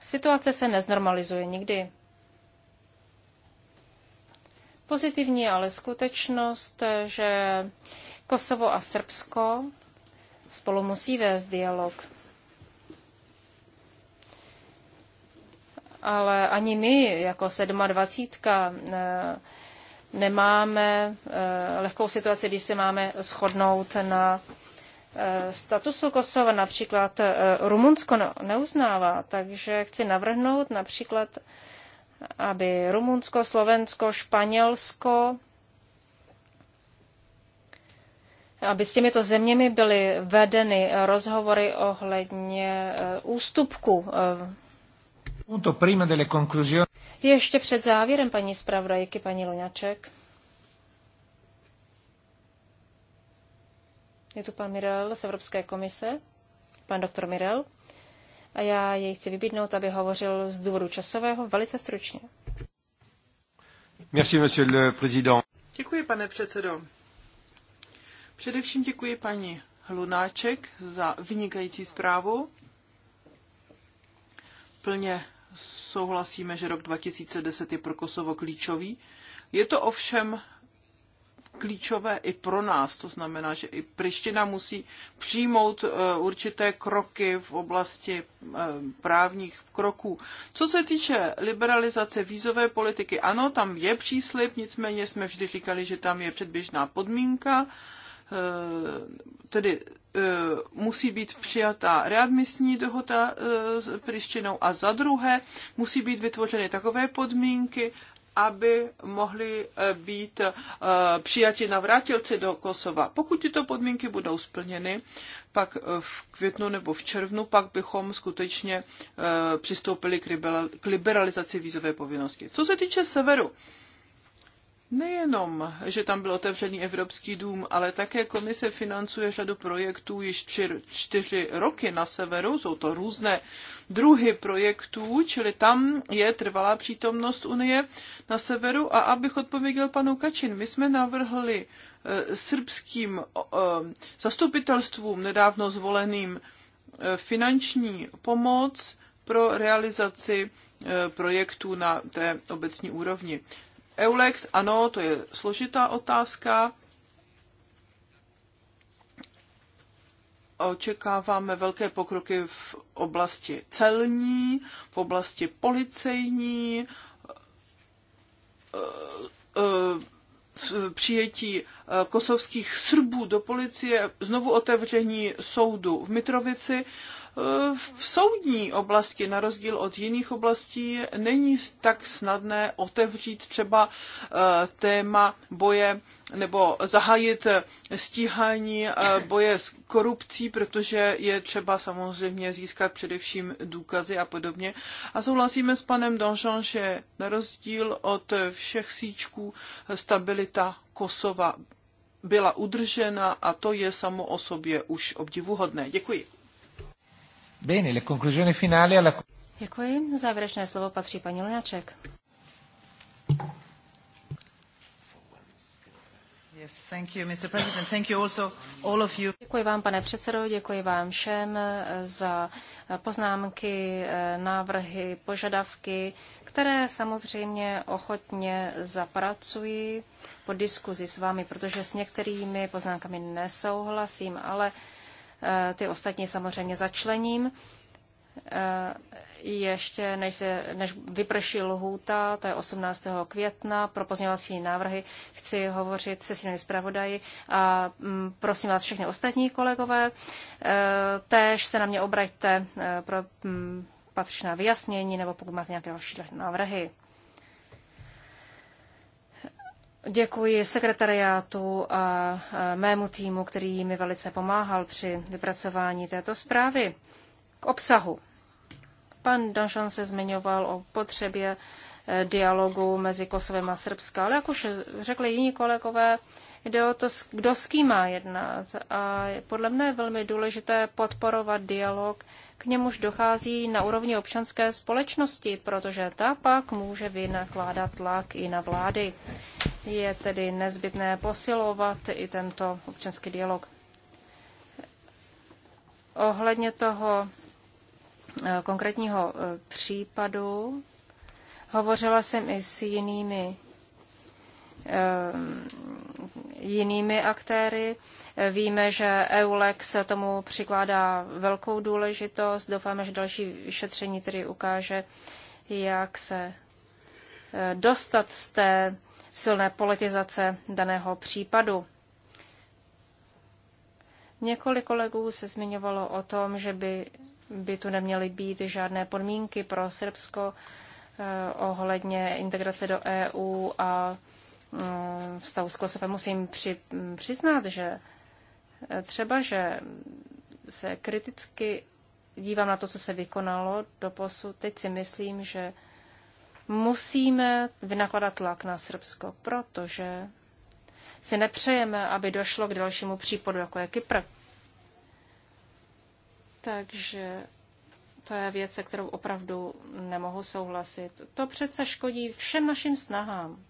situace se neznormalizuje nikdy. Pozitivní ale skutečnost, že Kosovo a Srbsko spolu musí vést dialog. Ale ani my, jako 27. Eh, nemáme eh, lehkou situaci, když se máme shodnout na Eh, statusu Kosova například eh, Rumunsko neuznává, takže chci navrhnout například, aby Rumunsko, Slovensko, Španělsko, aby s těmito zeměmi byly vedeny eh, rozhovory ohledně ústupku. Ještě před závěrem paní zpravodajky, paní Luňaček. Je tu pan Mirel z Evropské komise, pan doktor Mirel. A já jej chci vybídnout, aby hovořil z důvodu časového velice stručně. Merci, monsieur le président. Děkuji, pane předsedo. Především děkuji paní Lunáček za vynikající zprávu. Plně souhlasíme, že rok 2010 je pro Kosovo klíčový. Je to ovšem klíčové i pro nás. To znamená, že i Priština musí přijmout eh, určité kroky v oblasti eh, právních kroků. Co se týče liberalizace vízové politiky, ano, tam je příslip, nicméně jsme vždy říkali, že tam je předběžná podmínka, eh, tedy musí být přijatá readmisní dohoda s Prištinou a za druhé musí být vytvořeny takové podmínky, aby mohli eh, být eh, přijati navrátilci do Kosova. Pokud tyto podmínky budou splněny, pak eh, v květnu nebo v červnu pak bychom skutečně přistoupili k liberalizaci vízové povinnosti. Co se týče severu, Nejenom, že tam byl otevřený Evropský dům, ale také komise financuje řadu projektů již čtyři, čtyři roky na severu. Jsou to různé druhy projektů, čili tam je trvalá přítomnost Unie na severu. A abych odpověděl panu Kačin, my jsme navrhli eh, srbským zastupitelstvům nedávno zvoleným eh, finanční pomoc pro realizaci eh, projektů na té obecní úrovni. Eulex, ano, to je složitá otázka. Očekáváme velké pokroky v oblasti celní, v oblasti policejní, eh, eh, přijetí eh, kosovských Srbů do policie, znovu otevření soudu v Mitrovici v soudní oblasti, na rozdíl od jiných oblastí, není tak snadné otevřít třeba eh, téma boje nebo zahájit eh, stíhání eh, boje s korupcí, protože je třeba samozřejmě získat především důkazy a podobně. A souhlasíme s panem Donjon, že na rozdíl od všech síčků stabilita Kosova byla udržena a to je samo o sobě už obdivuhodné. Děkuji. Bene, le conclusioni finali alla... Děkuji. Závěrečné slovo patří paní Lňaček. Děkuji vám, pane předsedo, děkuji vám všem eh, za eh, poznámky, eh, návrhy, požadavky, které samozřejmě ochotně zapracuji po diskuzi s vámi, protože s některými poznámkami nesouhlasím, ale uh, Eh, ty ostatní samozřejmě začlením. Eh, ještě než, se, než vyprší lhůta, to je 18. května, pro pozměňovací návrhy chci hovořit se svými zpravodaji a mm, prosím vás všechny ostatní kolegové, eh, též se na mě obraťte pro mm, patřičná vyjasnění nebo pokud máte nějaké další návrhy. Děkuji sekretariátu a mému týmu, který mi velice pomáhal při vypracování této zprávy. K obsahu. Pan Danšan se zmiňoval o potřebě e, dialogu mezi Kosovem a Srbskem, ale jak už řekli jiní kolegové, jde o to, kdo s kým má jednat. A je podle mne je velmi důležité podporovat dialog, k němuž dochází na úrovni občanské společnosti, protože ta pak může vynakládat tlak i na vlády. Je tedy nezbytné posilovat i tento občanský dialog. Ohledně toho eh, konkrétního eh, případu hovořila jsem i s jinými eh, jinými aktéry. Víme, že EULEX tomu přikládá velkou důležitost. Doufáme, že další vyšetření tedy ukáže, jak se dostat z té silné politizace daného případu. Několik kolegů se zmiňovalo o tom, že by, by tu neměly být žádné podmínky pro Srbsko eh, ohledně integrace do EU a eh, vztahu s Kosovem. Musím při, přiznat, že eh, třeba, že se kriticky dívám na to, co se vykonalo do posud, teď si myslím, že eh, musíme vynakladat tlak na Srbsko, protože si nepřejeme, aby došlo k dalšímu případu, jako je Kypr. Takže to je věc, se kterou opravdu nemohu souhlasit. To přece škodí všem našim snahám.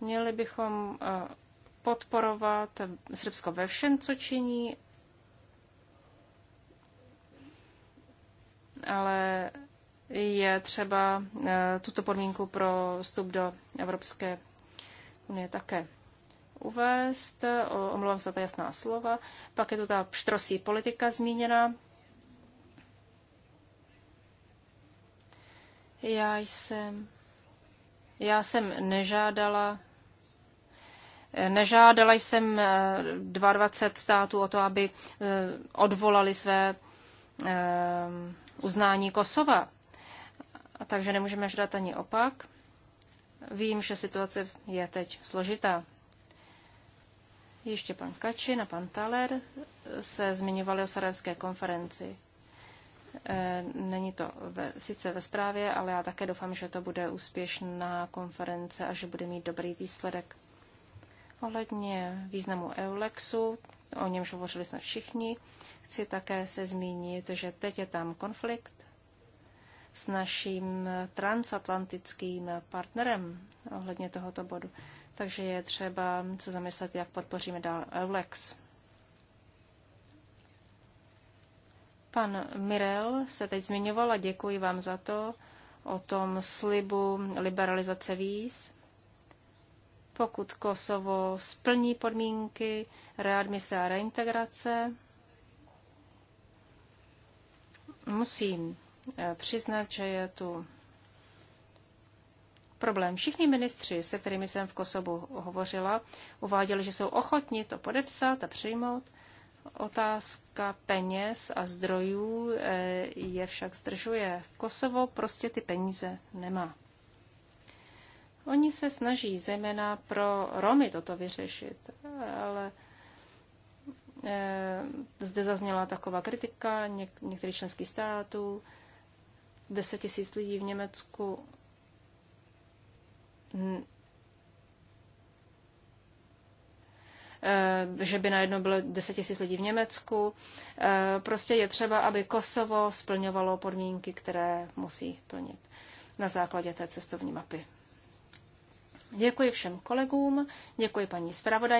Měli bychom eh, podporovat Srbsko ve všem, co činí, ale je třeba eh, tuto podmínku pro vstup do Evropské unie také uvést. Omlouvám se za jasná slova. Pak je tu ta pštrosí politika zmíněna. Já jsem, já jsem nežádala eh, Nežádala jsem 22 eh, států o to, aby odvolali své uznání Kosova. A takže nemůžeme žádat ani opak. Vím, že situace je teď složitá. Ještě pan Kačin a pan Taler se zmiňovali o sarajevské konferenci. E, není to ve, sice ve zprávě, ale já také doufám, že to bude úspěšná konference a že bude mít dobrý výsledek. Ohledně významu Eulexu, o němž hovořili jsme všichni, chci také se zmínit, že teď je tam konflikt s naším transatlantickým partnerem ohledně tohoto bodu. Takže je třeba se zamyslet, jak podpoříme dál Eulex. Pan Mirel se teď zmiňoval a děkuji vám za to o tom slibu liberalizace víz. Pokud Kosovo splní podmínky readmise a reintegrace, musím Eh, přiznat, že je tu problém. Všichni ministři, se kterými jsem v Kosovu hovořila, uváděli, že jsou ochotni to podepsat a přijmout. Otázka peněz a zdrojů eh, je však zdržuje. Kosovo prostě ty peníze nemá. Oni se snaží zejména pro Romy toto vyřešit, ale eh, zde zazněla taková kritika něk- některých členských států, 10 tisíc lidí v Německu eh, že by najednou bylo 10 tisíc lidí v Německu. Eh, prostě je třeba, aby Kosovo splňovalo podmínky, které musí plnit na základě té cestovní mapy. Děkuji všem kolegům, děkuji paní zpravodaj.